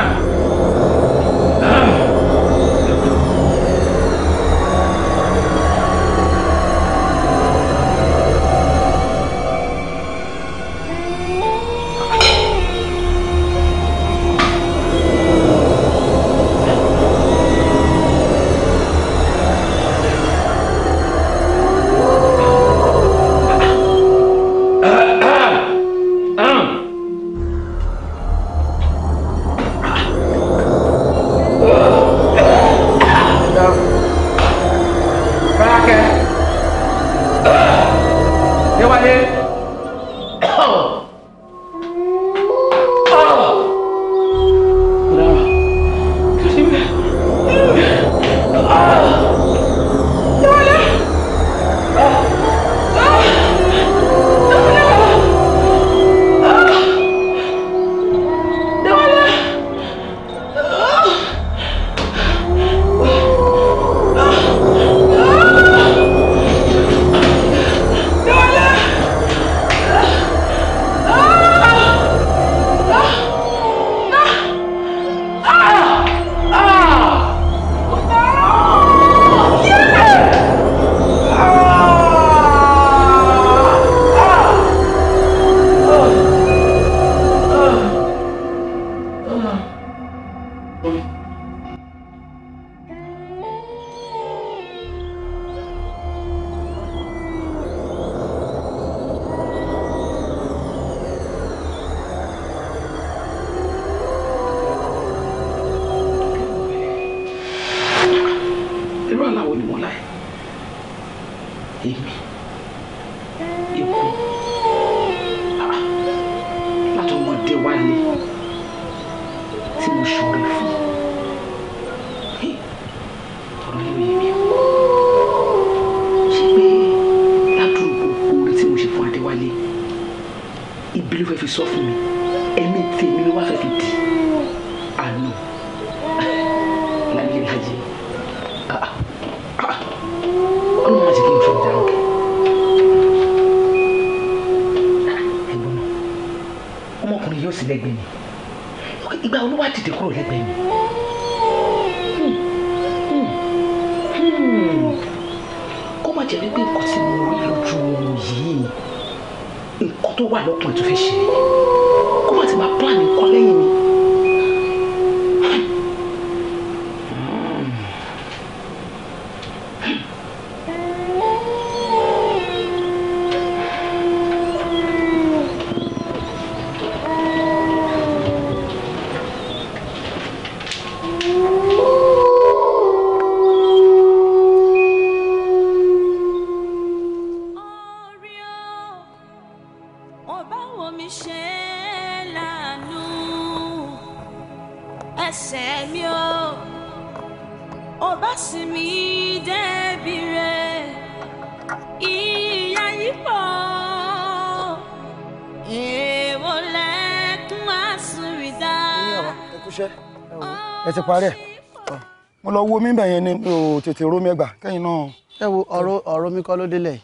wo mí bẹ̀yẹn ni mi ò tètè ró mẹ́gbà kẹ́yìn náà. ẹ wo ọ̀rọ̀ ọ̀rọ̀ mi kọ́ ló délẹ̀ yìí.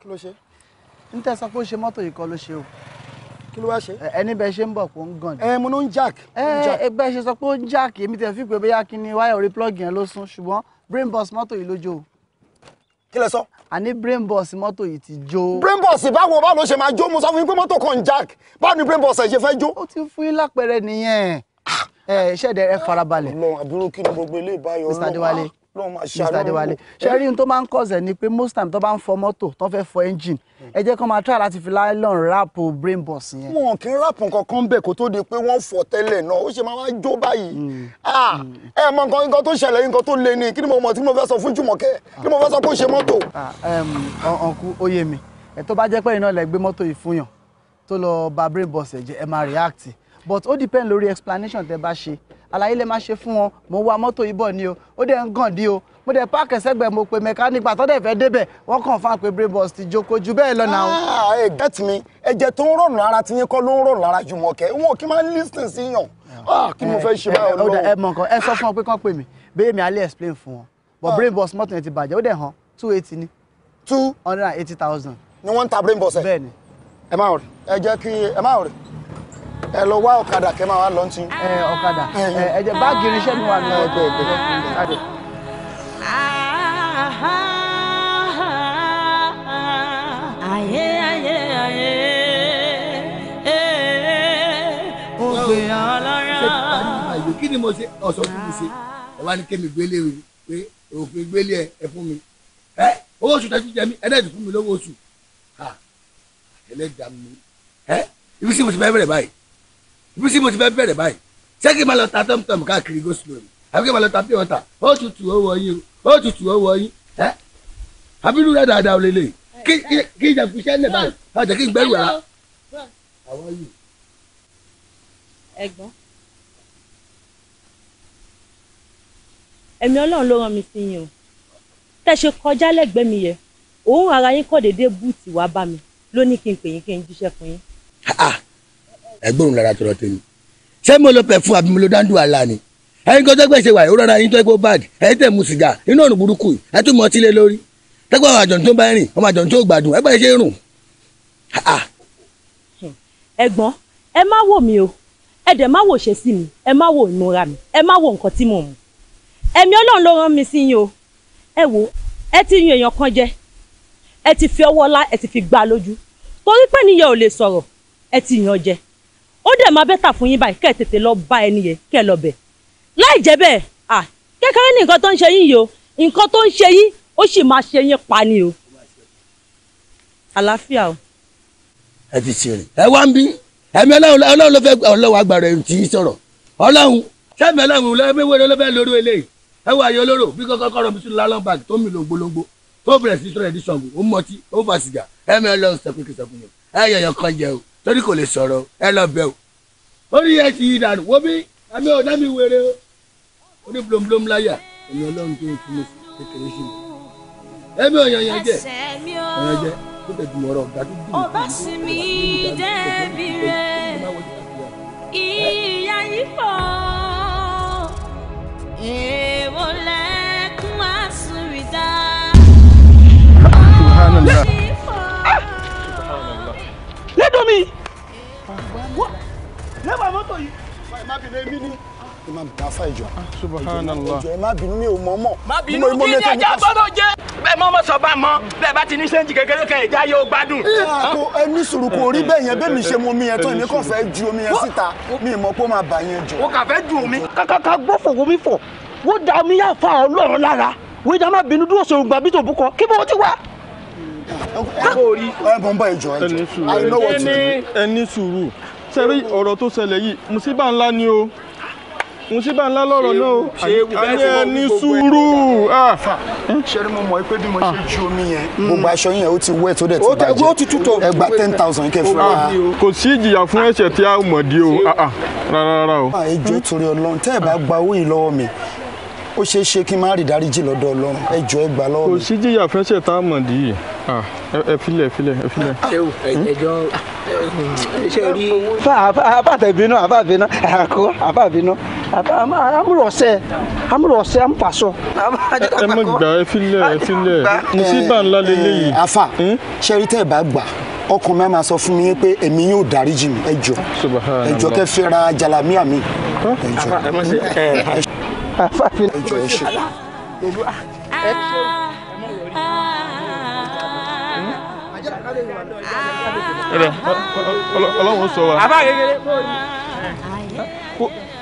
kí ló ṣe. n tẹ́ sọ pé ó ṣe mọ́tò yìí kọ́ ló ṣe o. kí ló wá ṣe. ẹni bẹ́ẹ̀ ṣe ń bọ̀ pé ó ń gàn. ẹ mo ló ń jack. ẹ bẹ́ẹ̀ ṣe sọ pé ó ń jack èmi tẹ̀ fi pé bóyá kí ni wáyà orí plug yẹn ló sún ṣùgbọ́n brain box mọ́tò yìí ló jó o. kí lẹ sọ. àní brain box mọ́tò yìí ti jó. brain box báwo báwo ló ṣe máa jó mo sọ fún yín pé mọ́tò kan jack báwo ni brain box ẹ̀ ṣe fẹ́ jó. ó ti fún yín lápẹẹrẹ nìyẹn iṣẹ́ eh, ìdẹ ẹ farabalẹ̀. lọ àbúrò kí ni gbogbo ilé ìbáyọ ọlọ́run ah, mr adewale ṣe rí n tó máa ń cause ni pé most time tó bá ń fọ mọ́tò tó fẹ́ fọ engine ẹ jẹ́ kó máa try láti fi nylon wrap brain box yẹn. wọn kì í wrap nǹkan kan bẹ́ẹ̀ kó tó di pé wọ́n fọ tẹ́lẹ̀ náà ó ṣe máa wá jó báyìí mm. ah, ẹ mọ nǹkan nǹkan tó ṣẹlẹ̀ nǹkan tó le ni kí ni mo mọ̀ tí mo fẹ́ sọ fún Jùmọ̀kẹ́ kí mo fẹ́ sọ kó ṣe mọ́tò. ọ̀nkú ah, oyè mi ẹ̀ tó bá jẹ́ pé iná lẹ mọ́tò yìí tó lọ bà brain box ẹ̀ jẹ́ ẹ máa react but ó depend lórí explanation tẹ́ bá ṣe àlàyé lè má ṣe fún wọn mo wa mọ́tò yìí bọ̀ ni o ó dẹ̀ ń gàn dí o mo dẹ̀ páàkì ẹ̀sẹ̀gbẹ̀ mo pe mẹkáníkì àtọ́dẹ̀ fẹ́ débẹ̀ wọ́n kàn fún àpè brain box ti joko ju bẹ́ẹ̀ lọ́nà o. Ah, ẹ gẹ́tì mi ẹ̀jẹ̀ tó ń rọrùn ara ti yín kọ́ ló ń rọrùn ara jù wọ́n kẹ́ wọn kí n máa ń lísìn sí yàn ah, kí mo eh, fẹ́ ṣe báyọ̀ eh, lọ́wọ́. ẹ mọ̀ nǹkan ẹ sọ fún wọn pé kán pè mí mi alẹ́ explain fún but ah. brain box mọ́tò yẹn ti bàjẹ́ ó dẹ̀ two eighty ni. two hundred eighty thousand. ni wọ́n ń brain box ni. ẹ má rí ẹ jẹ́ ẹ lọ wá ọ̀kadà kẹ́ máa wá lọ́ntì. ẹ ọ̀kadà ẹ jẹ báàgì irinṣẹ́ mi wà nínú ẹgbẹ́ ẹgbẹ́. ayé ayé ayé ògbìn ọlọ́rọ̀. kí ni mo ṣe ọ̀sán tó ti ṣe ẹ wá ní kémi gbélé rẹ pé òfin gbélé ẹ fún mi ẹ owó oṣù tẹ́tí jẹ mí ẹ̀ẹ́dẹ́gbẹ̀ fún mi lówó oṣù ẹlẹ́dàá mi ẹ ibi sí mo ti fẹ́ bẹ̀rẹ̀ báyìí ibi tí mo ti fẹ́ bẹ̀rẹ̀ báyìí ṣé kí n máa lọ ta tọ́mtọ́m káàkiri go slow ni àbí kí n máa lọ ta pure water ó tutù ó wọ yín ó tutù ó wọ yín ẹ́ abirú rẹ̀ dáadáa lélẹ̀ kí kí ìjà fi ṣẹ́lẹ̀ báyìí ọjà kí n gbẹ́rù rárá. ẹ̀gbọ́n ẹ̀mí ọlọ́run ló rán mi sí yín o tẹ́ ṣe kọjá lẹ́gbẹ̀ẹ́ mi yẹ òun ara yín kọ́ déédéé búùtì wá bá mi ló ní kí n pè yín kí n jíṣẹ́ fún yín ẹgbọn lára tọrọ tèmi ṣé mo lo pẹfún àbí mo lo dáńdù àlá ni ẹyin kan tó gbèsè wà ó rọra yín tó ẹgbó báàgì ẹyin tẹ̀ mu sìgá inú ọ̀run burúkú yìí ẹ tún mọ ọtí lé lórí tẹ́gbọ́n àwọn àjọ̀dún tó bá rìn ọmọ àjọ̀dún tó gbádùn ẹgbẹ́ ṣe rùn. ẹ̀gbọ́n ẹ má wò mí o ẹ dẹ̀ má wò ṣe sí mi ẹ má wò ìmúra mi ẹ má wò nǹkan tí mo mú ẹ̀mí ọlọ́run ló rán mi sí yín o ẹ wò ẹ ti yún èèyàn kan jẹ ẹ ti fi ọwọ́ lá ẹ ti fi gbá lójú torí pé níyẹn ò lè sọ̀rọ̀ ẹ ti yàn jẹ ó dẹ̀ máa bẹ́tà fún yín báyìí kẹ́ ẹ̀ tètè lọ bá ẹni yẹn kẹ́ ẹ lọ bẹ̀ láì jẹ́ bẹ́ẹ̀ à kékeré ní nǹkan tó ń ṣe yín yìí o nǹkan tó ń ṣe yín ó sì máa ṣe yín pa ni o àlàáfíà o. ẹ ti ṣe rè ẹ wá ń bí ẹmí ọlọ́run ló fẹ́ ọlọ́run agbára ẹ̀rù tí í sọ̀rọ̀ ọlọ́run sẹ́mi ọlọ́run lẹ́wẹ́rẹ́ ló fẹ́ lórí eléyìí ẹ wọ ayé olóró bí kọ́kọ́ kọ́rọ̀ mi sùn lálọ́ báàgì tó mi lò gbólógbó tó bẹ̀rẹ̀ sí sọ̀rọ̀ ẹ̀dí sọ̀gùn ó mọtí ó fà sìgá ẹ̀mí ọlọ́run sẹ́kùn kìsọ̀kùn yẹn ẹ̀yọ̀ torí kò lè sọ̀rọ̀ ẹ lọ bẹ̀ o. ó ní ẹ sì dànù wo bí àmì ọ̀dá mi wéré o ó ní blomblom láyà èmi ọlọ́run tó ń fún mi kékeré sí mi. ẹ̀mí ọ̀yànyàn jẹ́ ọ̀yàn jẹ́ tó tẹ̀sí mọ́rọ̀ ọ̀gá tó dùn. ọba sinmi dẹ́bi rẹ̀ ìyá yìí pọ̀ èèwọ̀ lẹ́kún àsùnrìdá lẹ́dọ̀ mi. lẹ́bàá mọ́tò yìí. ẹ má bínú èmi ni. ẹ má bínú afa ìjọ. subhanallah ẹ má bínú mi ò mọ̀ mọ̀. má bínú kí ni ẹja gbọ́dọ̀ jẹ́. bẹ́ẹ̀ mọ́ mọ́ sọ bá mọ́ bẹ́ẹ̀ bá ti ní sẹ́ńjì kékeré kan ẹ̀já yóò gbádùn. ẹ ní sùúrù kò rí bẹ́ẹ̀ yẹn bẹ́ẹ̀ mi ṣe mu omi yẹn tó èmi kàn fẹ́ ju omi yẹn síta mi ì mọ̀ pé ó máa bà yẹn jọ. o kà fẹ́ dùn omi. kàkàkà gbọ́fọ̀ omi orí. ẹ bọ̀ ń bọ̀ ìjọ ẹjọ i know what you mean. ẹni sùúrù sẹ́rí ọ̀rọ̀ tó ṣẹlẹ̀ yìí mùsíbà ńlá ni o mùsíbà ńlá lọ́rọ̀ náà àní ẹni sùúrù. Ah. Ah. ṣẹ́rí mo mọ̀ pé bí mo ṣe ah. ju omi yẹn hmm. gbogbo aṣọ yẹn ó ti wẹ̀ tó dẹ̀ ti bàjẹ́ ó ti tútù ẹ gba ten thousand kẹ́ fún wa. kò sí ìjìyà fún ẹ̀ṣẹ̀ tí a mọ̀ di o rárá o. ẹ jọ̀ọ́ torí Ọlọ́run tẹ́ ẹ bá gba owó yìí lọ́wọ́ mi ó ṣeé ṣe kí n má rí dáríjì lọ́dọ̀ ọlọ́run ẹ jọ ẹ gbà lọ́wọ́ mi. kò sí jìyà fẹsẹ̀ tá a mọ̀ dì í ẹ filẹ̀ ẹ filẹ̀ ẹ filẹ̀. ẹjọ ṣe rí. àbàtẹ̀bínú àbàbínú àkó àbàbínú amúrọ̀ọ̀sẹ̀ amúrọ̀ọ̀sẹ̀ amúpasọ̀. ẹ mọ̀ gbà ẹ filẹ̀ ẹ filẹ̀ mùsíbà ńlá lélẹ́yìí. afa hm? ṣẹ́rí tẹ́ ẹ bá gbà ọkùnrin mẹ́ma sọ fún mi pé èmi yóò dáríjì mi ẹ jọ ẹ jọ kẹ́ fẹ́ ra jalamiya mi. ẹ jọ ẹ five ọlọ́run sọ wa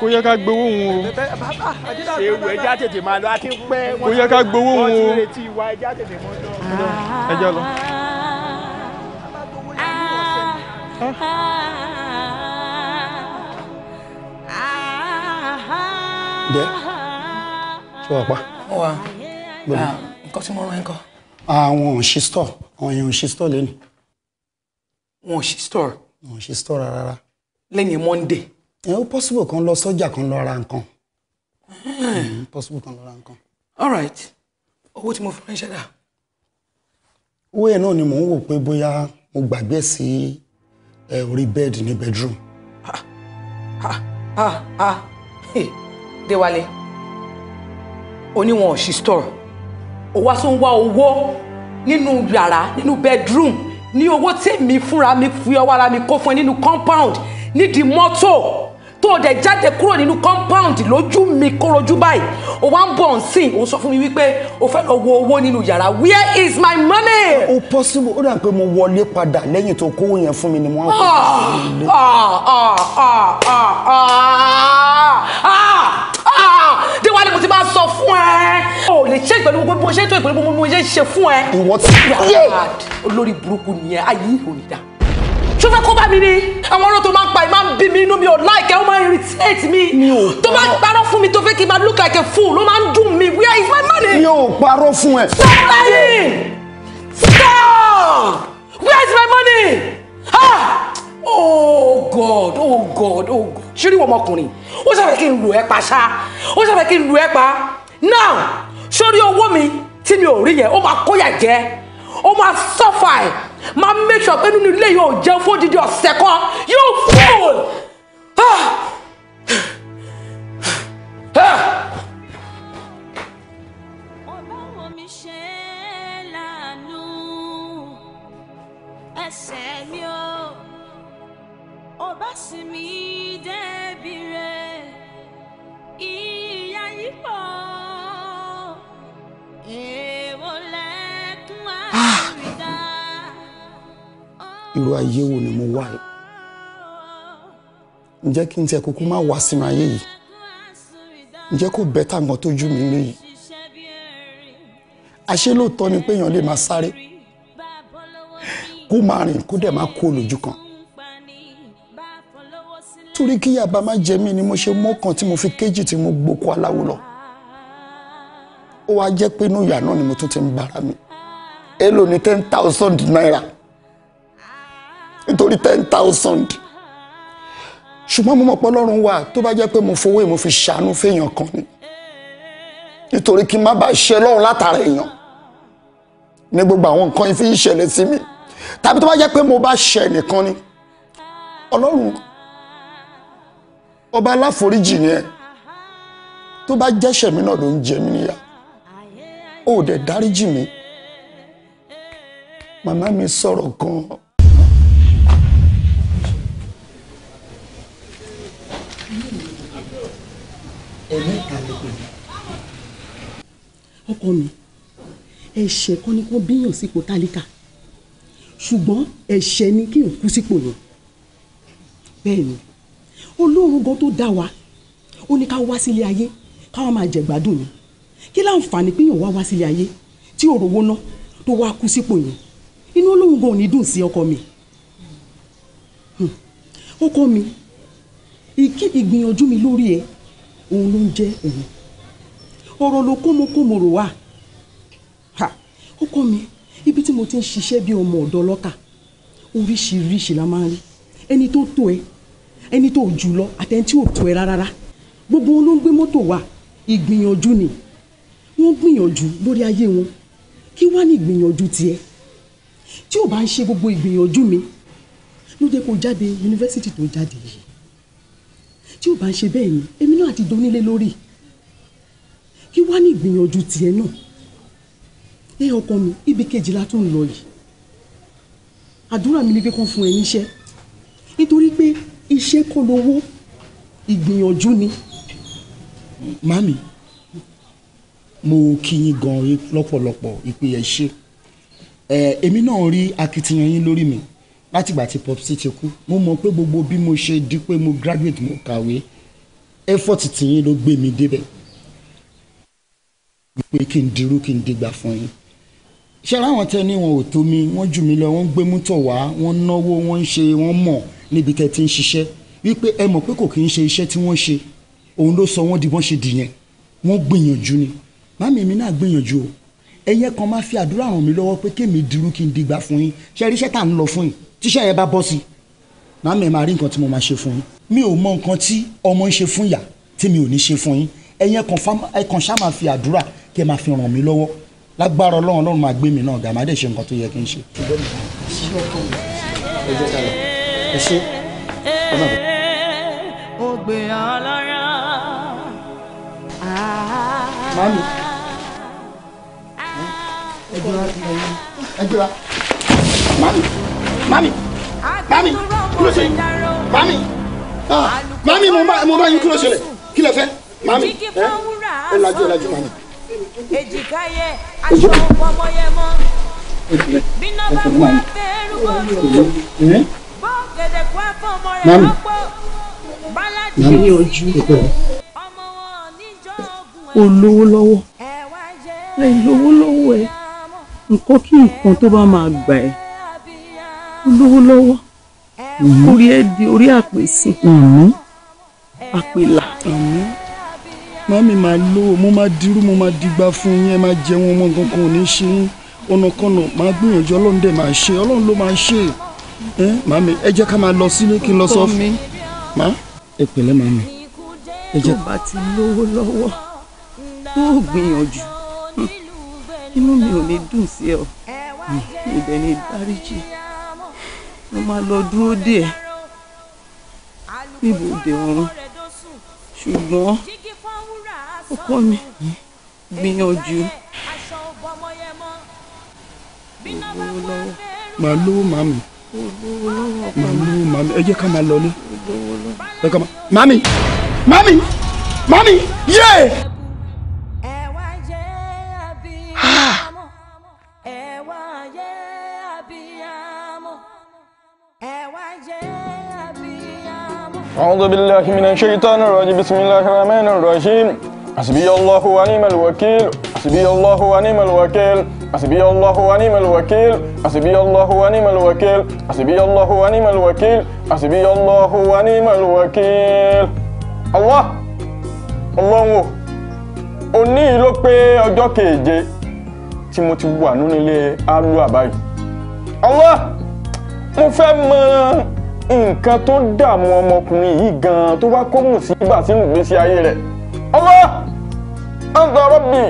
kó yẹ ká gbowó wọn o. ewu ẹja tètè máa lọ àti pẹ́. kó yẹ ká gbowó wọn o. wọ́n lọ. ẹja wà pa. ó wà ah, nǹkan tí mo rán ẹ kọ. Ah, àwọn ò ń ṣe store àwọn èèyàn ò ṣe store lẹ́nu. wọn ò ṣe store. wọn ò ṣe store rárá. lẹ́yìn monday. ẹ ó possible kan lọ sọ́jà kan lọ ra nǹkan. Eh. Hmm, possible kan lọ ra nǹkan. all right owó tí mo fi ránṣẹ́ dà. owó yẹn náà ni mò ń wò pé bóyá mo gbàgbé sí orí bẹ́ẹ̀dì ní bedroom. ha ah, ha ha ha hey, Déwálé oníwọ̀n ọ̀sì store ó wá tó ń wá owó nínú yàrá nínú bedroom ní owó tèmi fúnra mi fi ọwọ́ ara mi kó fún ẹ nínú compound nídìí mọ́tò tó o dẹ̀ jáde kúrò nínú compound lójú mi kórojú báyìí o wá ń bọ̀ nsìn o sọ fún mi wípé o fẹ́ lọ wo owó nínú yàrá where is my money. o possible ó dà pé mo wọlé padà lẹ́yìn tó kówó yẹn fún mi ni wọ́n kó ah déwálé mo ti bá sọ fún ẹ. o lè ṣe ìpẹ̀lú gbogbo bó ṣe tó ìpẹ̀lú gbogbo bó ṣe ṣe fún ẹ. ìwọ ti yé olórí burúkú nìyẹn ayé ìhò nìdá. ṣó fẹ́ kó bá mi ni àwọn ọ̀rọ̀ tó máa ń pa ẹ̀ máa ń bí mi inú mi ò láìkẹ́ ó máa ń irritate mi tó máa ń parọ́ fún mi tó fẹ́ kí n máa look like a fool ló máa ń dùn mí where is my money. mi ò parọ́ fún ẹ. stop lying stop where is my money. Ah! oh god oh god oh god ṣé rí ọmọkùnrin ó ṣàfẹ́ kí n lù ẹ́ pa ṣá ó ṣàfẹ́ kí n lù ẹ́ pa now sórí owó mi tí mi ò rí yẹn ó máa kóyà jẹ ó máa sọ́fà ẹ̀ máa make sure pé nínú ilé yóò jẹun fún odidi ọ̀sẹ̀ kan yóò fóònù. bá sinmi débi rẹ̀ ìyá yìí pọ̀ èèwọ̀ lẹ́kùn àrídá. Ah! irú ayé wo ni mo wá yìí ǹjẹ́ kí n tiẹ̀ kúkú má wá sínú ayé yìí ǹjẹ́ kò bẹ́tà gan tójú mi rí yìí àṣé lóòótọ́ ni pé èèyàn lè máa sáré kó máa rìn kó dẹ̀ máa kó lójú kan torí kí yàbá má jẹ mí ni mo ṣe mú kan tí mo fi kéjì tí mo gboko aláwo lọ ó wá jẹ́ pé inú ìyá náà ni mo tún ti ń bára mi èló ni ten thousand naira nítorí ten thousand ṣùgbọ́n mo mọ̀ pé ọlọ́run wà tó bá jẹ́ pé mo fowó yìí mo fi ṣàánú fèèyàn kan ni nítorí kí n má bàa ṣe lọ́run látara èèyàn ní gbogbo àwọn nǹkan yìí ń ṣẹlẹ̀ sí mi tàbí tó bá jẹ́ pé mo bá ṣe ẹnìkan ni ọlọ́run ọba aláforíjì yẹn tó bá jẹ́ṣẹ̀ mi náà ló ń jẹ mí níyà ó dẹ̀ dáríjì mi màmá mi sọ̀rọ̀ gan-an. ẹ̀mí ìta ló pè mí. ọkọ mi ẹ̀ṣẹ̀ kan ni kò bíyàn sípò tálíkà ṣùgbọ́n ẹ̀ṣẹ̀ ni kí n kú sípò yẹn bẹ́ẹ̀ ni. Ọlọ́run gan tó dá wa ó ní ká wá sílé ayé ká wá máa jẹ̀gbádùn ni kí láǹfààní pé èèyàn wá wá sílé ayé tí ò rówó ná tó wá kú sípò yẹn inú Ọlọ́run gan ò ní dùn sí ọkọ mi hmm. ọkọ mi ìgbìyànjú mi lórí ẹ òun ló ń jẹ òun ọ̀rọ̀ ló kómokómo rò wá ọkọ mi ibi tí mo ti ń ṣiṣẹ́ bí ọmọ ọ̀dọ́ lọ́kà oríṣiríṣi la máa ń rí ẹni tó tó ẹ ẹni tó jù lọ àtẹni tí ò tó ẹ rárá gbogbo wọn ló ń gbé mọ́tò wa ìgbìyànjú ni wọ́n gbìyànjú lórí ayé wọn kí wá ní ìgbìyànjú tiẹ̀ tí ò bá ń ṣe gbogbo ìgbìyànjú mi ló jẹ́ kó jáde yunifásitì tó jáde yìí tí ò bá ń ṣe bẹ́ẹ̀ ni èmi náà ti donílé lórí kí wá ní ìgbìyànjú tiẹ̀ náà ẹ ọkọ mi ibi kejìlá tó ń lọ yìí àdúrà mi ni pé kán fún ẹ níṣẹ́ nítorí pé iṣẹ́ kò lówó ìgbìyànjú ni mami mo kí yín gan lọ́pọ̀lọpọ̀ ìpè ẹ̀ ṣe èmi náà rí akitiyan yín lórí mi látìgbà tí popsi ti kú mo mọ̀ pé gbogbo bí mo ṣe di pé mo graduate mo kàwé effort tiyín ló gbé mi débẹ̀ pé kí n dirú kí n digbà fún yín ṣé ara tẹ́ ní wọn ò tó mi wọ́n jù mí lọ wọ́n gbé mútọ̀ wá wọ́n náwó wọ́n ń ṣe wọ́n mọ̀ níbi tẹ́ ti ń ṣiṣẹ́ wípé ẹ mọ̀ pé kò kì í ṣe iṣẹ́ tí wọ́n ṣe òun ló sọ wọ́n di bọ́n ṣe dìyẹn wọ́n gbìyànjú ni màmí mi náà gbìyànjú o ẹyẹ kan máa fi àdúrà ràn mí lọ́wọ́ pé kémi dirú kí n digbà fún yín ṣe rí iṣẹ́ tá à ń lọ fún yín tíṣẹ́ yẹn bá bọ́ sí màmí ẹ máa rí nǹkan tí mo máa ṣe fún yín mi ò mọ nǹkan tí ọmọ ń ṣe fún ìyá tí mi ò ní ṣe fún yín ẹyẹ kan ṣá máa fi àdúrà kẹ́ máa fi ràn mí lọ́wọ́ lágbára ọlọ́run ọlọ́run máa gbé mi náà gàmádé ṣe nǹkan tó yẹ kí n ṣe. ẹ jẹ́ ká lọ ẹ ṣe ẹ má bọ̀. ògbè ọlọ́rọ̀. màámi ẹ jọra ẹ jọra mo bá yín kí ló kí lẹ fẹ́ màámi ẹ ẹ lajú lajú màámi. èjìká yẹ aṣọ ọmọ yẹ mọ bínú bá wà bẹ́ẹ̀ rúbọ rúbọ mami mami ní ojú ìpẹ́ o lówó lọ́wọ́ ẹ lówó lọ́wọ́ ẹ nǹkan kí nǹkan tó bá máa gbà ẹ o lówó lọ́wọ́ orí ẹ di orí àpèsè àpèlà mami máa lówó mo máa dirú mo máa digba fún yín ẹ máa jẹun ọmọ kankan ò ní ṣe ọ̀nà máa gbìyànjú ọlọ́run dẹ̀ máa ṣe ọlọ́run ló máa ṣe Mami, hmm? ẹ jẹ́ ká máa lọ sílé kí n lọ sọ fún ma ẹ pẹ̀lẹ́ màmí ẹ jẹ́. tó bá ti lówó lọ́wọ́ tó gbìyànjú hmm. inú mi ò ní dùn sí ọ ìbẹ̀ ni dáríjì mo máa lọ dúró dè níbo òde ọ̀run ṣùgbọ́n ọkọ mi gbìyànjú gbogbo lọ́wọ́. màá lówó màmí mami ẹ jẹ́ ká máa lọ ní. ẹ ká máa mami mami mami yé. أعوذ بالله من الشيطان الرجيم بسم الله الرحمن الرحيم حسبي الله ونعم الوكيل حسبي الله ونعم الوكيل حسبي الله ونعم الوكيل حسبي الله ونعم الوكيل حسبي الله ونعم الوكيل حسبي الله ونعم الوكيل الله ọlọ́run o òní ló pé ọjọ́ keje tí mo ti wà nínú ilé alu àbáyé Allah mo fẹ́ mọ nǹkan tó dààmú ọmọkùnrin yìí gan-an tó wá kó mùsíbà sínú ìgbésí ayé rẹ̀. الله أنت ربي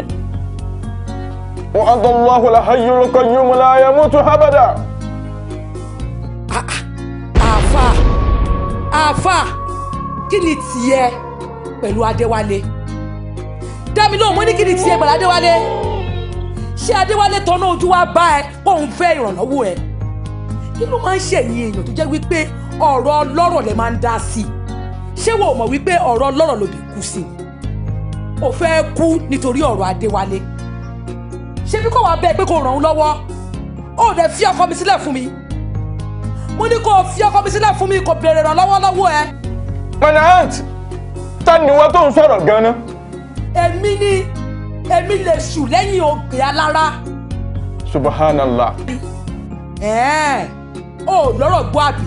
وأنت الله الحي القيوم لا يموت أبدا àfà àfà kí ni tiẹ̀ pẹ̀lú Adéwálé dámi lóhùn mo ní kí ni tiẹ̀ pẹ̀lú Adéwálé ṣé Adéwálé tọ́nà ojú wa bá ẹ kóun fẹ́ ìrànlọ́wọ́ ẹ kí ló máa ń ṣèyí èèyàn tó jẹ́ wípé ọ̀rọ̀ ọlọ́rọ̀ lè máa ń dá sí i wo mọ̀ wípé ọ̀rọ̀ ọlọ́rọ̀ ló bí kú sí i ò fẹ́ kú nítorí ọ̀rọ̀ Adéwálé ṣé bí kò wá bẹ́ẹ̀ pé kò ràn án lọ́wọ́ ó dẹ̀ fi ọkọ mi sílẹ̀ fún mi mo ní kò fi ọkọ mi sílẹ̀ fún mi kò béèrè ràn lọ́wọ́ lọ́wọ́ ẹ. mọ̀nà aunt ta ni wọ́n tó ń sọ̀rọ̀ gan-an. èmi ni èmi lè ṣù lẹ́yìn ògbé alára. subhanallah. ẹ̀ẹ́n o lọ́rọ̀ gbọ́ àbí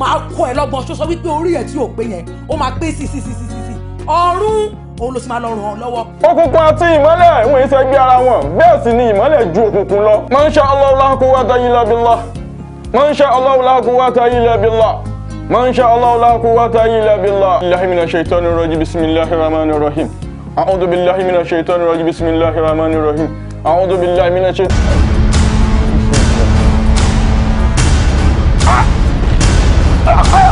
máa kọ́ ẹ lọ́gbọ́n ṣoṣo wípé orí ẹ̀ tí ò pé yẹn ó máa pé sí sí sí sí sí ọ̀run òun ló sì máa lọ ràn án lọ́wọ́. òkùnkùn àti ìmọ́lẹ̀ ìwọ̀n ìṣe gbé ara wọn bẹ́ẹ̀ sì ni ìmọ́lẹ̀ ju òkùnkùn lọ. Masha Allah la quwwata illa billah Masha Allah la quwwata illa billah Masha Allah la quwwata illa billah. ilahi mina shaitanir rajim bisimilahi rahmani rahim a'udhu billahi mina shaitanir rajim bisimilahi rahmani rahim a'udhu billahi mina shaitanir. Ah! Ah! ah!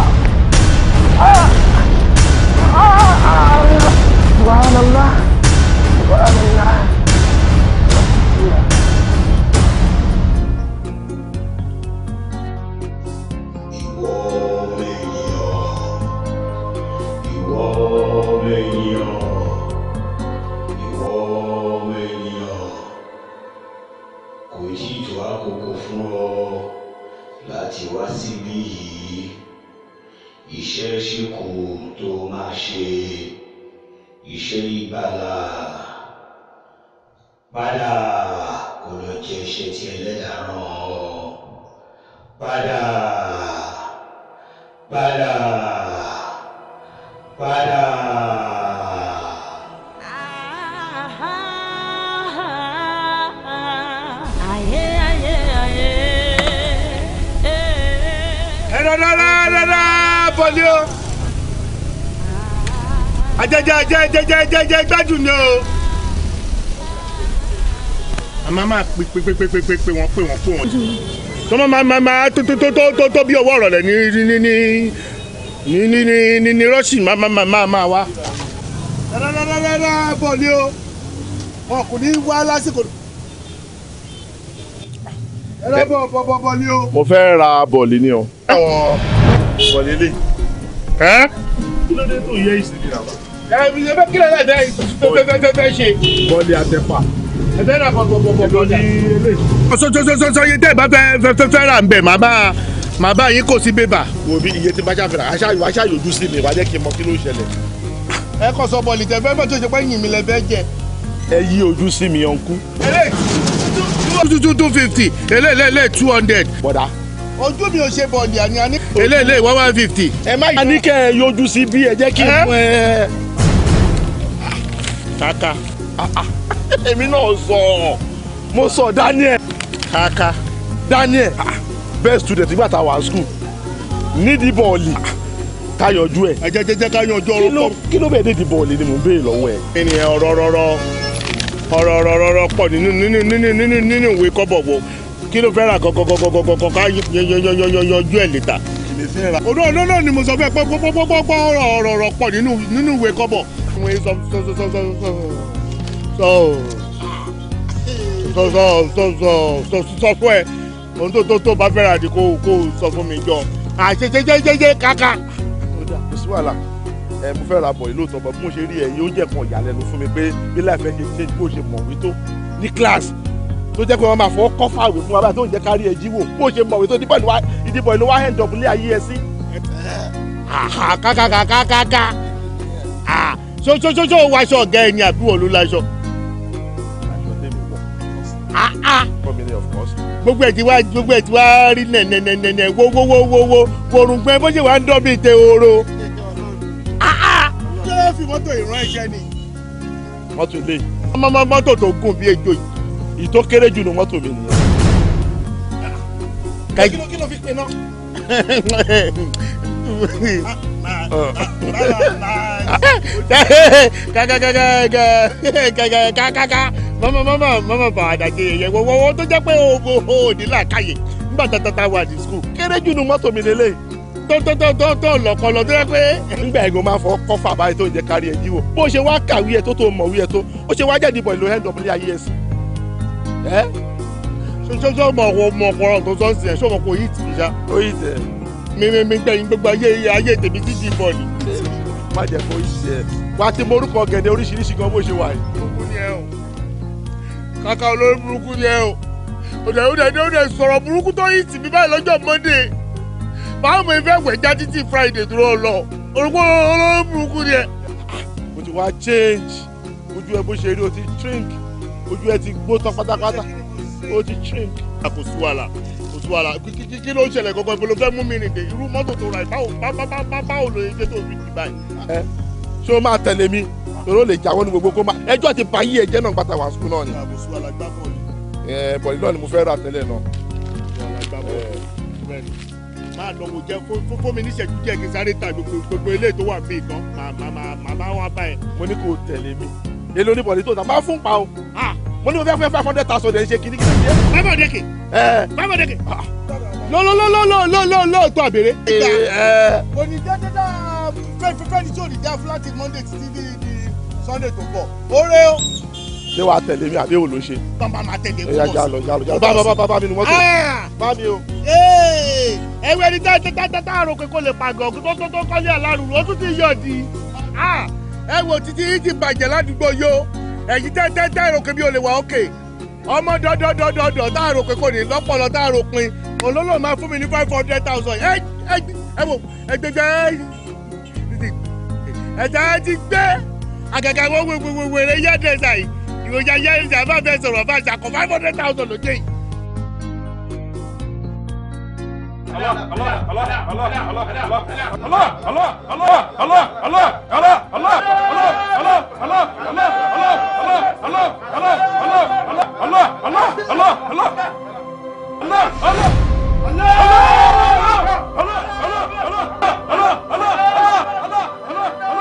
máa pè pè pè pè pè pè pè wọ́n pè wọ́n pè wọ́n. tó máa máa máa tó tó tó tó tó bí ọwọ́ ọ̀rọ̀lẹ̀ ní ní ní ní ní ní ní ní rọ́ọ̀sì máa máa máa máa wá. rárárárá bọ̀ ni o wọn kò ní wá lásìkò. ẹ lọ bọ̀ bọ̀ bọ̀ bọ̀ ni o. mo fẹ́ ra bọ̀ọ̀lì ni o. bọ̀ọ̀lì lè. ẹ́ kí ló dé tó yẹ ìsinmi rà wá. ẹ ẹ bí ẹ bá kílẹ̀ láti ẹ ìtútù tó fẹ́ fẹ́ fẹ́ ṣe. bọ́ọ̀lì àtẹ̀pà ẹbẹ náà bọ̀bọ̀bọ̀bọ̀ ni eléyìí. bá fẹ́ fẹ́ rà ń bẹ̀ màá bá màá bá yín kò sí bébà. wo bí iye tí bá ṣàfihàn aṣáájú aṣáájú ojú sí mi wàá jẹ́ kí n mọ kí ló ṣẹlẹ̀. ẹ kọ sọ bọ́ọ̀lì tẹ fẹ́ẹ́ tó ṣe pé yìnyín mi lẹ fẹ́ jẹ. ẹ yí ojú sí mi ọ̀nkú. eléyìí two fifty eléyìí two hundred. bọ̀dá ojú mi ò ṣe bọ̀ọ̀lì àní àní. eléyìí one one fifty. ẹ má yọ. a ní kẹ́ ẹ yọjú sí bí ẹ jẹ́ kí n mú ẹ. Ah, ah. kàkà. Ah, èmi náà sọ mo sọ Daniel kàkà Daniel ah, best student nígbà tá a wà school nídìí bọ́ọ̀lì ah, ká yọjú ẹ̀. ẹ jẹ́ jẹ́ jẹ́ ká yanjú ọ̀rọ̀ pọ̀. kí ló bẹ̀ẹ́ nídìí bọ́ọ̀lì ni mò ń béèrè lọ́wọ́ ẹ̀. ènìyàn ọ̀rọ̀ rọ̀rọ̀ ọ̀rọ̀ rọ̀rọ̀ pọ̀ nínú nínú nínú nínú ìwé kọ́bọ̀wọ̀ kí ló fẹ́ rà kọ̀kọ̀kọ̀kọ̀kọ̀ ká yanjú ẹ̀ lẹ́tà fẹ́ra. òdo òdo náà ni mo sọ fẹ́ pọ́pọ́pọ́pọ́ ọ̀rọ̀ ọ̀rọ̀ pọ̀ nínú ìwé kọ́bọ̀ sọ sọ sọ sọ sọ sọ fún ẹ ohun tó tó tó bá fẹ́ ra di kó kó sọ fún mi jọ àṣejẹjẹjẹjẹ kàkà. kò sí wàhálà ẹ mo fẹ́ ra bọ̀ ìlú ìtọ́ bọ̀ bí mo ṣe rí ẹ yóò jẹ́ kan ìyàlẹ́nu fún mi pé bí láìpẹ́ ṣe ṣe bó ṣe mọ̀wé tó ní kíláàsì tó jẹ́ pé wọ́n máa fọwọ́ kọ́ fàwé fún wa báyìí tó ń jẹ́ kárí ẹjí wò bó ṣe mọ̀wé tó ìdìbò ìlú wa end up lé ayé ẹ sí. kàkàkàkàkàkà ṣoṣoṣoṣo wàṣọ ọ̀gá ẹni àbúrò ló láṣọ. gbogbo ẹ̀ gbogbo ẹ̀ wo wo wo wo! wowowowowo worùngbẹ́ bó ṣe wà ń dán bíi te oro. ṣé fi mọ́tò ìran ni. mọ́tò lè. mọ́tò tó gùn bí ejò yìí kéré jù ní mọ́tò mi nìyẹn. kí ló kí ló fi pe náà. mama mama mama bàdàgé yẹn wọ́wọ́ tó jẹ́ pé o ò ní làákàyè nígbà tata wà ní skul kéré jù nù mọ́tò mi lélẹ̀ tọ́tọ́tọ́tọ́ lọ́kọlọ tó yẹ pé nígbà yẹn kò máa fọ kọ́fà báyìí tó ń jẹ kárí ẹ̀ jíwò bó ṣe wá kàwé ẹ̀ tó tó mọ̀wé ẹ̀ tó ó ṣe wá jáde bọ̀ ìlú NYSC ẹ́ ṣọṣọ mọ ọwọ mọ ọpọlọ tó sọ sí ẹ ṣọmọ kò yí tìí ṣá. ó yí tẹ. mi mi mi gbẹ̀yìn gbogbo ayé ayé tèmi ti di bọ ni. má jẹ kó yí tẹ. wàá ti mọ orúkọ gẹ̀dẹ̀ oríṣiríṣi gan bó ṣe wà yìí. gbogbo ni ẹ e o kàkà olórí burúkú yẹn o òdà òdà òdà òdà sọ̀rọ̀ burúkú tó yìí tì mí báyìí lọ́jọ́ monday báwo mo fẹ́ wẹ̀ já títí friday dúró lọ orúkọ olórí burúkú yẹn. mo ti wá change ojú ẹ bó ṣe rí o ti shrink ojú ẹ ti gbó tán pátápátá o ti shrink. a kò sí wàhálà kò sí wàhálà kí ló ń ṣẹlẹ̀ gangan ìbò ló fẹ́ mú mi rìn dé irú mọ́tò tó ra ẹ̀ báwo báwo ló yẹ kí tó fi dì báyìí. ṣé o máa tẹ̀lé mi lọ́rọ́ ò lè jáwọ́ ní gbogbo kó má ẹjọ́ ti ba yí ẹjẹ́ náà gbàtà wà sùkúl náà ni. bọ̀dì náà ni mo fẹ́ rà tẹ́lẹ̀ náà. máa lọ wò jẹ fún mi níṣẹ́jú díẹ̀ kí n sáré ta gbogbo eléyìí tó wà bíi kan màmá wa bá ẹ. mo ní kó tẹ̀lé mi èlò ní bọ̀dì tó ta máa fún pa o ah! mo ní mo fẹ́ fẹ́ five hundred thousand ẹ̀ ṣe kìíní kìíní. five hundred k. five hundred k. Ah! lọ́lọ́lọ́lọ́lọ́lọ́lọ́ tó àbèrè. onídàá dídá fẹ́ẹ́ fẹ́ẹ́ ní tí onídàá fúláàtì monday títí sunday tó bọ̀ oore o. ṣé wàá tẹ̀lé mi àbí èwo ló ṣe. bàbá máa tẹ̀lé kúrò sí. ẹ̀yà jalo jalo jalo bá bá bá bá mi nu mọ́tò ah! bá mi o. ẹ̀wẹ̀ ni tẹ́tẹ́tẹ́tẹ́ àrùn kò lè pàgọ́ kó tó tó kọ́lé àlárùn ó tún ti yọ̀ di. Ah! ẹ wo títí yìí ti bàjẹ́ ládùúgbò yo ẹ̀yin tẹ́tẹ́tẹ́ àrùn kò bí o lè wà ókè ọmọ dọ́dọ́dọ́dọ́dọ́ tá àrùn kò ní lọ́pọ̀lọ́ tá àrùn pin olólò máa fún mi ní five hundred thousand ẹ ẹ wo ẹgbẹgbẹ ẹ ti gbé àgàgà wọn wéwèwèwè rẹ yẹ dẹ́sà yìí ìròyìn ayé ẹ̀sà bá fẹ́ sọ̀rọ̀ bá ṣàkó five hundred thousand Allah, Allah, Allah, Allah!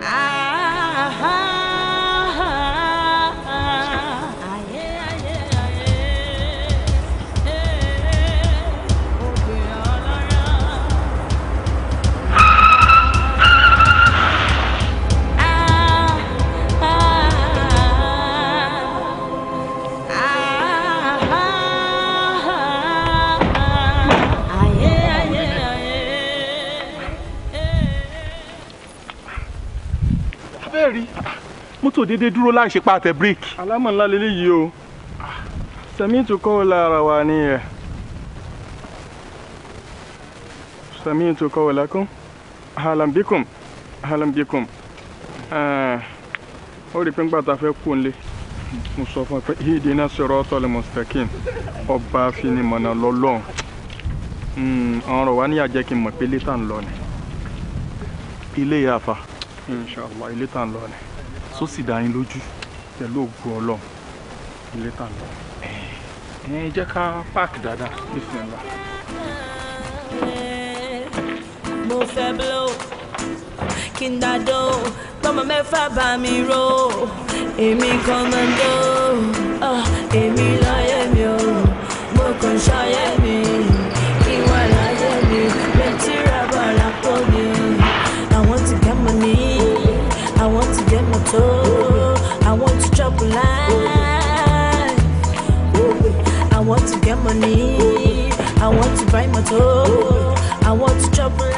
Ah, ah, ah. mọ́tò déédéé dúró láì ṣe pàtẹ bíríkì. alámọ̀ ńlá lélẹ́yìí o sẹ̀mí ìtukọ̀ lára wa ni ẹ̀ sẹ̀mí ìtukọ̀ wọ̀lákùn halambikum halambikum ó rí i pé ńgbà tá a fẹ́ kú nílé mo sọ fún ọ pé ìdí náà sọ̀rọ̀ ọ̀tọ̀ lè mọ̀sítẹ́kìn ọba afinimọ̀nà lọ́lọ́run hmm, ọ̀rọ̀ wa ní àjẹ́ kí n mọ̀ pé ilé ń lọ ni ilé yàfa inshallah ilé tá ń lọ ni sósì dá yín lójú pẹ̀lú ògùn ọlọ́run ilé tà lọ. ẹ jẹ́ ká páàkì dáadáa nífẹ̀ẹ́ ńlá. mo fẹ́ blow kí n dá dó tọmọ mẹ́fà bá mi ró èmi kọ́mọ́ndó ah, èmi lọ́yẹ̀ mi ò mo kàn ṣọ́yẹ̀ mi. get money. I want to buy my toe. I want to chop life.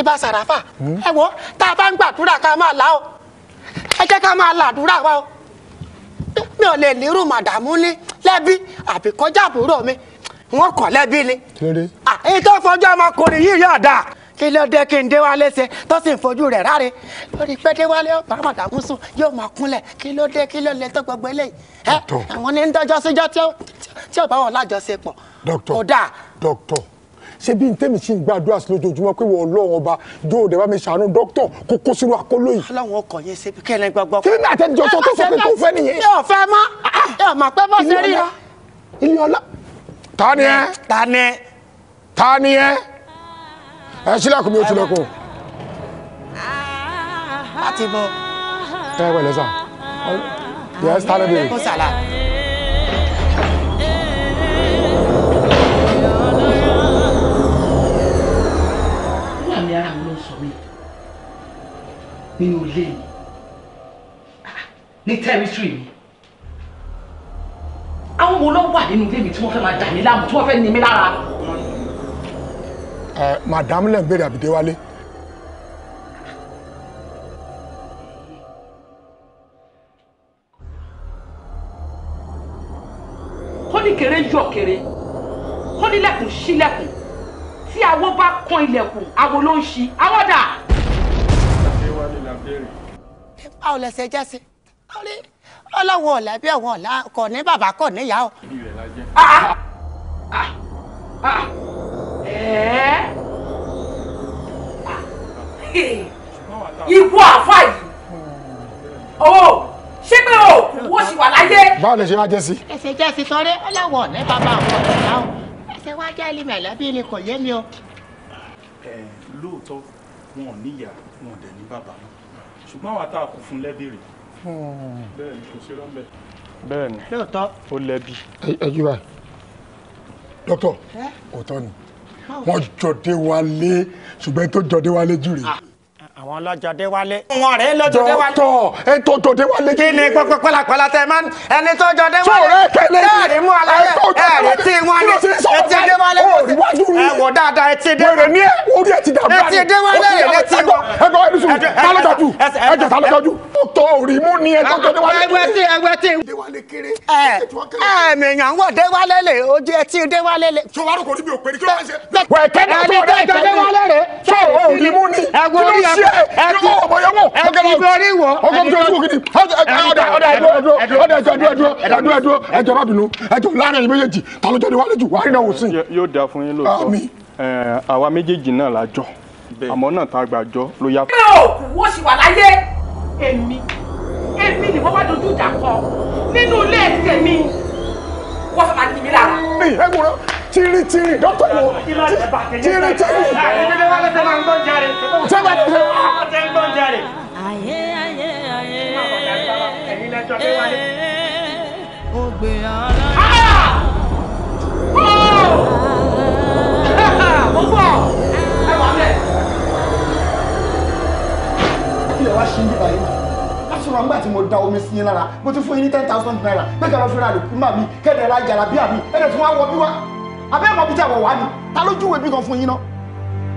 Ibà Sàràfà, ẹ wo tá a bá ń gbàdúrà ká máa là ó. Ẹ jẹ́ ká máa làdúrà wa o. Mi ò lè lérò màdàmú ní lẹ́bí àbí kọjá àbúrò mi. Wọ́n kọ̀ lẹ́bí ni. Èyí tó fọjọ́ ọmọkùnrin yìí yóò dáa kí ló dé kí n dé wá lẹ́sẹ̀ tó sì ń fojú rẹ̀ ráre lórí pété wálé ọba àmàdàmú sùn yóò máa kúnlẹ̀ kí ló tó gbogbo eléyìí àwọn ní ń dọ́jọ́ síjọ́ tí ò bá wọn lájọṣepọ̀ kò dáa. dókítà ṣé bí n tẹ́mi sí ń gbàdúrà sí lójoojúmọ́ pé wọ́n lọ́wọ́ ọba yóò dẹ̀ bá mi ṣàánú dókítà kó kó sínú akóló yìí. aláwọn ọkọ yẹn ṣe kẹlẹ gbàgbọ́. kí ni àtẹnujọ tó sọ pé tó fẹ́ nìyẹn. yóò fẹ́ mọ́ yóò máa pẹ́ bọ́ sí rí. ilé ọlá. ta ni ẹ. ta ni ẹ. ta ni ẹ ẹ ṣílẹ̀kùn mi ò tilẹ̀kùn. láti bọ. ẹ wẹ̀lẹ̀ sà yẹ sáré bèrè. ẹ̀kọ́ sàlà. láàmì ara mi ló sọ mí nínú ilé mi ní tẹ́rítírì mi àwọn wo ló nínú ilé mi tí wọ́n fẹ́ máa dà mí láàmú tí wọ́n fẹ́ ní mi lára ẹ madam lẹ ń bèrè àbí Déwálé. kóníkèrè yọ kèrè kónílẹ̀kùn sílẹ̀kùn tí awo bá kan ilẹ̀kùn awo ló ń ṣí awọ báwo lẹsẹ jẹ sí ọlọ́wọ́ ọ̀la bí ọ̀wọ́ ọ̀la kò ní bàbá kò níyàá ibi rẹ̀ la jẹ́. Ah, ah, ah, ikú àfa yìí owó ṣé pé o wọ́n ṣì wà láyé. báwo lè ṣe wá jẹ́ sí. ẹsẹ̀ jẹ́ sí sọ́rẹ́ ó láwọn ọ̀nẹ́ bàbá àwọn ọ̀nà ọ̀hún ẹsẹ̀ wá jẹ́ ẹlẹ́mì àlábí ni kò yé mi o. ẹ lóòótọ́ wọn ò níyà wọn ò dẹ̀ ní bàbá wọn ṣùgbọ́n àwọn àtàwọn kò fún lẹ́bí rẹ̀. kò ṣe rọ́ọ̀mẹ́. bẹ́ẹ̀ ni ó lẹ́bi. ẹ ẹ yí wa dókítà òótọ́ ni wọ́n jọ Déwálé ṣùgbọ́n tó jọ Déwálé jù rèé àwọn ọlọ́jọ́dé wálé. wọn rẹ̀ lọ́jọ́dé wálé. tọ́ ẹ tó jọdé wálé. kí ni pọpọ pọlapọla tẹ máa ń ẹni tó jọdé wálé. sọ̀rọ̀ kẹlẹ́ yìí ẹ̀rí mú aláyẹ ẹ̀rí tí wọ́n ní etí dé wálé. ẹ wò dáadáa etí dé wálé. wẹ̀rẹ̀ ní orí ẹ̀ ti dà bá mi. etí dé wálé ẹ̀ lé tí wọ́n. ẹ gbọ́ ẹbí sùn tálọ́jọ́jú ẹ̀jẹ̀ tálọ́jọ́jú. tọ́ òrì mú ni ẹ tó jọdé wálé. ẹgbẹ́ tí ẹgbẹ́ tí. ẹ̀ẹ̀mẹ̀yàn wọ̀ dé wálé lè ojú etí dé wálé lè. sọ wàá rò kò ní mi ẹtù ẹtù orí wọ. ọgọ àwa méjèèjì náà la jọ àmọ́ náà tá a gbà jọ ló yá. kí ló kù wọ́n ṣì wà láyé èmi èmi ni wọ́n wá dojú ìjà kọ nínú ilé tèmi wọ́n fẹ́ máa kí mi lára. ẹ wúrọ tìrìtìrì dókítà wo tìrìtìrì ń gbọ́n jáde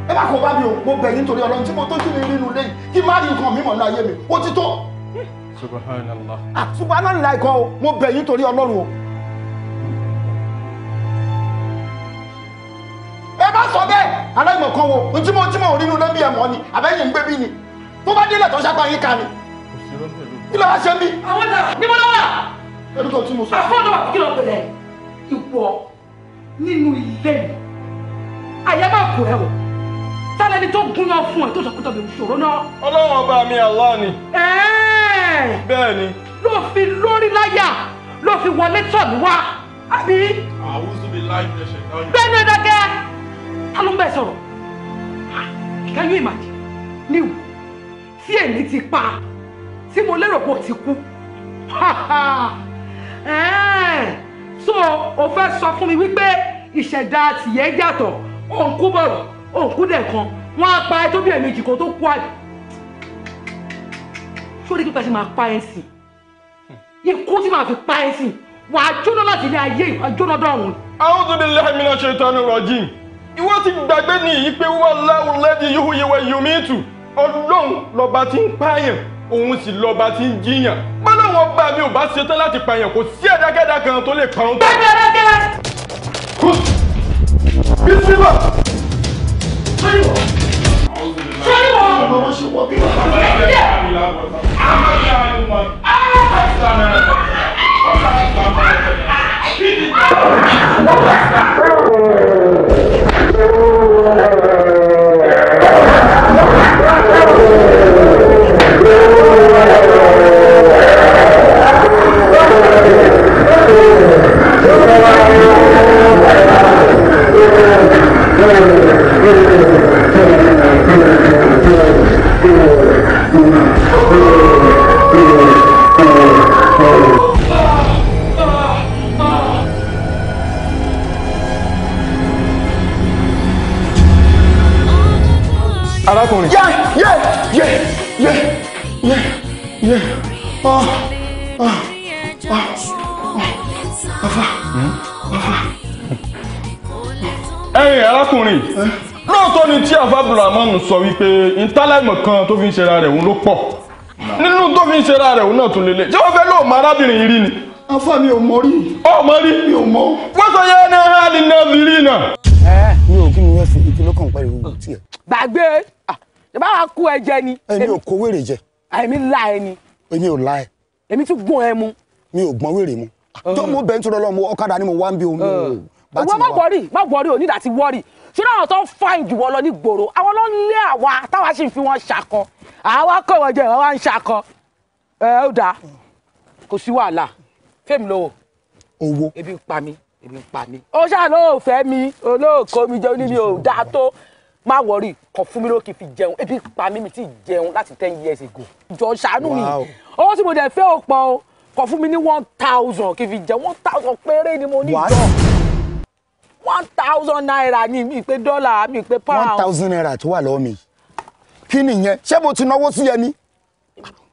ẹ má kàn bá mi ò mo bẹ̀ yín torí ọlọ́run tí mo tójú mi nínú lẹ́yìn kí má rí nǹkan mímọ̀ náà yé mi ó ti tó. subhanallah. subhanallah kan o mo bẹ̀ yín torí ọlọ́run o. ẹ bá sọ bẹ́ẹ̀ aláìmọ̀ kan wo ohun tí mo tí mo rí nínú lẹ́bí ẹ̀ mọ́ ni àbẹ́yìn ń gbé bí ni tó bá délẹ̀ tó ṣàpá yín ká ni. kí ló wá ṣe mí. àwọn ọ̀dà níbo ló wà. ẹnu tí mo sọ. àfọ́dọ̀ kí ló bẹ̀rẹ̀ ìwọ nínú ilé mi àyè má kù ẹ̀ wọ̀ sálẹ̀ ni tó gúnyán fún ẹ tó sọ pé tọ́bi òṣòro náà. ọlọ́run ọba mi Allah ni. bẹ́ẹ̀ ni. ló fi lórí láyà ló fi wọlé tọ̀ mí wá àbí. àwùjọ bíi láì jẹsẹ̀ dáhùn. bẹ́ẹ̀ ni dákẹ́ ta ló ń bẹ̀ sọ̀rọ̀ can you imagine níwò tí èmi ti pa tí mo lérò pé o ti kú so o fẹ́ sọ fún mi wípé ìṣẹ̀dá tìyẹ́ yàtọ̀ òǹkú bọ̀rọ̀ òkú dẹ̀ kan wọ́n á pa ẹ tó bí ẹ̀mejì kan tó kú àbí sórí pípa sí máa pa ẹ sí ikú tí màá fi pa ẹ sí wà á jóná láti ilé ayé ìwà jóná dọ̀run. a'udhu billahi minash shaitani rajim ìwọ ti gbàgbé nìyí pé wọ́n láwùn lẹ́dí yíhu yíwẹ́ yomi tù ọlọ́run lọ́ba ti ń pààyàn òun sì lọ́ba ti ń jiyàn bá láwọn ọba mi ò bá ṣetán láti pààyàn kò sí ẹ̀dákẹ́dá kan tó lè pa òun. bẹ́ẹ̀ ni ẹ̀dákẹ́. bísí wà sọ́ríwọ̀ sọ́ríwọ̀ ọmọ wọn ṣe wọ bí wọn kọ́ lẹ́yìn Thank you arákùnrin. yẹ yẹ yẹ yẹ yẹ yẹ ọ ọ ọ bàbá bàbá. ẹ̀yin arákùnrin. Eh? lóòótọ́ ni tí àfa abdulrahman sọ wípé ntálẹ́mọ̀ kan tó fi ń ṣera rẹ̀ òun ló pọ̀ nínú tó fi ń ṣera rẹ̀ òun náà tún lélẹ̀ tí wọ́n fẹ́ lóò mọ arábìnrin yìí rí ni. afa mi ò mọ rí. ọ mọ rí. mi ò mọ. wọ́n sọ yẹn ní hali náà fi rí náà. ẹ mi ò kí mi yẹn fi ìkìlọ̀ kan pẹ̀lú ìwé tiẹ̀. gbàgbé ìbá wa kú ẹjẹ ni. èmi ò kó wèrè jẹ. èmi la ẹ ni. èmi ò la ẹ. èmi tún gbọ́n ẹ mu. mi ò gbọ́n wèrè mu. tó mú bẹ́ntúrọ́lọ́ mu ọ̀kadà ni mo wá ń bí omi. wọ́n ṣé láwọn tó ń fa ìjùwọ́ lọ ní gbòòrò àwọn ló ń lé àwa táwa sì ń fi wọn ṣakọ àwa kọ̀ wọ́n jẹ́ ìwọ́n wá ń ṣakọ ẹ ó dáa kò sí wàhálà fẹ́mi lówó owó ebi ń pa mí ebi ń pa mí ó ṣáà ló fẹ́ mi olóòkó mi jẹun níbi ò dáa tó má wọrí kàn fún mi ló fi jẹun ebi ń pa mí mi ti jẹun láti ten years ago jọ ṣàánú mi owó tí mo dẹ̀ fẹ́ ò pọ̀ o kàn fún mi ní one thousand kì í fi jẹun one thousand péré ni mo ní jọ one thousand naira ni mi pé dọ́là mi pé pound. one thousand naira tó wà lọ́wọ́ mi kí nìyẹn ṣé mo ti náwó sí ẹni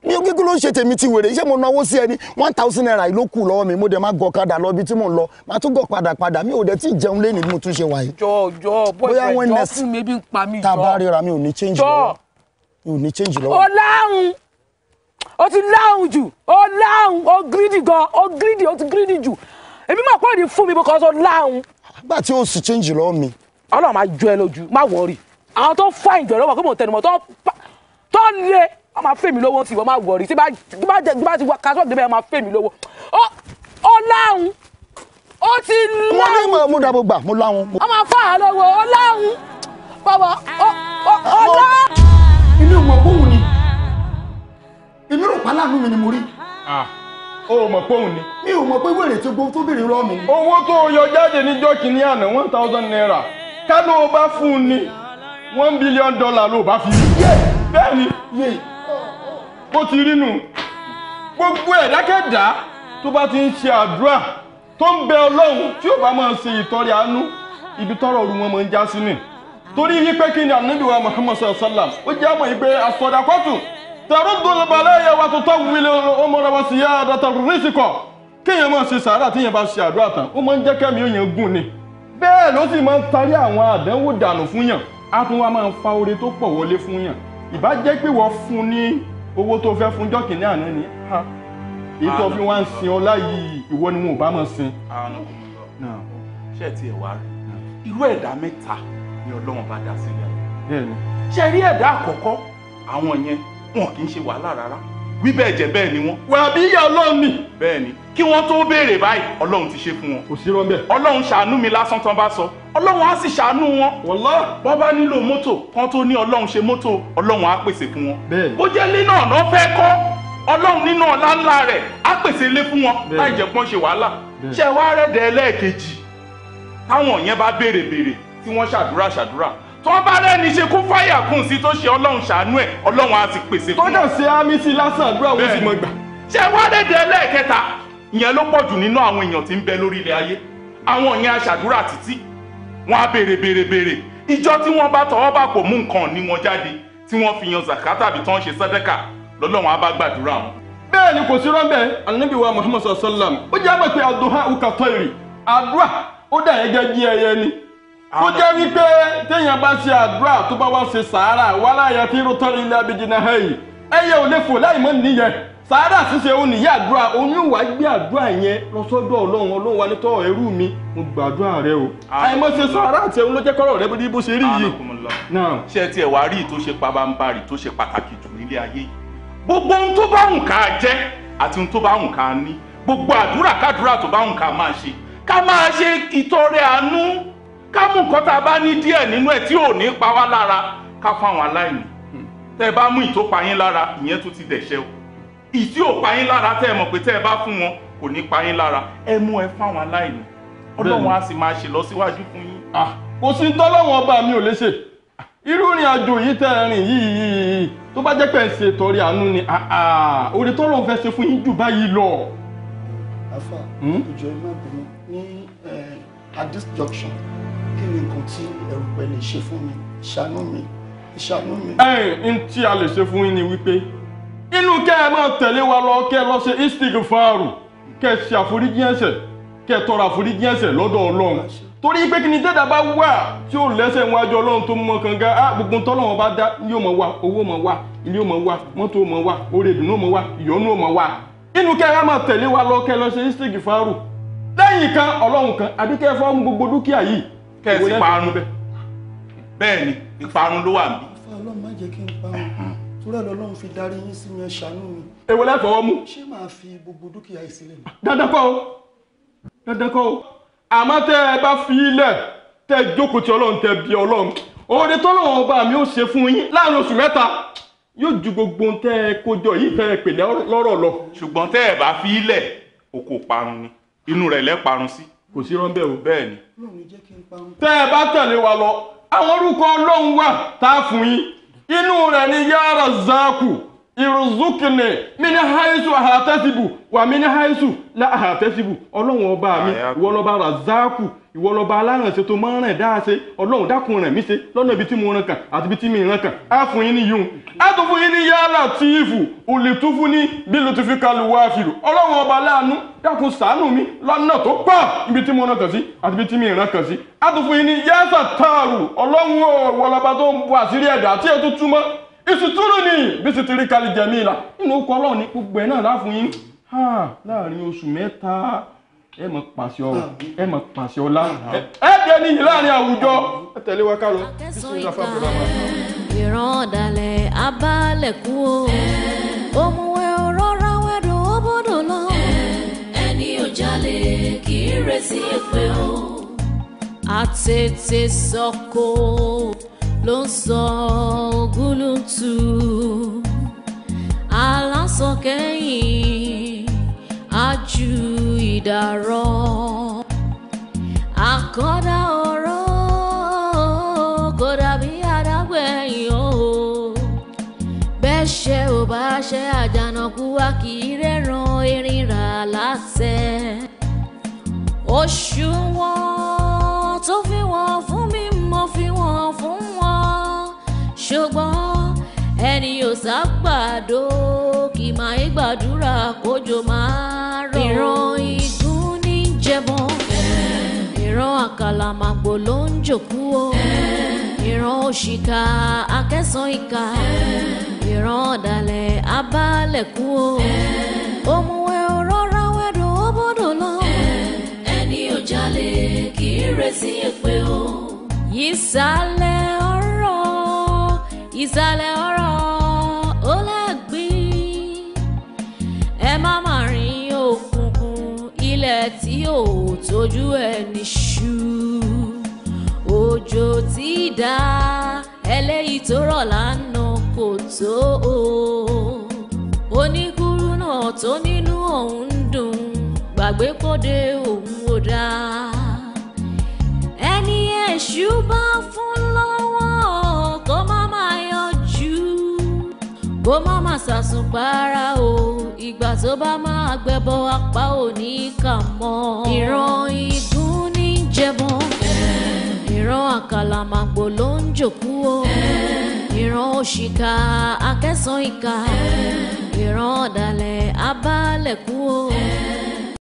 mi ò kíkú ló ń ṣe tèmi ti wèrè ṣé mo náwó sí ẹni one thousand naira ló kù lọ́wọ́ mi mo dẹ̀ máa gọ ọ̀kadà lọ ibi tí mò ń lọ máa tún gọ padà padà mi ò dẹ̀ tí ì jẹun lé ní mo tún ṣe wà yìí. jọ jọ boyfriend jọ fún mi ebi ń pa mi jọ tábà ríra mi ò ní change lọ́wọ́ mi ò ní change lọ́wọ́. o láhùn o ti láhùn jù o láhùn o gírídì gan o gírídì o ti gírídì jù èmi máa pọ̀ ní fún mi because o láhùn gbà tí o sì change lọ mi. ọlọ́run máa jọ ẹ lójú má wọrí àwọn tó fáìn jọ lọ́wọ́ pé mo tẹnumọ́ tó tó le wọ́n máa fèmí lówó tí wọ́n máa wọrí tí bá ti wá kásọ̀ débẹ̀ wọ́n máa fèmí lówó ó láhùn ó ti láhùn. wọ́n ní mo mú dàbò gbà mo láhùn. wọ́n máa fà á lọ́wọ́ ó láhùn bàbá ó lá. inú mọ̀ bóun ni èmi rò pa láàánú mi ni mo rí. Ah o mọ̀ pé òun ni. mi ò mọ̀ pé wèrè tí gbogbo tó bèrè rọ mi. owó tó yọ jáde níjọ́ kìíní àná one thousand naira ká ló bá fún un ni one billion dollar ló bá fi rí. bẹ́ẹ̀ ni bó ti rí nù gbogbo ẹ̀dákẹ́dá tó bá ti ń ṣe àdúrà tó ń bẹ ọlọ́run tí ó bá máa ṣe ìtọrẹ àánú ibi tọrọ ọrùn wọn máa ń já sí ni torí yí pé kí ni ànábìwá muhammadu sallam ó jẹ́ àmọ̀ yìí pé àsọdàkọ́tù tẹ̀rọ̀dù ọlọ́bàláyà wa tó tọ́ wílé ọmọdé wa sí yára tàbí rísìkọ̀ kéèyàn máa ṣe sàárà tí yẹn bá ṣe àdúrà tán ó máa ń jẹ́ kẹ́mi ó yẹn gùn ni bẹ́ẹ̀ ló sì máa ń tarí àwọn àdánwò dànù fún yàn á tún wá máa ń fa oore tó pọ̀ wọlé fún yàn ìbá jẹ́ pé wọ́n fún ní owó tó fẹ́ fún jọ́kìnní àná ni ha èyí tó fi wá ń sin ọlá yìí ìwọ ni wọn ò bá máa sin. ṣé ẹ ti ẹ̀ wá irú ẹ̀dá mẹ́ta ni Ọlọ́run bá dá sílẹ̀ ṣe rí ẹ̀dá àkọ́kọ́ àwọn yẹn wọn kì í ṣe wàhálà rárá wí bẹ́ẹ̀ jẹ́ bẹ́ẹ̀ ni wọ́n. wà á bí ìyá ọlọ́run nì. bẹ́ẹ̀ ni kí wọ́n tó béèrè báyìí ọlọ́run ti ṣe fún wọn. kò sí rọ́ńbẹ́. ọlọ́run ṣàánú mi lásán tán bá sọ ọlọ́run á sì ṣàánú wọn. wọ́lá wọ́n bá nílò mọ́tò kan tó ní ọlọ́run ṣe mọ́tò ọlọ́run á pèsè fún wọn. bẹ́ẹ̀ bó jẹ́ nínú ọ̀nà fẹ́ kọ́ ọlọ́run nínú ọ̀la ńlá rẹ̀ á pèsè ilé fún wọn láì jẹ́ pọ́n ṣe wàhálà. ṣé wàá rẹ̀ dẹ̀ ẹlẹ́ẹ̀kejì táwọn yẹn bá béèrè béèrè tí wọ́n ṣàdúrà ṣàdúrà tó bá rẹ́ni ṣe kún fáyà kún sí tó ṣe ọlọ́run ṣàánú ẹ̀ ọlọ́run á ti pèsè fún wọn. kọ́dọ̀ ṣe ámì sí lásán àdúrà wo sì mọ gbà. ṣé wádẹ́dẹ́ ẹlẹ́ẹ̀kẹta ìyẹn ló pọ̀ jù nínú àwọn èèyàn tí ń bẹ lórí ilẹ̀ ayé àwọn ìyẹn aṣàdúrà títí wọn á béèrè béèrè béèrè ìjọ tí wọ́n bá tọwọ́ bà pò mú nǹkan ní wọn jáde tí wọ́n fi yan zaka tàbí tán ṣe sàdákà lọ́lọ́run á bá gbàdúrà wọn. bẹ́ẹ̀ ni kò sí rọ́ńbẹ́ Ànábì wa Muhammad sallam ó jẹ́ àgbẹ̀ pé àdúrà ó kà tọ́ ìrì àdúrà ó dà ẹ̀gẹ́ bí ẹyẹ ni tó jẹ́ wípé téèyàn bá ṣe àdúrà tó bá wá ṣe sàárà wàhálà yẹn tí rotọ́ ní ilé abidjan ẹ̀yì ẹ̀yẹ ò lè fò láì mọ́ nìyẹn sàárà ṣíṣe òun nìyí àdúrà òun yóò wá gbé àdúrà yẹn lọ sọ́dọ̀ ọlọ́run ọlọ́run wa nítọ́ ẹrú mi mo gbàdúrà rẹ o àìmọ́ ṣe sàárà àti ẹ̀hún ló jẹ́ kọ́rọ̀ rẹ bí bó ṣe rí yìí. ṣé ẹ tiẹ̀ wá rí tó ṣe pabambarì tó ṣe pàtàkì jù nílé ayé yìí gbogbo ohun tó bá wùn ká jẹ́ àti ohun tó bá wùn ká ní gbogbo àdúrà kádúrà tó bá wùn ká máa ṣe ká máa ṣe ìtọrẹ àánú ká mú nǹkan tá a bá ní díẹ̀ nínú ẹ̀ tí ò ní pa wá lára ká fáwọn aláìní tẹ́ ẹ bá mú ìtópa yín lára ìyẹn tún ti dẹ̀ṣẹ̀ o ìtí ò pa yín lára tẹ́ ẹ mọ̀ pé tẹ́ ẹ bá fún wọn kò ní pa yín lára ẹ mú ẹ fáwọn aláìní ọlọ́run á sì máa ṣe lọ síwájú fún yín. kò sí tọ́lọ́wọ́n ọba mi ò lè ṣe irú ìrìn àjò yìí tẹ́ ẹ rìn yìí tó bá jẹ́ pé ẹ̀ ṣe tọrí àánú ni òde tọ́lọ́run fẹ́ ṣe fún yín jù báyìí lọ. afa hmm? ìjọ ìmọ̀ ní eh, at junction kí ni nǹkan tí erùpẹ̀ lè ṣe fún mi ṣàánú mi ṣàánú mi. ẹ ń tí a lè ṣe fún yín ni wípé inú kẹ́ ẹ máa tẹ̀lé wa lọ kẹ́ ẹ lọ ṣe istighfaru kẹ́ ẹ ṣe àforíjì ẹ̀ṣẹ̀ kẹ́ ẹ tọrọ àforíjì ẹ̀ṣẹ̀ lọ́dọ̀ Ọlọ́run torí pé kí ni dẹ́dà bá wà tí ó lẹ́sẹ̀ níwájú Ọlọ́run tó mọ kànga á gbogbo tọ́lọ́run bá dá yóò mọ̀ wá owó mọ̀ wá ilé mọ̀ wá mọ́tò mọ̀ wá oore ìdùnnú mọ̀ wá ìyọ́nú mọ̀ wá inú kẹ́ ẹ máa tẹ̀lé wa lọ kẹ́ lọ ṣe istighfaru lẹ́yìn kan Ọlọ́run kan àbíkẹ́ fọ́ọ̀mù gbogbo dúkìá yìí kẹ́sì parun bẹ́ẹ̀ ni ìparun ló wà mí. ìfà ọlọ́run má jẹ́ kí n parun torí ẹ̀ lọ́lọ́run fi darí yín sí mi ẹ ṣàánú mi. èwo lẹ́fọ̀ọ́ mú. ṣé màá fi gbogbo dúkìá yìí sílẹ̀ dandan kọ́ o dandan kọ́ o àmọ́ tẹ́ ẹ bá fi ilẹ̀ tẹ́ jókòó ti ọlọ́run tẹ́ bí ọlọ́run òde tọ́lọ́run ọba mi ó ṣe fún yín láàrin oṣù mẹ́ta yóò ju gbogbo tẹ́ ẹ kójọ yìí tẹ́ ẹ pèlè lọ́rọ̀ lọ. ṣùgbọ́n tẹ́ ẹ bá fi ilẹ̀ oko parun ni inú rẹ̀ lẹ́ parun sí. kò sí rọ́ńbẹ́ o bẹ́ẹ̀ ni. tẹ́ ẹ bá tẹ̀lé wa lọ àwọn orúkọ ọlọ́run wà tá a fún yín inú rẹ̀ ni yára ìrùzúkìnì mini haisu àhàtẹ́sibù wà mini haisu ọlọ́run ọba mi ìwọ ìwọ lọba alárànṣe tó máa ń rìn dáhàṣe ọlọ́run dákun rẹ̀ mí ṣe lọ́nà ibi tí mo ràn kàn àti ibi tí mi ràn kàn á fún yín ní yíyún á tún fún yín ní yálà tí ìfù olùtúfú ní bí ló ti fi kalu wá fìlù ọlọ́run ọba aláàánú dákun ṣàánú mi lọ́nà tó pọ̀ ibi tí mo ràn kàn sí àti ibi tí mi ràn kàn sí á tún fún yín ní yásà táàrù ọlọ́run ọ̀wọ́ lọba tó ń bọ àṣírí ẹ̀dá àti ètò túmọ̀ ìsùtúrù ni bí sì ti rí kalijẹ̀mí ìlà nínú okọ̀ ọlọ́run ní gbogbo ẹ̀ náà láfún yín láàrin oṣù mẹ́ta ẹ mọ pàṣẹ ọrùn ah. ẹ mọ pàṣẹ ọlá ẹ jẹ níyì láàrin àwùjọ ẹ tẹ̀lé wa ká ìran ọ̀dàlẹ̀ abálẹ̀ kú o òmùwẹ̀ òrọ́ra wẹ̀dùn ó bọ́dọ̀ lọ. ẹni ò kì í retí èpè o. àtètè sọkò ló ń sọ ògúlùtù alásọkẹ́yìn ajú ìdàrọ àkọ́dá ọ̀rọ̀ kò dàbí adágbẹ̀yìn o bẹ́ẹ̀ ṣe ò bá ṣe àjànàkú wa kì í rẹ́ran erin rà láṣẹ oṣù wọn tó fi wọn fún mi mo fi wọn fún wọn ṣùgbọ́n ẹni ò sá gbàdo kì máa ń kójò máa rọ̀. ìran igun ní jẹbọn. ìran àkàlà màgbò ló ń jòkú o. ìran òṣìkà akẹ́sàn ìka. ìran ọ̀dàlẹ̀ abálẹ̀kú o. òmùwẹ̀ òrọ́ra wẹ̀dùn ó bọ́dọ̀ lọ. ẹni ò kì í retí èpè o. ìsàlẹ̀ ọ̀rọ̀ ìsàlẹ̀ ọ̀rọ̀. tí ò tójú ẹni ṣú òjò tí dá eléyìí tó rọ̀ lánàá kò tó o oníkúrú náà tó nínú ọ̀hún dùn gbàgbé kóde òun ò dáa ẹni èṣù bá fún lọ́wọ́. kó má má ṣàṣùpárá o ìgbà tó bá máa gbẹbọ apá ò ní kà mọ́. ìran igun ní jẹbọn ìran àkàlàmàgbò ló ń jòkú o ìran òṣìkà akẹ́sàn-ìkà ìran ọ̀dàlẹ̀ abálẹ̀kú o.